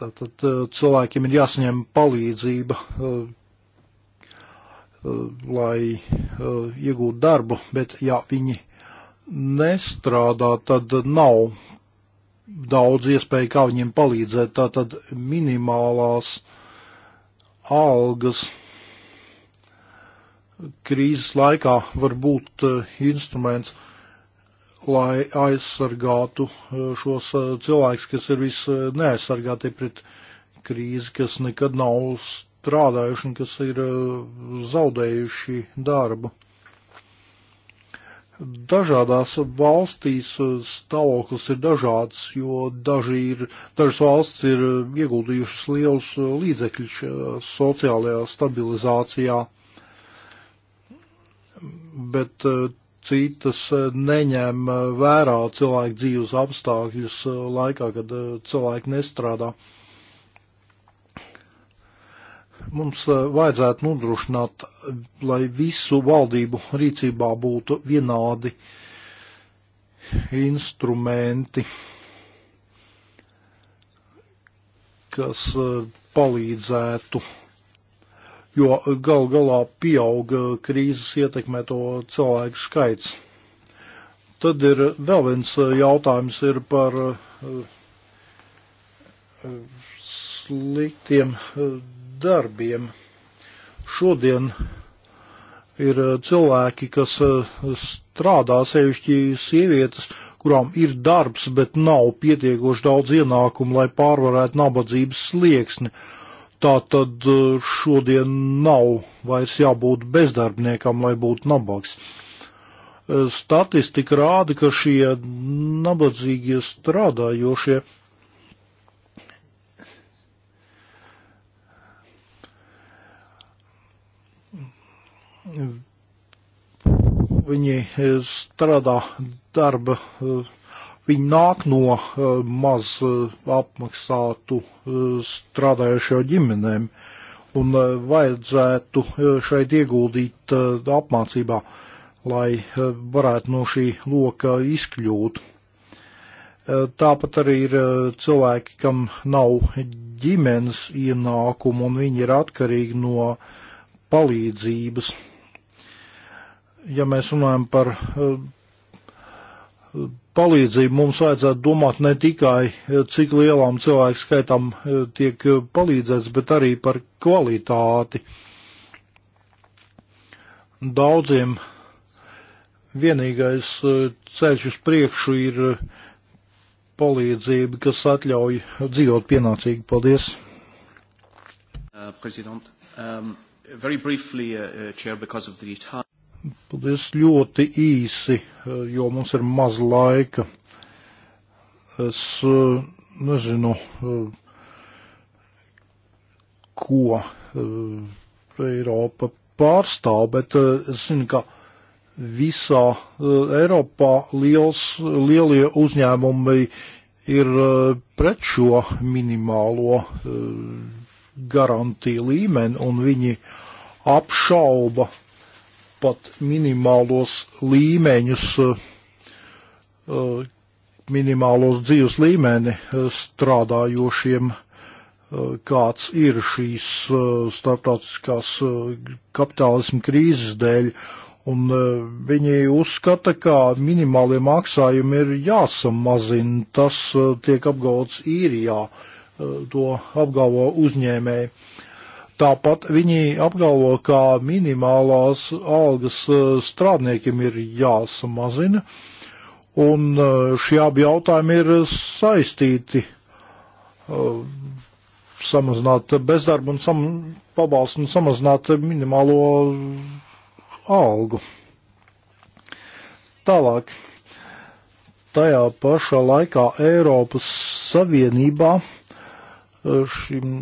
B: Tātad eh, cilvēkiem ir jāsaņem palīdzība, eh, eh, lai iegūtu darbu, bet ja viņi nestrādā, tad nav daudz iespēju, kā viņiem palīdzēt. Tātad minimālās algas krīzes laikā var būt eh, instruments, lai aizsargātu eh, šos eh, cilvēkus, kas ir visneaizsargāti pret krīzi, kas nekad nav strādājuši un kas ir zaudējuši darbu. Dažādās valstīs stāvoklis ir dažāds, jo daži ir, dažas valsts ir ieguldījušas lielus līdzekļus sociālajā stabilizācijā bet eh, citas eh, neņem eh, vērā cilvēku dzīves apstākļus laikā, kad cilvēki nestrādā. Mums vajadzētu nodrošināt, lai visu valdību rīcībā būtu vienādi instrumenti, kas palīdzētu uh, jo gal galā pieauga krīzes ietekmēto cilvēku skaits. Tad ir vēl viens eh, jautājums ir par eh, sliktiem eh, darbiem. Šodien ir cilvēki, kas strādā, sevišķi sievietes, kurām ir darbs, bet nav pietiekoši daudz ienākumu, lai pārvarētu nabadzības slieksni. Uh, Tā tad eh, šodien nav vairs jābūt bezdarbniekam, lai būtu nabaks. Eh, statistika rāda, ka šie nabadzīgie strādājošie viņi eh, strādā darba Viņi nāk no eh, maz eh, apmaksātu eh, strādājošo ģimenēm un vajadzētu šeit ieguldīt apmācībā, lai varētu no šī loka izkļūt. Tāpat arī ir cilvēki, kam nav ģimenes ienākumu un viņi ir atkarīgi no palīdzības. Ja mēs runājam par palīdzību mums vajadzētu domāt ne tikai, eh, cik lielām cilvēku skaitam eh, tiek eh, palīdzēts, bet arī par kvalitāti. Daudziem vienīgais ceļš uz priekšu ir palīdzība, kas atļauj dzīvot pienācīgi. Paldies!
A: Uh, um, briefly, uh, uh chair,
B: Paldies ļoti īsi, jo mums ir maz laika. Es eh, nezinu, eh, ko eh, Eiropa pārstāv, bet es zinu, ka visā Eiropā liels, lielie uzņēmumi ir pret šo minimālo garantiju līmeni, un viņi apšauba pat minimālos līmeņus, eh, eh, minimālos dzīves līmeni eh, strādājošiem, kāds ir šīs starptautiskās kapitālismu krīzes dēļ. Un viņi uzskata, ka minimālie maksājumi ir jāsamazina. Tas tiek apgalvots īrijā, to apgalvo uzņēmēji. Tāpat viņi apgalvo, ka minimālās algas eh, strādniekiem ir jāsamazina, un eh, šie abi jautājumi ir saistīti. Eh, samazināt bezdarbu un sam, pabalstu un samazināt minimālo algu. Tālāk, tajā pašā laikā Eiropas Savienībā šim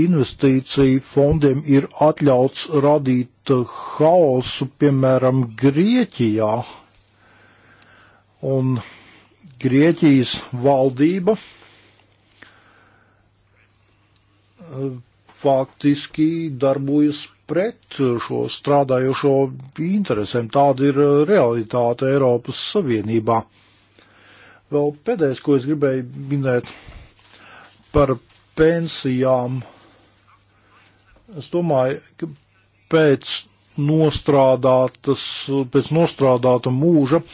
B: investīciju fondiem ir atļauts radīt haosu, piemēram, Grieķijā. Un Grieķijas valdība eh, faktiski darbojas pret šo strādājošo interesēm. Tāda ir eh, realitāte Eiropas Savienībā. Vēl pēdējais, ko es gribēju minēt par pensijām Es domāju, ka pēc nostrādātas, pēc nostrādāta mūža uh,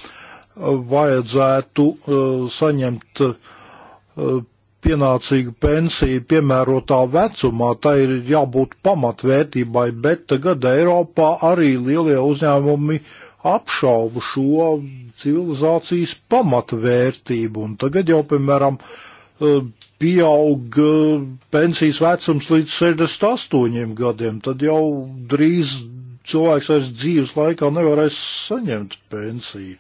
B: vajadzētu uh, saņemt uh, pienācīgu pensiju piemērotā vecumā. Tā ir jābūt pamatvērtībai, bet tagad Eiropā arī lielie uzņēmumi apšauba šo civilizācijas pamatvērtību. Un tagad jau, piemēram, uh, Eh, pieaug pensijas vecums līdz 68 gadiem, tad jau drīz cilvēks vairs dzīves laikā nevarēs saņemt pensiju.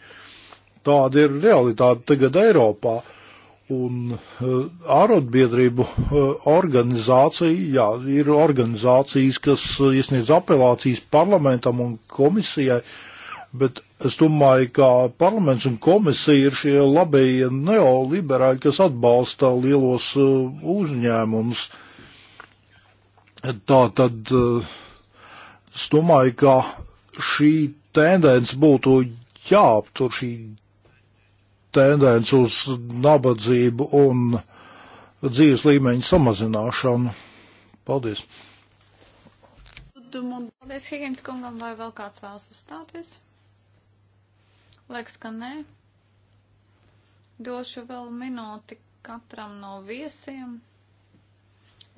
B: Tāda ir realitāte tagad Eiropā. Un uh, arotbiedrību uh, organizācija, jā, ir organizācijas, kas iesniedz apelācijas parlamentam un komisijai, bet Es domāju, ka parlaments un komisija ir šie labie neoliberāļi, kas atbalsta lielos uh, uzņēmumus. Tā tad uh, es domāju, ka šī tendence būtu jāaptur, šī tendence uz nabadzību un dzīves līmeņa samazināšanu. Paldies!
A: Paldies, Higgins kungam, vai vēl kāds vēlas uzstāties? Liekas, ka nē. Došu vēl minūti katram no viesiem,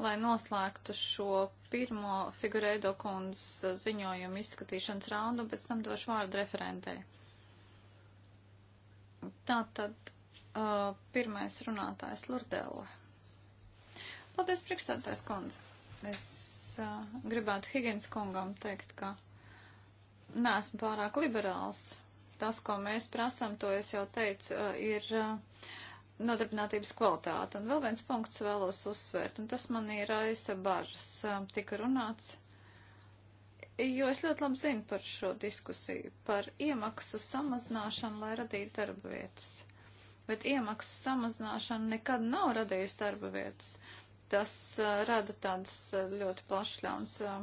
A: lai noslēgtu šo pirmo figurēdo kundzes ziņojumu izskatīšanas raundu, pēc tam došu vārdu referentē. Tātad uh, pirmais runātājs Lurdēla. Paldies, priekšstādājs kundze. Es uh, gribētu Higgins kungam teikt, ka neesmu pārāk liberāls tas, ko mēs prasam, to es jau teicu, ir nodarbinātības kvalitāte. Un vēl viens punkts vēlos uzsvērt, un tas man ir aisa bažas, tika runāts, jo es ļoti labi zinu par šo diskusiju, par iemaksu samazināšanu, lai radītu darba vietas. Bet iemaksu samazināšana nekad nav radījusi darba vietas. Tas uh, rada tādas ļoti plašs ļauns uh,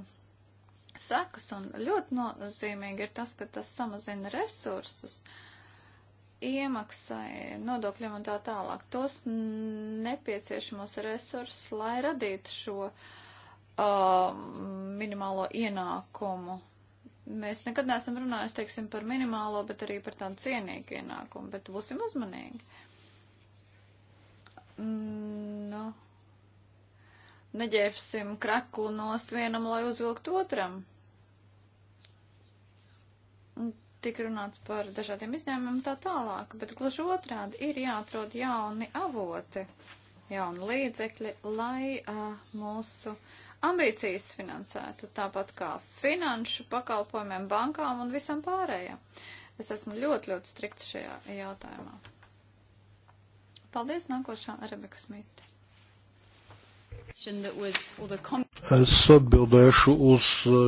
A: sekas, un ļoti nozīmīgi ir tas, ka tas samazina resursus iemaksai, nodokļiem un tā tālāk, tos nepieciešamos resursus, lai radītu šo uh, minimālo ienākumu. Mēs nekad neesam runājuši, teiksim, par minimālo, bet arī par tādu cienīgu ienākumu, bet būsim uzmanīgi. Mm, no. Nu, Neģērbsim kraklu nost vienam, lai uzvilkt otram. Tik runāts par dažādiem izņēmumiem tā tālāk, bet gluži otrādi ir jāatrod jauni avoti, jauni līdzekļi, lai uh, mūsu ambīcijas finansētu, tāpat kā finanšu pakalpojumiem, bankām un visam pārējiem. Es esmu ļoti, ļoti strikts šajā jautājumā. Paldies, nākošā Rebeka Smita.
B: Es atbildēšu uz eh,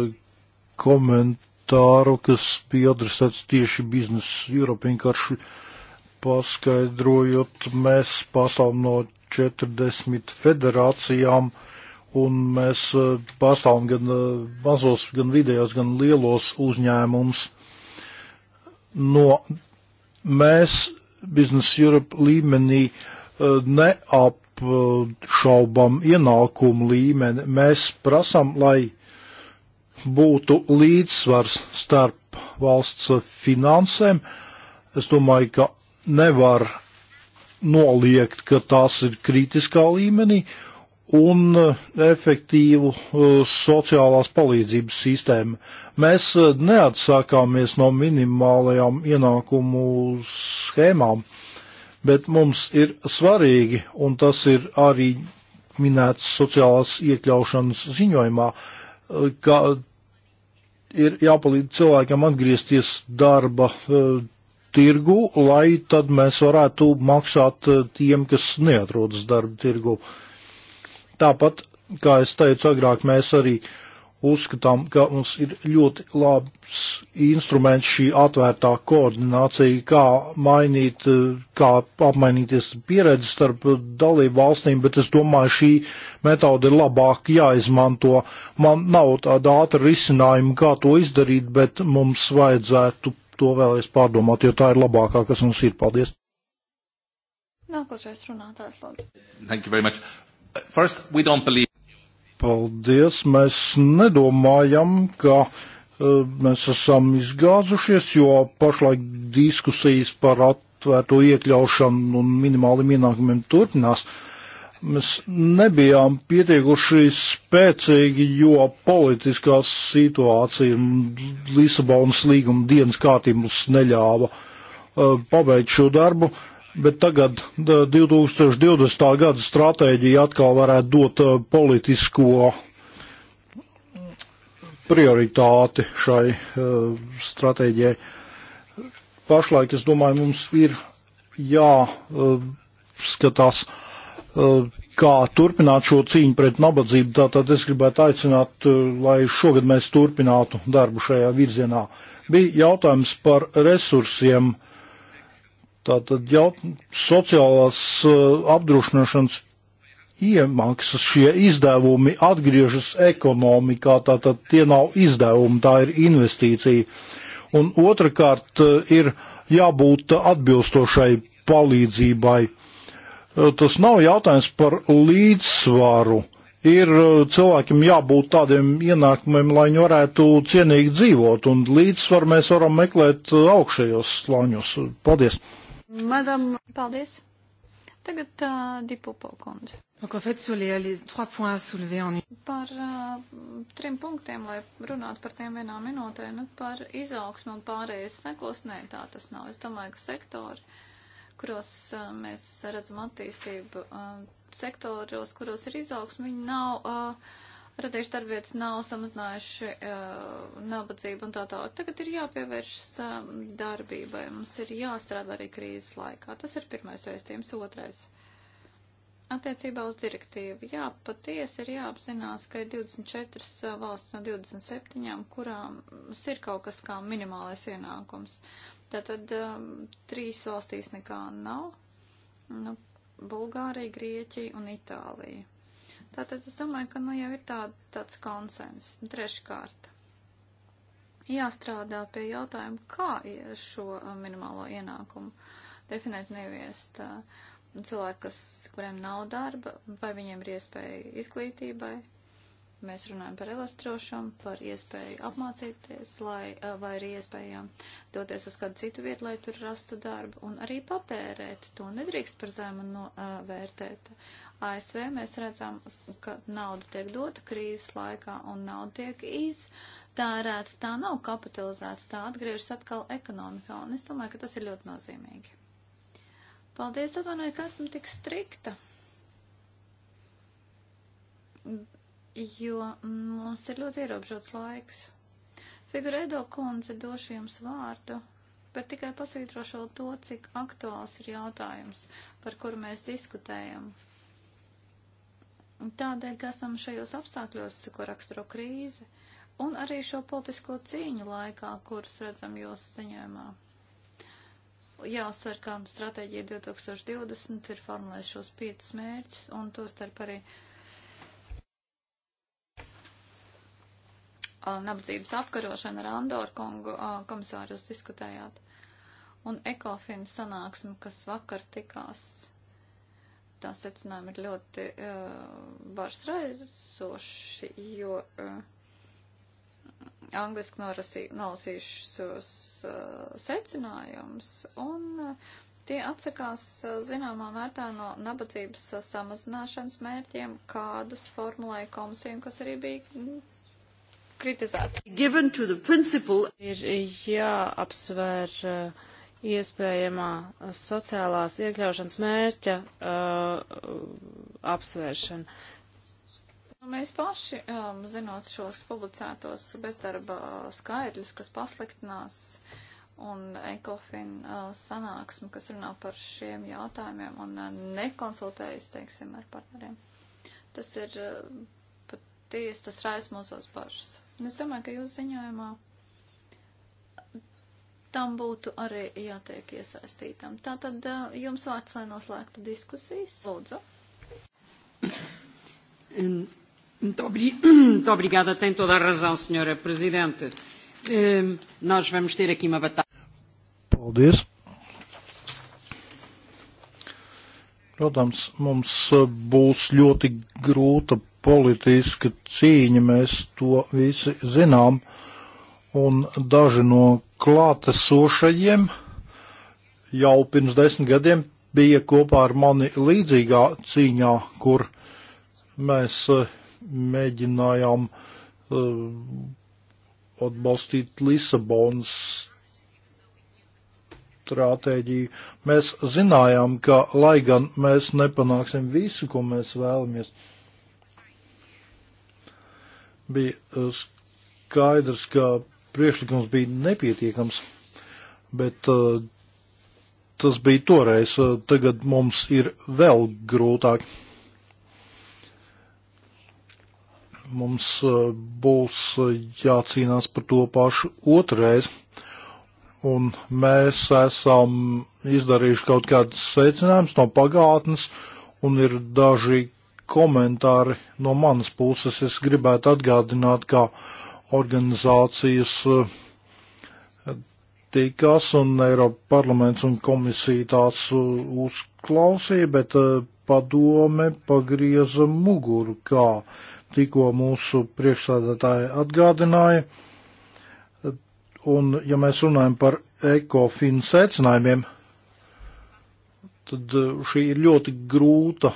B: komentāru, kas bija adresēts tieši biznesa jūrā. Vienkārši paskaidrojot, mēs pasām no 40 federācijām un mēs eh, pasām gan eh, mazos, gan vidējos, gan lielos uzņēmums. No mēs biznesa jūrā līmenī neap neapšaubam eh, ienākumu līmeni. Mēs prasam, lai būtu līdzsvars starp valsts finansēm. Es domāju, ka nevar noliegt, ka tās ir kritiskā līmenī un eh, efektīvu eh, sociālās palīdzības sistēmu. Mēs neatsākāmies no minimālajām ienākumu schēmām bet mums ir svarīgi, un tas ir arī minēts sociālās iekļaušanas ziņojumā, ka ir jāpalīdz cilvēkam atgriezties darba e, tirgu, lai tad mēs varētu maksāt e, tiem, kas neatrodas darba tirgu. Tāpat, kā es teicu agrāk, mēs arī uh, uzskatām, ka mums ir ļoti labs instruments šī atvērtā koordinācija, kā mainīt, eh, kā apmainīties pieredzi starp dalību valstīm, bet es domāju, šī metode ir labāk jāizmanto. Man nav tāda ātra risinājuma, kā to izdarīt, bet mums vajadzētu to vēlreiz pārdomāt, jo tā ir labākā, kas mums ir. Paldies!
A: Nākošais runātājs, lūdzu.
B: Thank you very much. First, we don't believe. Paldies. Mēs nedomājam, ka eh, mēs esam izgāzušies, jo pašlaik diskusijas par atvērto iekļaušanu un minimāliem ienākumiem turpinās. Mēs nebijām pietiekuši spēcīgi, jo politiskā situācija un Lisabonas līguma dienas kārtības neļāva eh, pabeigt šo darbu. Uh, Bet tagad 2020. gada stratēģija atkal varētu dot eh, politisko prioritāti šai eh, stratēģijai. Pašlaik, es domāju, mums ir jāskatās, eh, kā turpināt šo cīņu pret nabadzību. Tātad es gribētu aicināt, lai šogad mēs turpinātu darbu šajā virzienā. Bija jautājums par resursiem. Uh, Tātad jau sociālās eh, apdrošināšanas iemaksas, šie izdevumi atgriežas ekonomikā, tātad tie nav izdevumi, tā ir investīcija. Un otrkārt eh, ir jābūt atbilstošai palīdzībai. Eh, tas nav jautājums par līdzsvaru. Ir cilvēkiem jābūt tādiem ienākumiem, lai viņi varētu cienīgi dzīvot, un līdzsvaru mēs varam meklēt augšējos slāņos. Paldies!
A: Madam. Paldies. Tagad uh, Dipupo kundze. Donc, en fait, sur les, les trois points soulevés en Par uh, trim punktiem, lai runātu par tiem vienā minūtē, nu, par izaugsmu un pārējais sekos, nē, tā tas nav. Es domāju, ka sektori, kuros uh, mēs redzam attīstību, uh, sektoros, kuros ir izaugsmi, viņi nav. Uh, radījuši darbvietas, nav samazinājuši uh, nabadzību un tā tālāk. Tagad ir jāpievēršas uh, darbībai, mums ir jāstrādā arī krīzes laikā. Tas ir pirmais vēstījums. Otrais. Attiecībā uz direktīvu. Jā, patiesi ir jāapzinās, ka ir 24 eh, valsts no 27, kurām ir kaut kas kā minimālais ienākums. Tātad um, trīs valstīs nekā nav. Nu, Bulgārija, Grieķija un Itālija. Tātad es domāju, ka nu jau ir tā, tāds konsens. Treškārt. Jāstrādā pie jautājuma, kā šo uh, minimālo ienākumu definēt neviest uh, cilvēki, kas, kuriem nav darba, vai viņiem ir iespēja izglītībai, mēs runājam par elastrošumu, par iespēju apmācīties, lai, uh, vai arī iespējām doties uz kādu citu vietu, lai tur rastu darbu, un arī patērēt. To nedrīkst par zemu novērtēt. ASV mēs redzam, ka nauda tiek dota krīzes laikā un nauda tiek iztērēta. Tā nav kapitalizēta, tā atgriežas atkal ekonomikā, un es domāju, ka tas ir ļoti nozīmīgi. Paldies, atvainojiet, ka esmu tik strikta, jo mums ir ļoti ierobežots laiks. Figuredo kundze došu jums vārdu, bet tikai pasvītrošu to, cik aktuāls ir jautājums, par kuru mēs diskutējam Un tādēļ, ka esam šajos apstākļos, ko raksturo krīze, un arī šo politisko cīņu laikā, kuras redzam jūsu ziņojumā. Jāsver, kā stratēģija 2020 ir formulējis šos piecus mērķus, un to starp arī nabadzības apkarošana ar Andoru kungu komisārus diskutējāt. Un ekofina sanāksme, kas vakar tikās tā secinājumi ir ļoti uh, eh, bažsraizoši, jo uh, angliski nolasīšos uh, eh, secinājums un uh, tie atsakās uh, zināmā mērtā no nabadzības uh, samazināšanas mērķiem, kādus formulēja komisija un kas arī bija mm, kritizēti.
C: Ir jāapsver. Uh, iespējamā sociālās iekļaušanas mērķa uh, apsvēršana.
A: Mēs paši, um, zinot šos publicētos bezdarba skaidrļus, kas pasliktinās, un ECOFIN uh, sanāksmi, kas runā par šiem jautājumiem un uh, nekonsultējas, teiksim, ar partneriem, tas ir uh, patiesi, tas raisa mūsos pašus. Es domāju, ka jūs ziņojumā. Uh, tam būtu arī jātiek iesaistītam. Tātad jums vārds, lai noslēgtu diskusijas. Lūdzu.
C: Muito obrigada, tem toda a razão, senhora Presidente. Nós vamos ter aqui uma batalha.
B: Paldies. Protams, mums būs ļoti grūta politiska cīņa, mēs to visi zinām. Uh, un daži no klātesošajiem jau pirms desmit gadiem bija kopā ar mani līdzīgā cīņā, kur mēs eh, mēģinājām eh, atbalstīt Lisabonas stratēģiju. Mēs zinājām, ka lai gan mēs nepanāksim visu, ko mēs vēlamies, bija eh, skaidrs, ka priekšlikums bija nepietiekams, bet uh, tas bija toreiz. Uh, tagad mums ir vēl grūtāk. Mums uh, būs jācīnās par to pašu otrreiz un mēs esam izdarījuši kaut kādas secinājumus no pagātnes, un ir daži komentāri no manas puses. Es gribētu atgādināt, ka organizācijas eh, tikās un Eiropa parlaments un komisija tās eh, uzklausīja, bet eh, padome pagrieza muguru, kā tikko mūsu priekšsēdētāji atgādināja. Un, ja mēs runājam par ekofinu secinājumiem, tad šī ir ļoti grūta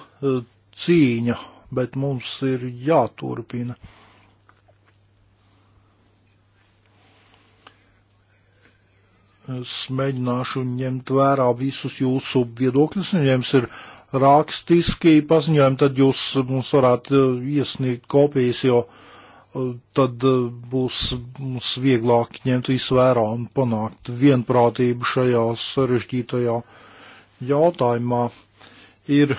B: cīņa, bet mums ir jāturpina. es mēģināšu ņemt vērā visus jūsu viedokļus, un ja jums ir rakstiski paziņojumi, tad jūs mums varētu uh, iesniegt kopijas, jo uh, tad uh, būs mums vieglāk ņemt visu vērā un panākt vienprātību šajā sarežģītajā jautājumā. Ir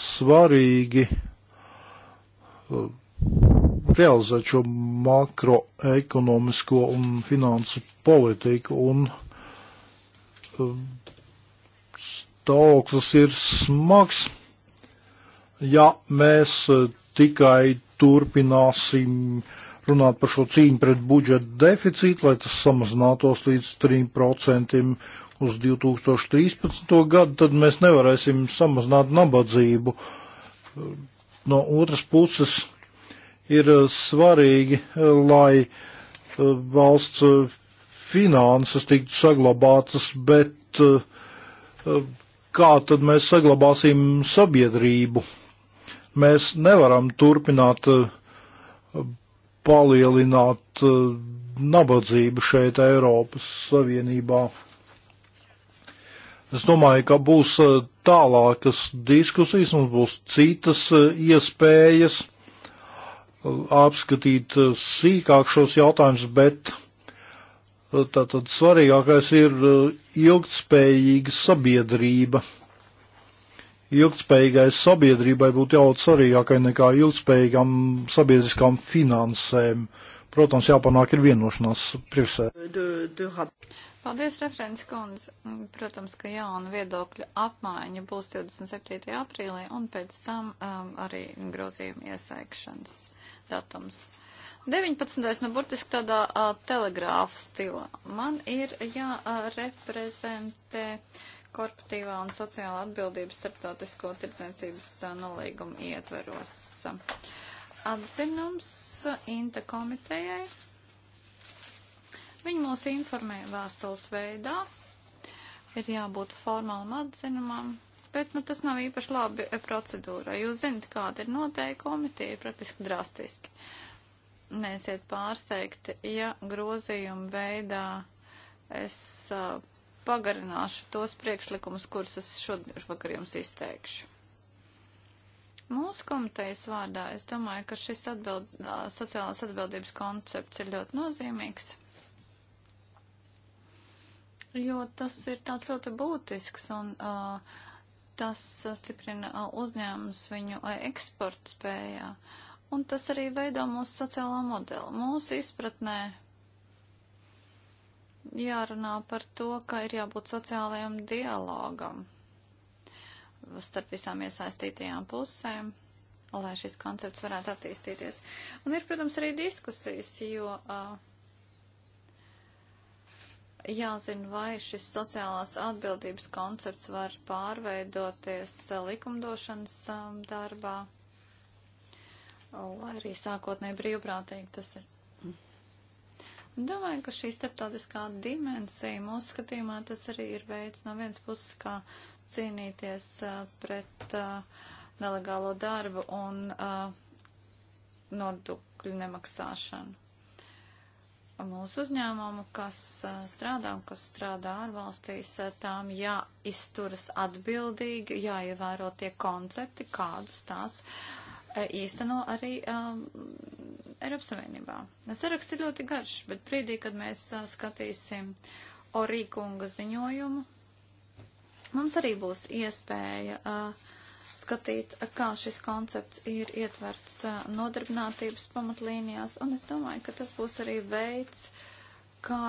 B: svarīgi realizēt šo makroekonomisko un finansu politiku un stāvoklis ir smags. Ja mēs e, tikai turpināsim runāt par šo cīņu pret budžeta deficītu, lai tas samazinātos līdz 3% uz 2013. gadu, tad mēs nevarēsim samazināt nabadzību. No otras puses ir e, svarīgi, e, lai valsts finanses tiktu saglabātas, bet eh, eh, kā tad mēs saglabāsim sabiedrību? Mēs nevaram turpināt eh, palielināt nabadzību šeit Eiropas Savienībā. Es domāju, ka būs tālākas diskusijas, mums būs citas iespējas apskatīt sīkāk šos jautājumus, bet Tātad svarīgākais ir uh, ilgtspējīga sabiedrība. Ilgtspējīgai sabiedrībai būtu jābūt svarīgākai nekā ilgtspējīgām sabiedriskām finansēm. Protams, jāpanāk ir vienošanās priekšsē.
A: Paldies, referents kundze. Protams, ka jauna viedokļa apmaiņa būs 27. aprīlī un pēc tam um, arī grozījuma iesēkšanas datums. 19. nu burtiski tādā a, telegrāfu stilā. Man ir jāreprezentē korporatīvā un sociāla atbildības starptautisko tirdzniecības nolīgumu ietveros. Atzinums Inta komitejai. Viņi mūs informē vēstules veidā. Ir jābūt formālam atzinumam, bet nu, tas nav īpaši labi procedūra. Jūs zinat, kāda ir noteikumi, tie ir praktiski drastiski. Uh, neesiet pārsteigti, ja grozījuma veidā es uh, pagarināšu tos priekšlikumus, kurus es šodien jums izteikšu. Mūsu komitejas vārdā es domāju, ka šis atbild, sociālās atbildības koncepts ir ļoti nozīmīgs, jo tas ir tāds ļoti būtisks un uh, tas stiprina uzņēmums viņu eksporta spējā. Uh, un tas arī veido mūsu sociālo modeli. Mūsu izpratnē jārunā par to, ka ir jābūt sociālajam dialogam starp visām iesaistītajām pusēm, lai šis koncepts varētu attīstīties. Un ir, protams, arī diskusijas, jo uh, jāzina, vai šis sociālās atbildības koncepts var pārveidoties likumdošanas um, darbā lai arī sākotnēji brīvprātīgi tas ir. Domāju, ka šī starptautiskā dimensija mūsu skatījumā tas arī ir veids no vienas puses, kā cīnīties uh, pret uh, nelegālo darbu un uh, nodokļu nemaksāšanu. Mūsu uzņēmumu, kas uh, strādā un kas strādā ārvalstīs, uh, tām jāizturas atbildīgi, jāievēro tie koncepti, kādus tās uh, Eh, īsteno arī um, Eiropas Savienībā. Saraksts ir ļoti garš, bet brīdī, kad mēs uh, skatīsim Orīkunga ziņojumu, mums arī būs iespēja uh, skatīt, kā šis koncepts ir ietverts uh, nodarbinātības pamatlīnijās, un es domāju, ka tas būs arī veids, kā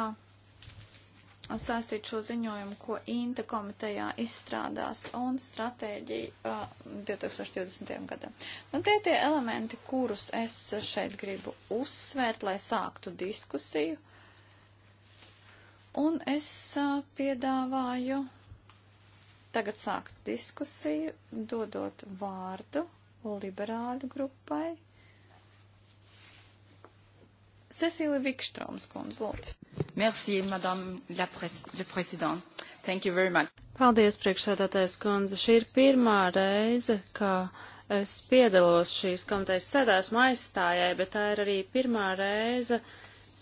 A: saistīt šo ziņojumu, ko Inta komitejā izstrādās un stratēģija uh, 2020. gadam. Nu, tie tie elementi, kurus es šeit gribu uzsvērt, lai sāktu diskusiju. Un es uh, piedāvāju tagad sākt diskusiju, dodot vārdu liberāļu grupai,
C: Cecīlija Vikštroms kundze, lūdzu. Merci,
A: madame la, pres, la
C: présidente. Thank you very much. Paldies, priekšsēdētājs kundze. Šī ir pirmā reize, ka es piedalos šīs komitejas sēdās maizstājai, bet tā ir arī pirmā reize,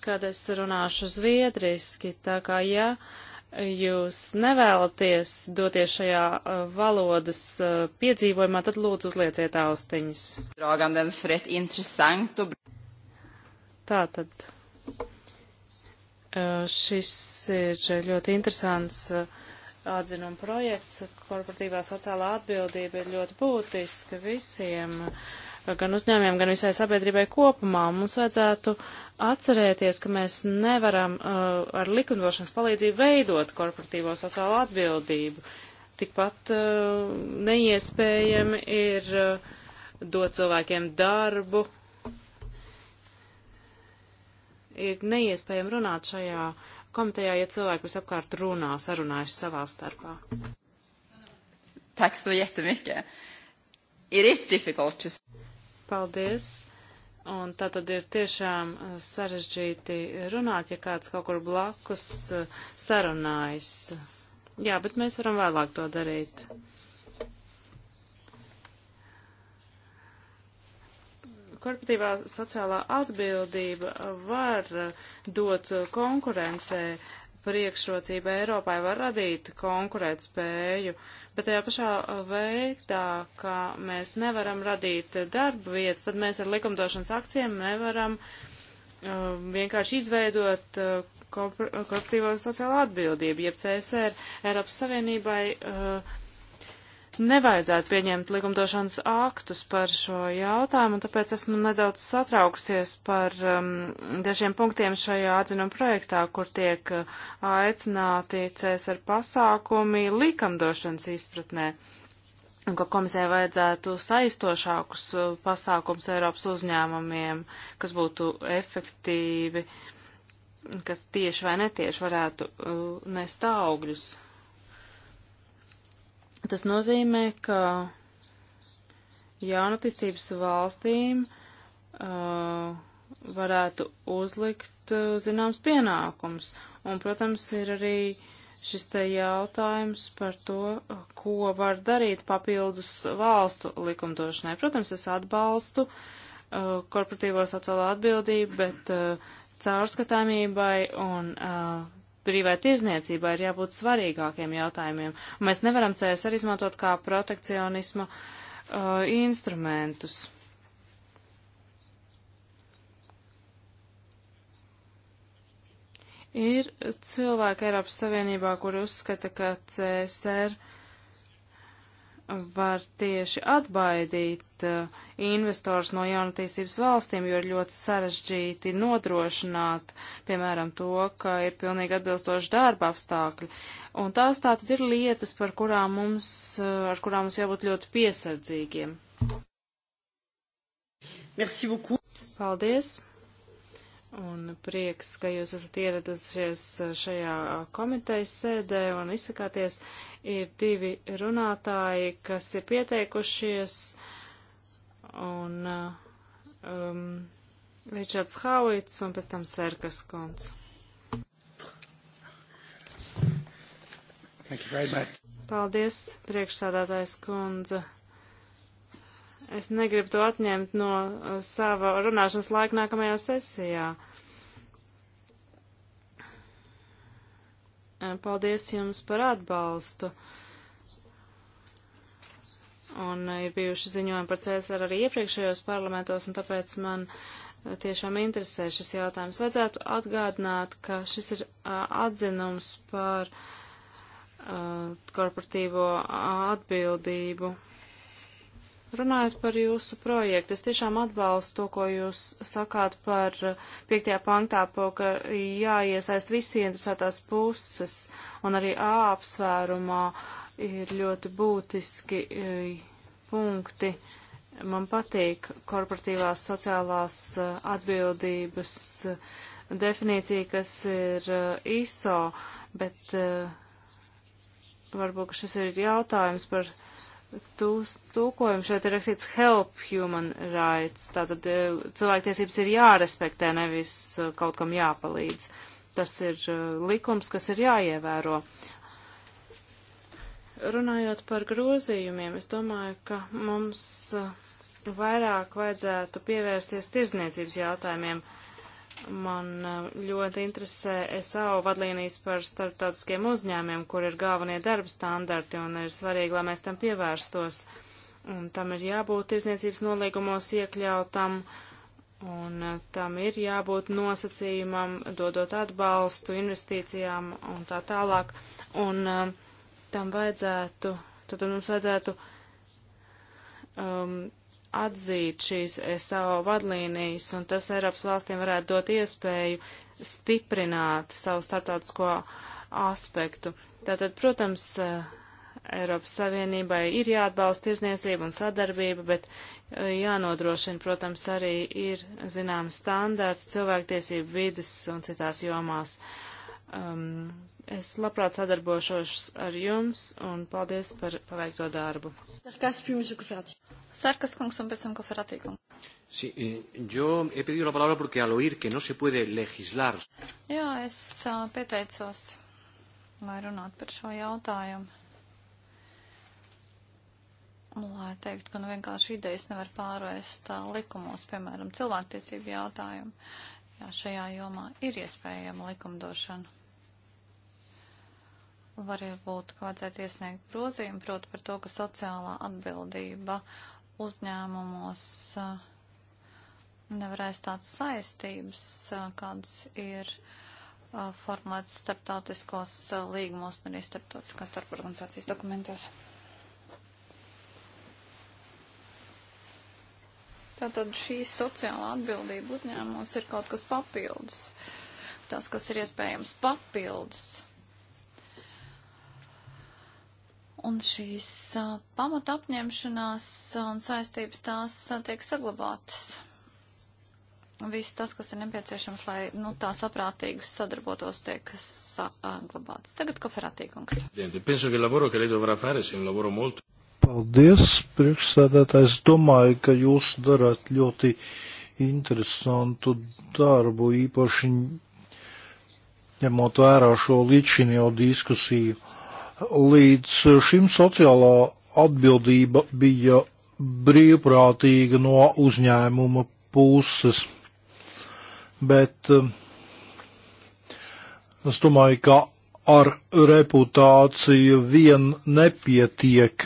C: kad es runāšu zviedriski. Tā kā, ja jūs nevēlaties doties šajā uh, valodas uh, piedzīvojumā, tad lūdzu uzlieciet austiņas. Dragan, den fret interesant. Tātad šis ir ļoti interesants atzinuma projekts. Korporatīvā sociālā atbildība ir ļoti būtiska visiem, gan uzņēmiem, gan visai sabiedrībai kopumā. Mums vajadzētu atcerēties, ka mēs nevaram uh, ar likumdošanas palīdzību veidot korporatīvo sociālo atbildību. Tikpat uh, neiespējami ir uh, dot cilvēkiem darbu, ir neiespējami runāt šajā komitejā, ja cilvēki visapkārt runā, sarunājuši savā starpā. Paldies! Un tā tad ir tiešām uh, sarežģīti runāt, ja kāds kaut kur blakus uh, sarunājas. Jā, bet mēs varam vēlāk to darīt. korporatīvā sociālā atbildība var dot konkurencē priekšrocība Eiropai var radīt konkurēt spēju, bet tajā pašā veidā, ka mēs nevaram radīt darba vietas, tad mēs ar likumdošanas akcijiem nevaram uh, vienkārši izveidot uh, korporatīvo sociālo atbildību, jeb CSR Eiropas Savienībai uh, nevajadzētu pieņemt likumdošanas aktus par šo jautājumu, un tāpēc esmu nedaudz satrauksies par um, dažiem punktiem šajā atzinuma projektā, kur tiek uh, aicināti CSR pasākumi likumdošanas izpratnē, un ka komisijai vajadzētu saistošākus uh, pasākums Eiropas uzņēmumiem, kas būtu efektīvi, kas tieši vai netieši varētu uh, nest augļus Tas nozīmē, ka jaunatīstības valstīm uh, varētu uzlikt uh, zināms pienākums. Un, protams, ir arī šis te jautājums par to, ko var darīt papildus valstu likumdošanai. Protams, es atbalstu uh, korporatīvo sociālo atbildību, bet uh, caurskatāmībai un uh, brīvai tirzniecībai ir jābūt svarīgākiem jautājumiem. Mēs nevaram CSR izmantot kā protekcionismu uh, instrumentus. Ir cilvēki Eiropas Savienībā, kuri uzskata, ka CSR uh, var tieši atbaidīt uh, investors no jaunatīstības valstīm, jo ir ļoti sarežģīti nodrošināt, piemēram, to, ka ir pilnīgi atbilstoši darba apstākļi. Un tās tātad ir lietas, par kurām mums, uh, ar kurām mums jābūt ļoti piesardzīgiem. Merci beaucoup. Paldies. Un prieks, ka jūs esat ieradušies eh, šajā komitejas sēdē un izsakāties. Uh, Ir divi runātāji, kas ir pieteikušies, un uh, um, Ričards Hauits un pēc tam Serkas Kons. Paldies, priekšsādātājs kundze. Es negribu to atņemt no uh, sava runāšanas laika nākamajā sesijā. Uh, Eh, paldies jums par atbalstu. Un eh, ir bijuši ziņojumi par Cēsaru arī iepriekšējos parlamentos, un tāpēc man eh, tiešām interesē šis jautājums. Vajadzētu atgādināt, ka šis ir atzinums par korporatīvo atbildību Runājot par jūsu projektu, es tiešām atbalstu to, ko jūs sakāt par uh, piektajā pantā, po, ka jāiesaist visi interesētās puses un arī A apsvērumā ir ļoti būtiski uh, punkti. Man patīk korporatīvās sociālās uh, atbildības definīcija, kas ir ISO, bet varbūt šis ir jautājums par tūs, tūkojumu šeit ir rakstīts help human rights, tātad e, cilvēktiesības ir jārespektē, nevis e, kaut kam jāpalīdz. Tas ir e, likums, kas ir jāievēro. Runājot par grozījumiem, es domāju, ka mums vairāk vajadzētu pievērsties tirzniecības jautājumiem. Uh, Man eh, ļoti interesē SAO vadlīnijas par starptautiskiem uzņēmiem, kur ir galvenie darba standarti, un ir svarīgi, lai mēs tam pievērstos. Un tam ir jābūt tirzniecības nolīgumos iekļautam, un eh, tam ir jābūt nosacījumam, dodot atbalstu investīcijām un tā tālāk. Un um, tam vajadzētu, tad mums vajadzētu um, atzīt šīs eh, SAO vadlīnijas, un tas Eiropas valstīm varētu dot iespēju stiprināt savu startautisko aspektu. Tātad, protams, eh, Eiropas Savienībai ir jāatbalsta tirzniecība un sadarbība, bet eh, jānodrošina, protams, arī ir zināmi standarti cilvēktiesību vidas un citās jomās. Um, Es labprāt sadarbošos ar jums un paldies par paveikto darbu. Sarkas kungs un pēc tam Koferatī kungs.
A: Sí, eh, yo he pedido la palabra porque al oír que no se puede legislar. Jā, es pieteicos, lai runātu par šo jautājumu. Lai teikt, ka nu vienkārši idejas nevar pārvērst likumos, piemēram, cilvēktiesību jautājumu. Jā, šajā jomā ir iespējama likumdošana varbūt vajadzētu iesniegt grozījumu, proti par to, ka sociālā atbildība uzņēmumos eh, nevar aizstāt saistības, eh, kādas ir eh, formulētas starptautiskos līgumos un arī starptautiskās starporganizācijas dokumentos. Tātad šī sociālā atbildība uzņēmumos ir kaut kas papildus. Tas, kas ir iespējams papildus Un šīs pamata apņemšanās un saistības tās tiek saglabātas. Viss tas, kas ir nepieciešams, lai nu, tā saprātīgus sadarbotos, tiek saglabāts. Tagad koferatīkums.
B: Paldies, priekšsēdētājs. Domāju, ka jūs darāt ļoti interesantu darbu, īpaši ņemot vērā šo līdzinējo diskusiju. Uh, Līdz šim sociālā atbildība bija brīvprātīga no uzņēmuma puses, bet eh, es domāju, ka ar reputāciju vien nepietiek.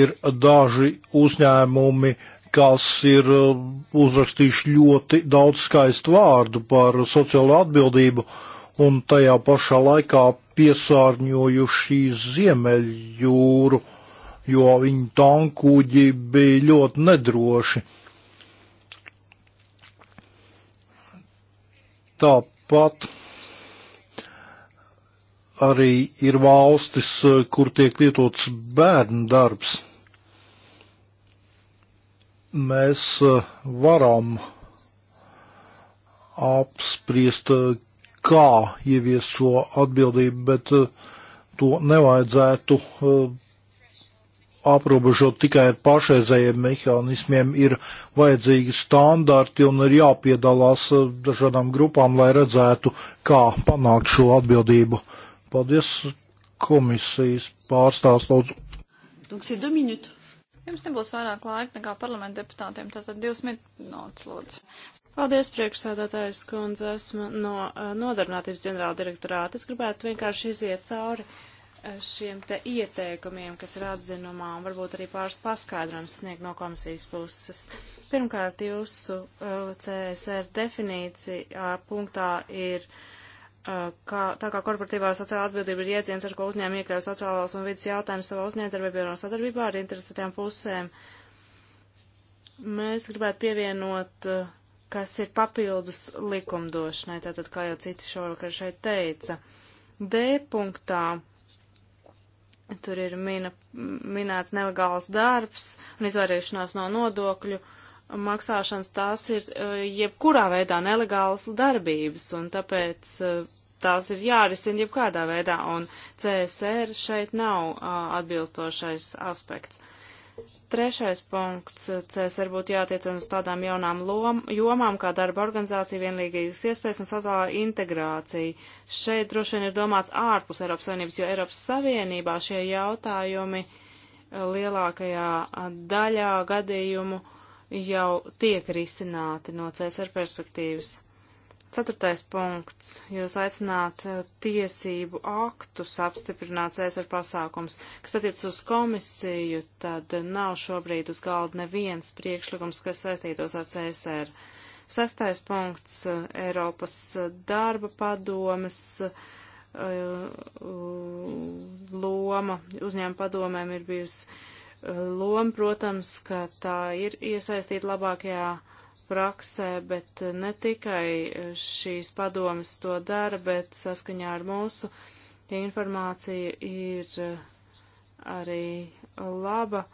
B: Ir daži uzņēmumi, kas ir eh, uzrakstījuši ļoti daudz skaistu vārdu par sociālo atbildību un tajā pašā laikā piesārņojuši Ziemeļjūru, jo viņu tankūģi bija ļoti nedroši. Tāpat arī ir valstis, kur tiek lietots bērnu darbs. Mēs eh, varam apspriest, kā ievies šo atbildību, bet uh, to nevajadzētu uh, aprobežot tikai ar pašreizējiem mehānismiem. Ir vajadzīgi standarti un ir jāpiedalās uh, dažādām grupām, lai redzētu, kā panākt šo atbildību. Paldies komisijas pārstāvs lūdzu.
A: Donc c'est deux minutes. Jums nebūs vairāk laika nekā parlamenta deputātiem, tātad divas minūtes lūdzu.
C: Paldies, priekšsēdētājs kundze, esmu no eh, nodarbinātības ģenerāla direktorāta. Es gribētu vienkārši iziet cauri eh, šiem te ieteikumiem, kas ir atzinumā, un varbūt arī pāris paskaidrojums sniegt no komisijas puses. Pirmkārt, jūsu eh, CSR definīcija punktā ir uh, Uh, kā, tā kā korporatīvā sociāla atbildība ir jēdziens, ar ko uzņēmumi iekļauj sociālos un vidas jautājumus savā uzņēmdarbībā un sadarbībā ar interesētām pusēm, mēs gribētu pievienot, uh, kas ir papildus likumdošanai, tātad, kā jau citi šovakar šeit teica. D punktā tur ir mina, minēts nelegāls darbs un izvairīšanās no nodokļu. Uh, maksāšanas, tās ir eh, jebkurā veidā nelegālas darbības, un tāpēc eh, tās ir jārisina jebkādā veidā, un CSR šeit nav eh, atbilstošais aspekts. Trešais punkts - CSR būtu jātiecina uz tādām jaunām lom, jomām, kā darba organizācija, vienlīgīgas iespējas un sociālā integrācija. Šeit droši vien ir domāts ārpus Eiropas Savienības, jo Eiropas Savienībā šie jautājumi lielākajā daļā gadījumu uh, jau tiek risināti no CSR perspektīvas. Ceturtais punkts. Jūs aicināt eh, tiesību aktus apstiprināt CSR pasākums. Kas attiec uz komisiju, tad nav šobrīd uz galda neviens priekšlikums, kas saistītos ar CSR. Sestais punkts - Eiropas darba padomes eh, loma. Uzņēma padomēm ir bijusi loma, protams, ka tā ir iesaistīta labākajā praksē, bet ne tikai šīs padomas to dara, bet saskaņā ar mūsu informāciju ir uh, arī laba uh,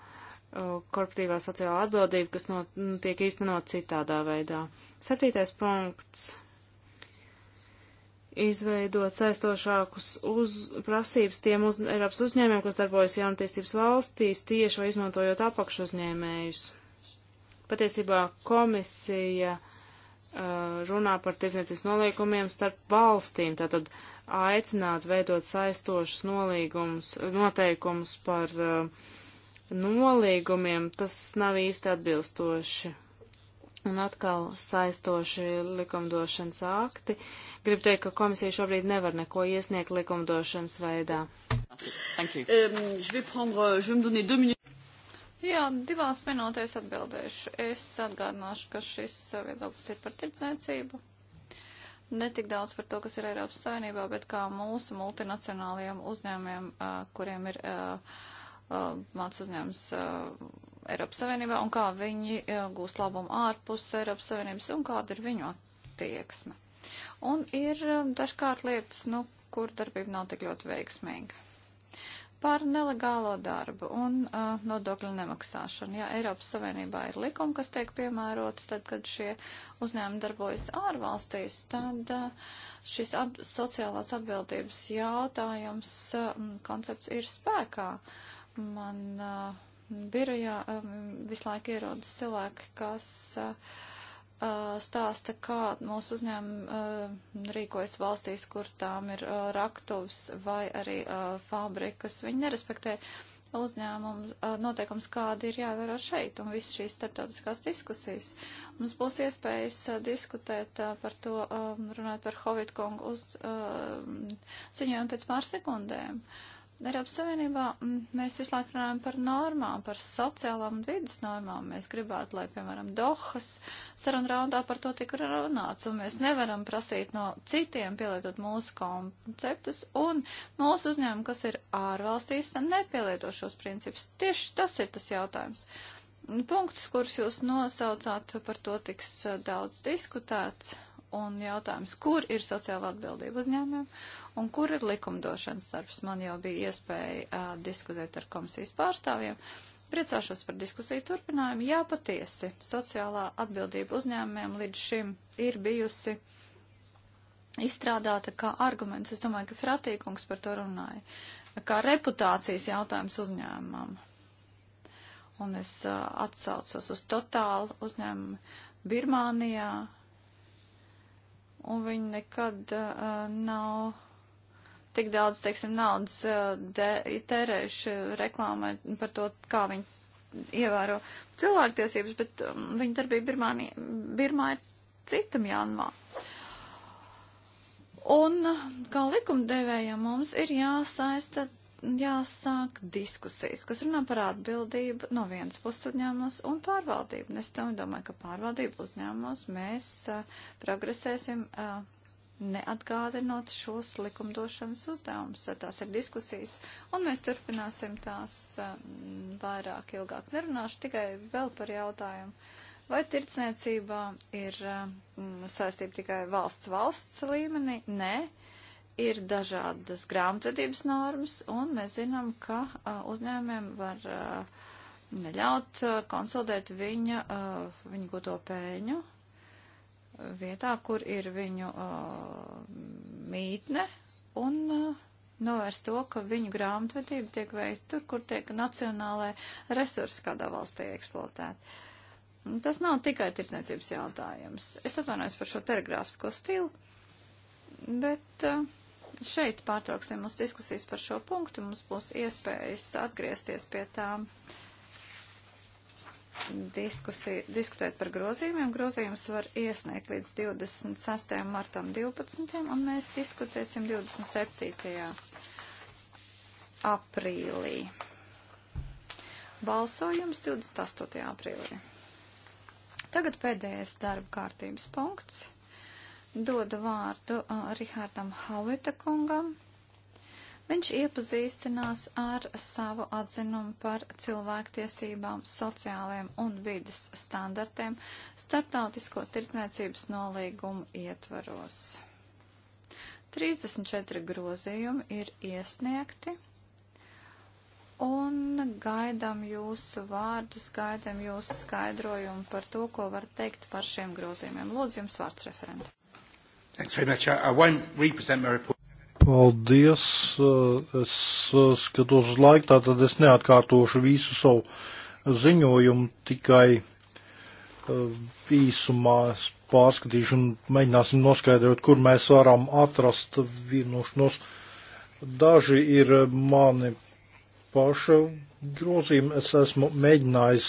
C: korporatīvā sociāla atbildība, kas no, tiek īstenot citādā veidā. Septītais punkts izveidot saistošākus uz, prasības tiem uz, Eiropas uzņēmiem, kas darbojas jaunatīstības valstīs, tieši vai izmantojot apakšuzņēmējus. Patiesībā komisija uh, runā par tirdzniecības nolīgumiem starp valstīm, tātad aicināt veidot saistošus nolīgumus, noteikumus par uh, nolīgumiem, tas nav īsti atbilstoši un atkal saistoši likumdošanas akti. Gribu teikt, ka komisija šobrīd nevar neko iesniegt likumdošanas veidā. Um, euh,
A: Jā, divās minūtēs atbildēšu. Es atgādināšu, ka šis uh, viedoklis ir par tirdzniecību. Ne tik daudz par to, kas ir Eiropas Savienībā, bet kā mūsu multinacionālajiem uzņēmiem, uh, kuriem ir uh, māc uzņēmums Eiropas Savienībā un kā viņi e, gūst labumu ārpus Eiropas Savienības un kāda ir viņu attieksme. Un ir e, dažkārt lietas, nu, kur darbība nav tik ļoti veiksmīga. Par nelegālo darbu un uh, nodokļu nemaksāšanu. Ja Eiropas Savienībā ir likumi, kas tiek piemēroti, tad, kad šie uzņēmumi darbojas ārvalstīs, tad uh, šis at sociālās atbildības jautājums, uh, koncepts ir spēkā. Man uh, birojā um, visu laiku ierodas cilvēki, kas uh, uh, stāsta, kā mūsu uzņēmumi uh, rīkojas valstīs, kur tām ir raktuvs vai arī fabrikas. Viņi nerespektē uzņēmumu noteikums, kādi ir jāievēro šeit un visas šīs starptautiskās diskusijas. Mums būs iespējas diskutēt par to, um, runāt par Hovitkongu uz ziņojumu pēc pāris sekundēm. Uh, Eiropas Savienībā mm, mēs visu laiku runājam par normām, par sociālām un vidas normām. Mēs gribētu, lai, piemēram, Dohas saruna raundā par to tika runāts, un mēs nevaram prasīt no citiem pielietot mūsu konceptus, un mūsu uzņēmumi, kas ir ārvalstīs, nepielieto šos principus. Tieši tas ir tas jautājums. Punkts, kurus jūs nosaucāt, par to tiks eh, daudz diskutēts un jautājums, kur ir sociāla atbildība uzņēmumiem un kur ir likumdošanas darbs. Man jau bija iespēja uh, diskutēt ar komisijas pārstāvjiem. Priecāšos par diskusiju turpinājumu. Jā, patiesi, sociālā atbildība uzņēmumiem līdz šim ir bijusi izstrādāta kā arguments. Es domāju, ka Fratīkungs par to runāja. Kā reputācijas jautājums uzņēmumam. Un es uh, atsaucos uz totālu uzņēmumu Birmānijā, un viņi nekad uh, nav tik daudz, teiksim, naudas uh, tērējuši reklāmai par to, kā viņi ievēro cilvēktiesības, bet um, viņa darbība Birmāni, Birmā ir cita Mjanmā. Un kā likumdevējiem mums ir jāsaista jāsāk diskusijas, kas runā par atbildību no vienas puses uzņēmumos un pārvaldību. Un es domāju, ka pārvaldību uzņēmumos mēs a, progresēsim a, neatgādinot šos likumdošanas uzdevumus. Tās ir diskusijas, un mēs turpināsim tās a, vairāk ilgāk. Nerunāšu tikai vēl par jautājumu. Vai tirdzniecībā ir saistība tikai valsts valsts līmenī? Nē ir dažādas grāmatvedības normas, un mēs zinām, ka uh, uzņēmumiem var uh, neļaut uh, konsolidēt viņa, uh, viņa gūto pēļņu vietā, kur ir viņu uh, mītne, un uh, novērst to, ka viņu grāmatvedība tiek veikta tur, kur tiek nacionālai resursi kādā valstī eksploatēti. Tas nav tikai tirdzniecības jautājums. Es atvainojos par šo telegrāfisko stilu, bet. Uh, šeit pārtrauksim mūsu diskusijas par šo punktu. Mums būs iespējas atgriezties pie tām diskusiju, diskutēt par grozījumiem. Grozījumus var iesniegt līdz 26. martam 12. un mēs diskutēsim 27. aprīlī. Balsojums 28. aprīlī. Tagad pēdējais darba kārtības punkts dodu vārdu uh, Rihardam Havita kungam. Viņš iepazīstinās ar savu atzinumu par cilvēktiesībām, sociālajiem un vidas standartiem starptautisko tirdzniecības nolīgumu ietvaros. 34 grozījumi ir iesniegti un gaidām jūsu vārdus, gaidām jūsu skaidrojumu par to, ko var teikt par šiem grozījumiem. Lūdzu, jums vārds referenta.
B: Paldies. Es skatos uz laiku, tātad es neatkārtošu visu savu ziņojumu, tikai eh, īsumā es pārskatīšu un mēģināsim noskaidrot, kur mēs varam atrast vienošanos. Daži ir mani paša grozījumi. Es esmu mēģinājis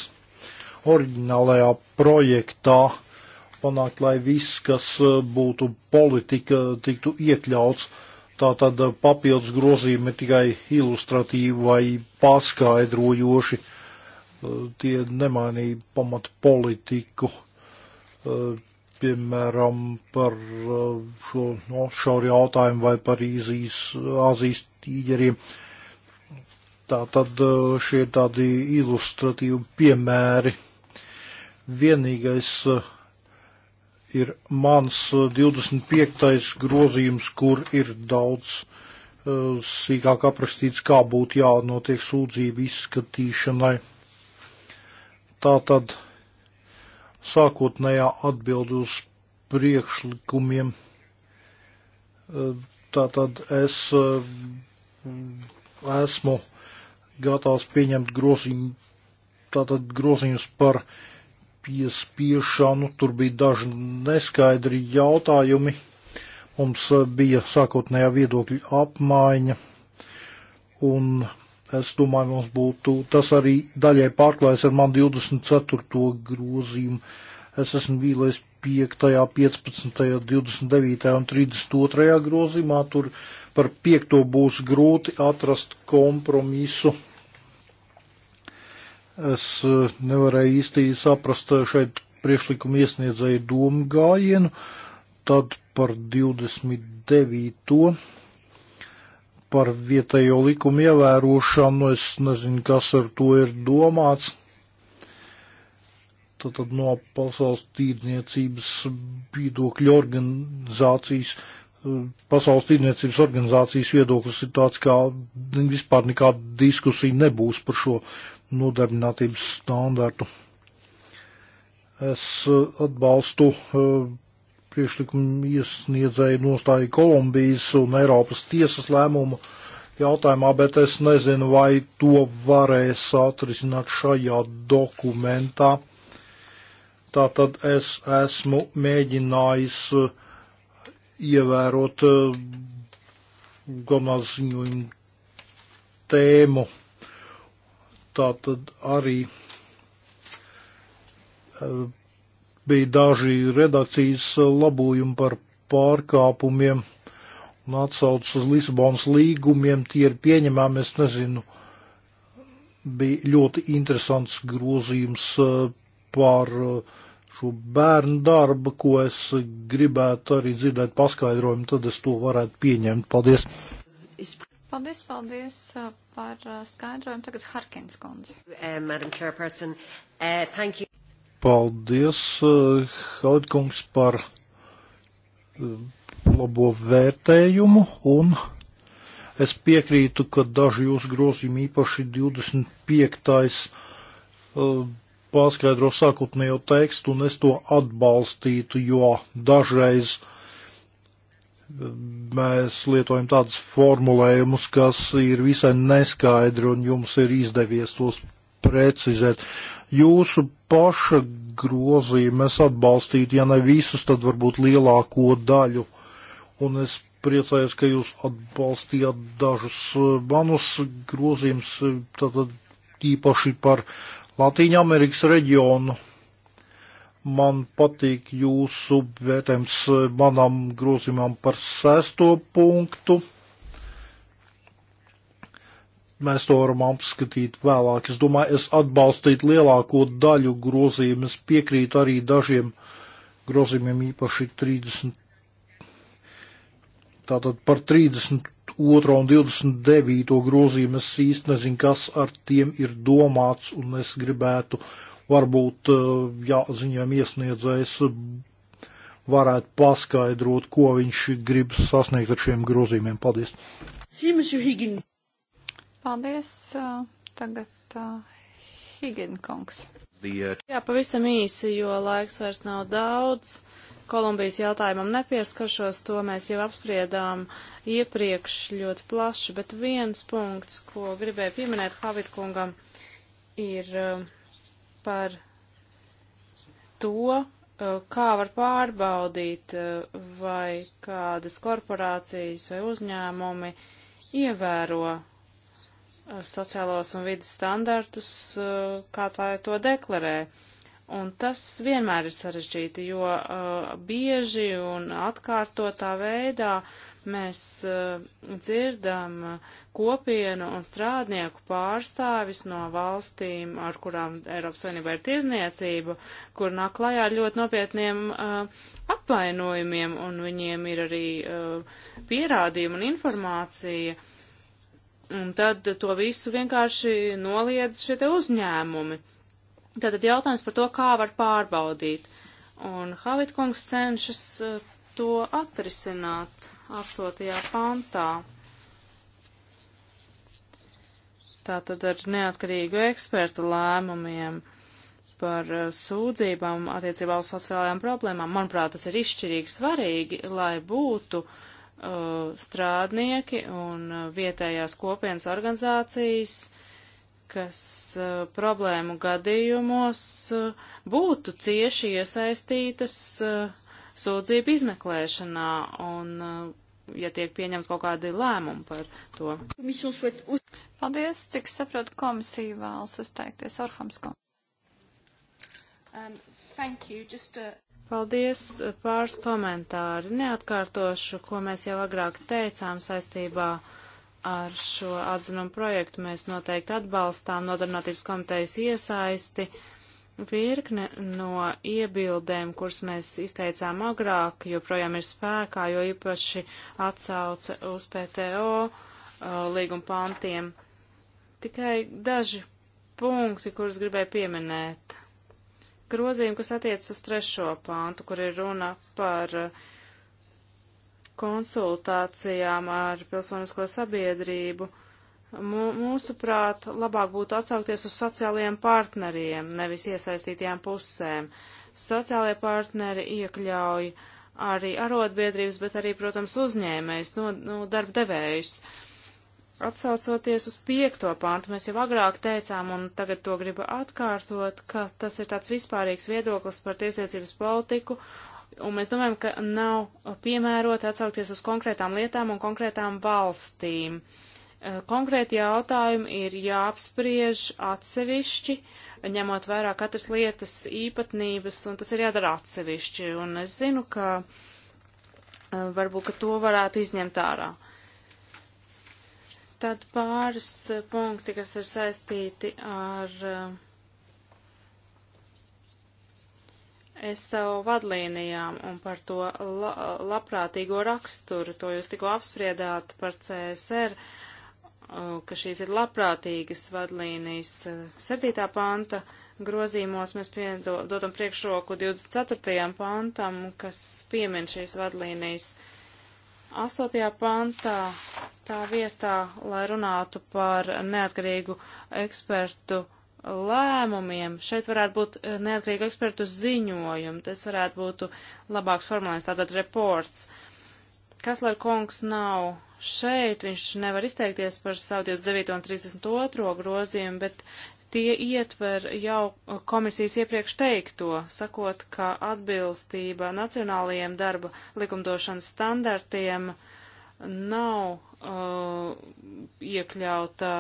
B: oriģinālajā projektā panākt, lai viss, kas eh, būtu politika, tiktu iekļauts. Tātad eh, papildus grozījumi tikai ilustratīvi vai paskaidrojoši. Eh, tie nemainīja pamatu politiku, piemēram, par šo no, šauri jautājumu vai par īzijas, Āzijas tīģeriem. Tātad šie ir tādi ilustratīvi piemēri vienīgais ir mans 25. grozījums, kur ir daudz eh, sīkāk aprakstīts, kā būtu jānotiek sūdzību izskatīšanai. Tātad sākotnējā atbild uz priekšlikumiem. Eh, tātad es eh, esmu gatavs pieņemt grozījumus, tātad grozījumus par uh, piespiešanu. Tur bija daži neskaidri jautājumi. Mums eh, bija sākotnējā viedokļa apmaiņa. Un es domāju, mums būtu tas arī daļai pārklājas ar man 24. grozījumu. Es esmu vīlais 5., 15., 29. un 32. grozījumā. Tur par 5. būs grūti atrast kompromisu Es e, nevarēju īsti saprast e, šeit priekšlikuma iesniedzēju domu gājienu, tad par 29. par vietējo likumu ievērošanu, es nezinu, kas ar to ir domāts. Tātad no pasaules tīrniecības viedokļa organizācijas e, pasaules tirdzniecības organizācijas viedoklis ir tāds, ka vispār nekāda diskusija nebūs par šo nodarbinātības standartu. Es uh, atbalstu uh, priekšlikumu iesniedzēju nostāju Kolumbijas un Eiropas tiesas lēmumu jautājumā, bet es nezinu, vai to varēs atrisināt šajā dokumentā. Tātad es esmu mēģinājis uh, ievērot gomā ziņojumu tēmu tā tad arī eh, bija daži redakcijas labojumi par pārkāpumiem un atsaucas uz Lisabonas līgumiem, tie ir pieņemami, es nezinu, bija ļoti interesants grozījums eh, par eh, šo bērnu darbu, ko es gribētu arī dzirdēt paskaidrojumu, tad es to varētu pieņemt. Paldies!
A: Paldies, paldies uh, par uh, skaidrojumu. Tagad Harkins kundze. Eh, Madam Chairperson, eh, thank you.
B: Paldies, eh, Haudkungs, par labo vērtējumu un es piekrītu, ka daži jūsu grozījumi īpaši 25. paskaidro sākotnējo tekstu un es to atbalstītu, jo dažreiz uh, mēs lietojam tādus formulējumus, kas ir visai neskaidri un jums ir izdevies tos precizēt. Jūsu paša grozījumu es atbalstītu, ja ne visus, tad varbūt lielāko daļu. Un es priecājos, ka jūs atbalstījāt dažus manus grozījumus, tātad īpaši par Latīņu Amerikas reģionu Man patīk jūsu vērtējums manam grozījumam par sesto punktu. Mēs to varam apskatīt vēlāk. Es domāju, es atbalstītu lielāko daļu grozījumu. Es piekrītu arī dažiem grozījumiem, īpaši 30. Tātad par 32. un 29. grozījumu es īsti nezinu, kas ar tiem ir domāts, un es gribētu Varbūt, e, ja ziņām iesniedzējs varētu paskaidrot, ko viņš grib sasniegt ar šiem grozījumiem. Paldies!
A: Paldies! E, tagad e,
C: Higinkungs. Jā, pavisam īsi, jo laiks vairs nav daudz. Kolumbijas jautājumam nepieskaršos, to mēs jau apspriedām iepriekš ļoti plaši, bet viens punkts, ko gribēju pieminēt Havid kungam, ir uh, par to, eh, kā var pārbaudīt, eh, vai kādas korporācijas vai uzņēmumi ievēro eh, sociālos un vidas standartus, kā tā to deklarē. Un tas vienmēr ir sarežģīti, jo uh, bieži un atkārtotā veidā uh, mēs uh, dzirdam eh, kopienu un strādnieku pārstāvis no valstīm, ar kurām Eiropas Savienībā ir tiesniecība, kur nāk klajā ar ļoti nopietniem uh, apvainojumiem, un viņiem ir arī uh, pierādījumi un informācija. Un tad to visu vienkārši noliedz šie te uzņēmumi. Tātad jautājums par to, kā var pārbaudīt. Un Havitkungs cenšas to atrisināt. 8. pantā. Tātad ar neatkarīgu ekspertu lēmumiem par eh, sūdzībām attiecībā uz sociālajām problēmām. Manuprāt, tas ir izšķirīgi svarīgi, lai būtu uh, strādnieki un eh, vietējās kopienas organizācijas, kas uh, problēmu gadījumos uh, būtu cieši iesaistītas uh, sūdzību izmeklēšanā un, eh, ja tiek pieņemt kaut kādi lēmumi par to. Paldies, cik saprotu, komisija
A: vēlas uzteikties Orhamsko.
C: Um, Just, uh... Paldies, pāris komentāri. Neatkārtošu, ko mēs jau agrāk teicām saistībā ar šo atzinumu projektu. Mēs noteikti atbalstām nodarbinātības komitejas iesaisti. Uh, Virkne no iebildēm, kuras mēs izteicām agrāk, joprojām ir spēkā, jo īpaši atsauce uz PTO uh, līguma pantiem. Tikai daži punkti, kurus gribēju pieminēt. Grozījumi, kas attiecas uz trešo pantu, kur ir runa par uh, konsultācijām ar pilsonisko sabiedrību. Uh, Mūsuprāt, labāk būtu atsaukties uz sociālajiem partneriem, nevis iesaistītajām pusēm. Sociālajie partneri iekļauj arī arotbiedrības, bet arī, protams, uzņēmējs, no, no nu, darba devējs. Atsaucoties uz piekto pantu, mēs jau agrāk teicām, un tagad to gribu atkārtot, ka tas ir tāds vispārīgs viedoklis par tiesniecības politiku, un mēs domājam, ka nav piemēroti atsaukties uz konkrētām lietām un konkrētām valstīm. Uh, konkrēti jautājumi ir jāapspriež atsevišķi, ņemot vērā katras lietas īpatnības, un tas ir jādara atsevišķi. Un es zinu, ka varbūt, ka to varētu izņemt ārā. Tad pāris punkti, kas ir saistīti ar SAO vadlīnijām un par to la labprātīgo raksturu, to jūs tikko apspriedāt par CSR. Uh, Uh, ka šīs ir labprātīgas vadlīnijas 7. Uh, panta grozīmos mēs dodam priekšroku 24. pantam, kas piemin šīs vadlīnijas. 8. pantā tā vietā, lai runātu par neatkarīgu ekspertu lēmumiem, šeit varētu būt uh, neatkarīgu ekspertu ziņojumi, tas varētu būt labāks formulējums, tātad reports. Uh, Kasler kungs nav šeit, viņš nevar izteikties par savu 29. un 32. grozījumu, bet tie ietver jau komisijas iepriekš teikto, sakot, ka atbilstība nacionālajiem darba likumdošanas standartiem nav uh, iekļauta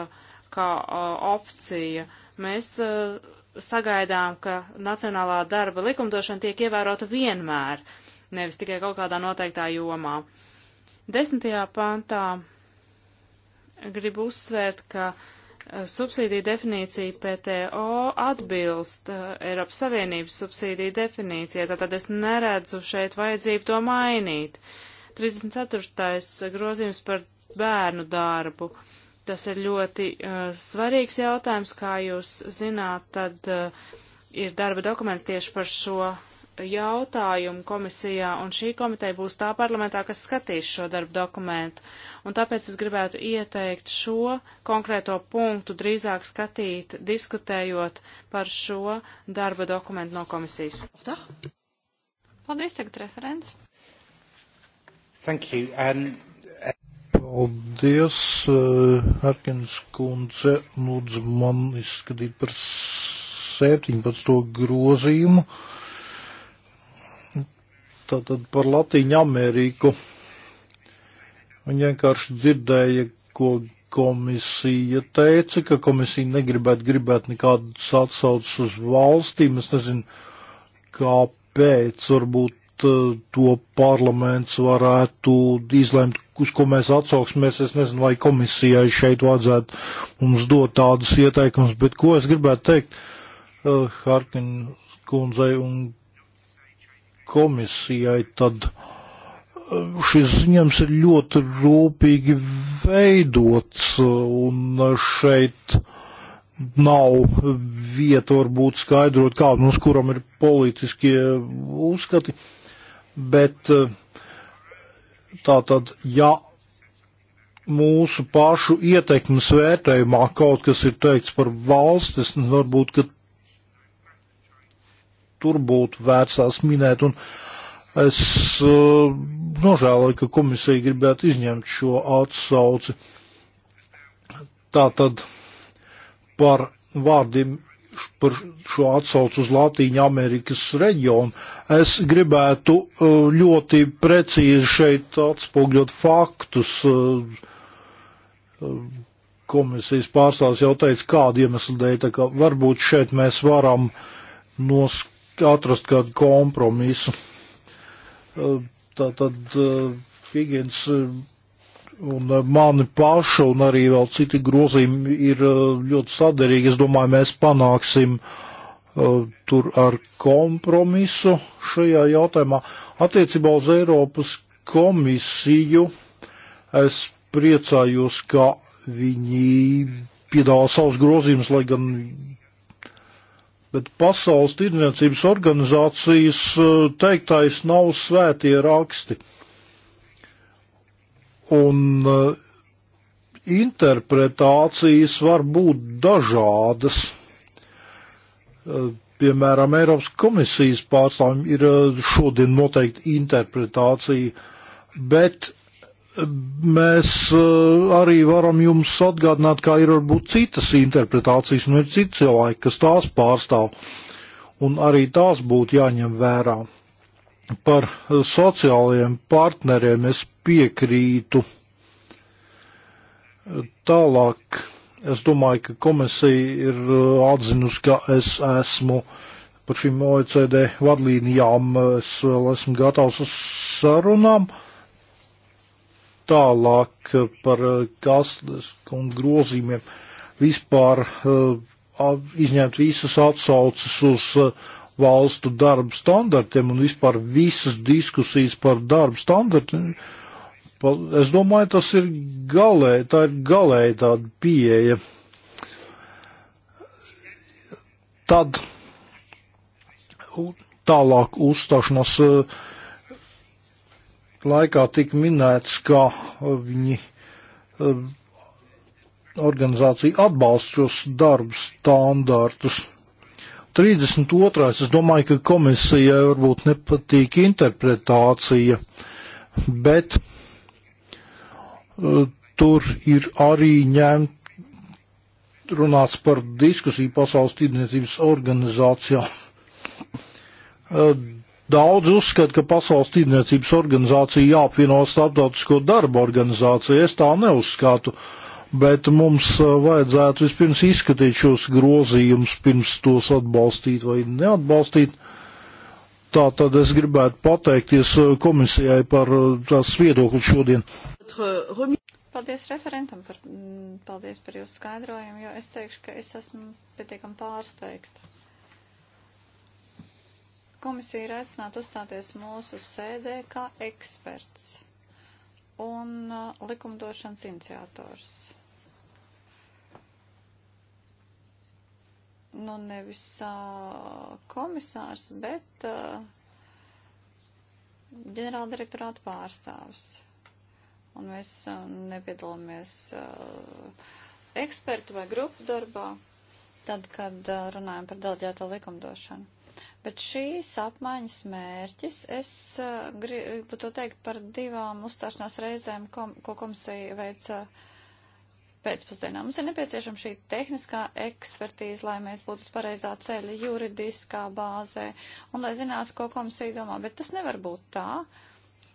C: kā uh, opcija. Mēs uh, sagaidām, ka nacionālā darba likumdošana tiek ievērota vienmēr. Uh, nevis tikai kaut kādā noteiktā jomā. Desmitajā pantā gribu uzsvērt, ka eh, subsīdija definīcija PTO atbilst uh, Eiropas Savienības subsīdija definīcijai, tātad es neredzu šeit vajadzību to mainīt. 34. grozījums par bērnu darbu. Tas ir ļoti uh, svarīgs jautājums, kā jūs zināt, tad uh, ir darba dokuments tieši par šo jautājumu komisijā, un šī komiteja būs tā parlamentā, kas skatīs šo darbu dokumentu. Un tāpēc es gribētu ieteikt šo konkrēto punktu drīzāk skatīt, diskutējot par šo darba dokumentu no komisijas. Paldies, tagad referents.
B: Thank you. Um, uh... Paldies, uh, Arkins kundze. Lūdzu man izskatīt par 17. grozījumu. Uh, tātad par Latīņu Ameriku. Viņa vienkārši dzirdēja, ko komisija teica, ka komisija negribētu gribēt nekādas atsaucas uz valstīm. Es nezinu, kāpēc varbūt eh, to parlaments varētu izlemt, uz ko mēs atsauksimies. Es nezinu, vai komisijai šeit vajadzētu mums dot tādas ieteikumus, bet ko es gribētu teikt uh, Harkin kundzei un komisijai, tad eh, šis ziņojums ir ļoti rūpīgi veidots, un šeit nav vieta varbūt skaidrot, kādam uz kuram ir politiskie uzskati, bet eh, tātad, ja mūsu pašu ietekmes vērtējumā kaut kas ir teikts par valstis, varbūt, ka tur būtu vērts tās minēt. Un es eh, nožēloju, ka komisija gribētu izņemt šo atsauci. Tātad par vārdiem par šo atsaucu uz Latīņu Amerikas reģionu. Es gribētu eh, ļoti precīzi šeit atspogļot faktus. Eh, komisijas pārstāvs jau teica, kāda iemesla dēļ, tā kā varbūt šeit mēs varam noskatīties atrast kādu kompromisu. Eh, tā tad eh, Higgins eh, un mani pašu un arī vēl citi grozījumi ir ļoti saderīgi. Es domāju, mēs panāksim tur ar kompromisu šajā jautājumā. Attiecībā uz Eiropas komisiju es priecājos, ka viņi piedāvā savus grozījumus, lai gan Bet Pasaules tirdzniecības organizācijas eh, teiktais nav svētie raksti. Un eh, interpretācijas var būt dažādas. Eh, piemēram, Eiropas komisijas pārstāvjiem ir šodien noteikti interpretācija, bet Mēs eh, arī varam jums atgādināt, kā ir varbūt citas interpretācijas, un nu, ir citi cilvēki, kas tās pārstāv, un arī tās būtu jāņem vērā. Par eh, sociālajiem partneriem es piekrītu. Tālāk es domāju, ka komisija ir eh, atzinusi, ka es esmu par šīm OECD vadlīnijām, es vēl esmu gatavs uz sarunām. Uh, tālāk par kastes eh, un grozījumiem vispār eh, izņemt visas atsauces uz eh, valstu darba standartiem un vispār visas diskusijas par darba standartiem. Es domāju, tas ir galēji, tā ir galēji tāda pieeja. Tad tālāk uzstāšanās uh, laikā tika minēts, ka uh, viņi uh, organizācija atbalsta šos darbu standārtus. 32. Es domāju, ka komisijai varbūt nepatīk interpretācija, bet uh, tur ir arī ņemt runāts par diskusiju pasaules tirdzniecības organizācijā. Daudz uzskata, ka Pasaules tirdzniecības organizācija jāapvieno starptautisko darbu organizāciju. Es tā neuzskatu, bet mums eh, vajadzētu vispirms izskatīt šos grozījumus, pirms tos atbalstīt vai neatbalstīt. Tā tad es gribētu pateikties eh, komisijai par eh, tās viedokli šodien.
A: Paldies referentam, par, mm, paldies par jūsu skaidrojumu, jo es teikšu, ka es esmu pietiekami pārsteigta Komisija ir aicināta uzstāties mūsu sēdē kā eksperts un uh, likumdošanas iniciators. Nu, nevis uh, komisārs, bet uh, ģenerāldirektorāta pārstāvs. Un mēs uh, nepiedalāmies uh, ekspertu vai grupu darbā, tad, kad uh, runājam par delģēto likumdošanu. Bet šīs apmaiņas mērķis, es uh, gribu to teikt par divām uzstāšanās reizēm, kom, ko komisija veica pēcpusdienā. Mums ir nepieciešama šī tehniskā ekspertīze, lai mēs būtu uz pareizā ceļa juridiskā bāzē un lai zinātu, ko komisija domā. Bet tas nevar būt tā,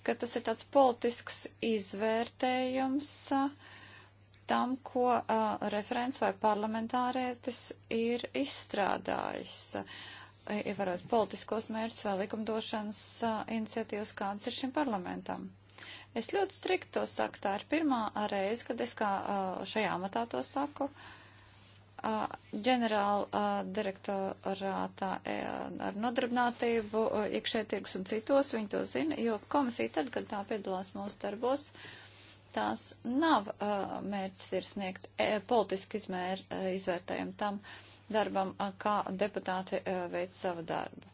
A: ka tas ir tāds politisks izvērtējums. Uh, tam, ko uh, referents vai parlamentārietis ir izstrādājis. E, ievērot politiskos mērķus vai likumdošanas iniciatīvas, kādas ir šim parlamentam. Es ļoti strikt to saku, tā ir pirmā reize, kad es kā šajā amatā to saku. Ģenerāla direktorātā e, ar nodarbinātību, iekšē tirgus un citos, viņi to zina, jo komisija tad, kad tā piedalās mūsu darbos, tās nav mērķis ir sniegt e, politiski izmēr, izvērtējumu tam. Uh, darbam, kā deputāti e, veic savu darbu.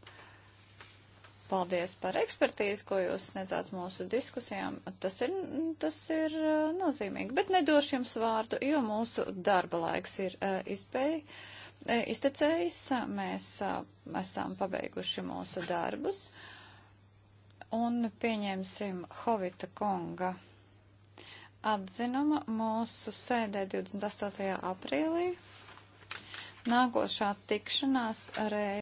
A: Paldies par ekspertīzi, ko jūs sniedzāt mūsu diskusijām. Tas ir, tas ir e, nozīmīgi, bet nedošu jums vārdu, jo mūsu darba laiks ir e, izpēj, iztecējis. Mēs esam pabeiguši mūsu darbus un pieņemsim Hovita kunga atzinuma mūsu sēdē 28. aprīlī nākošā tikšanās reizē.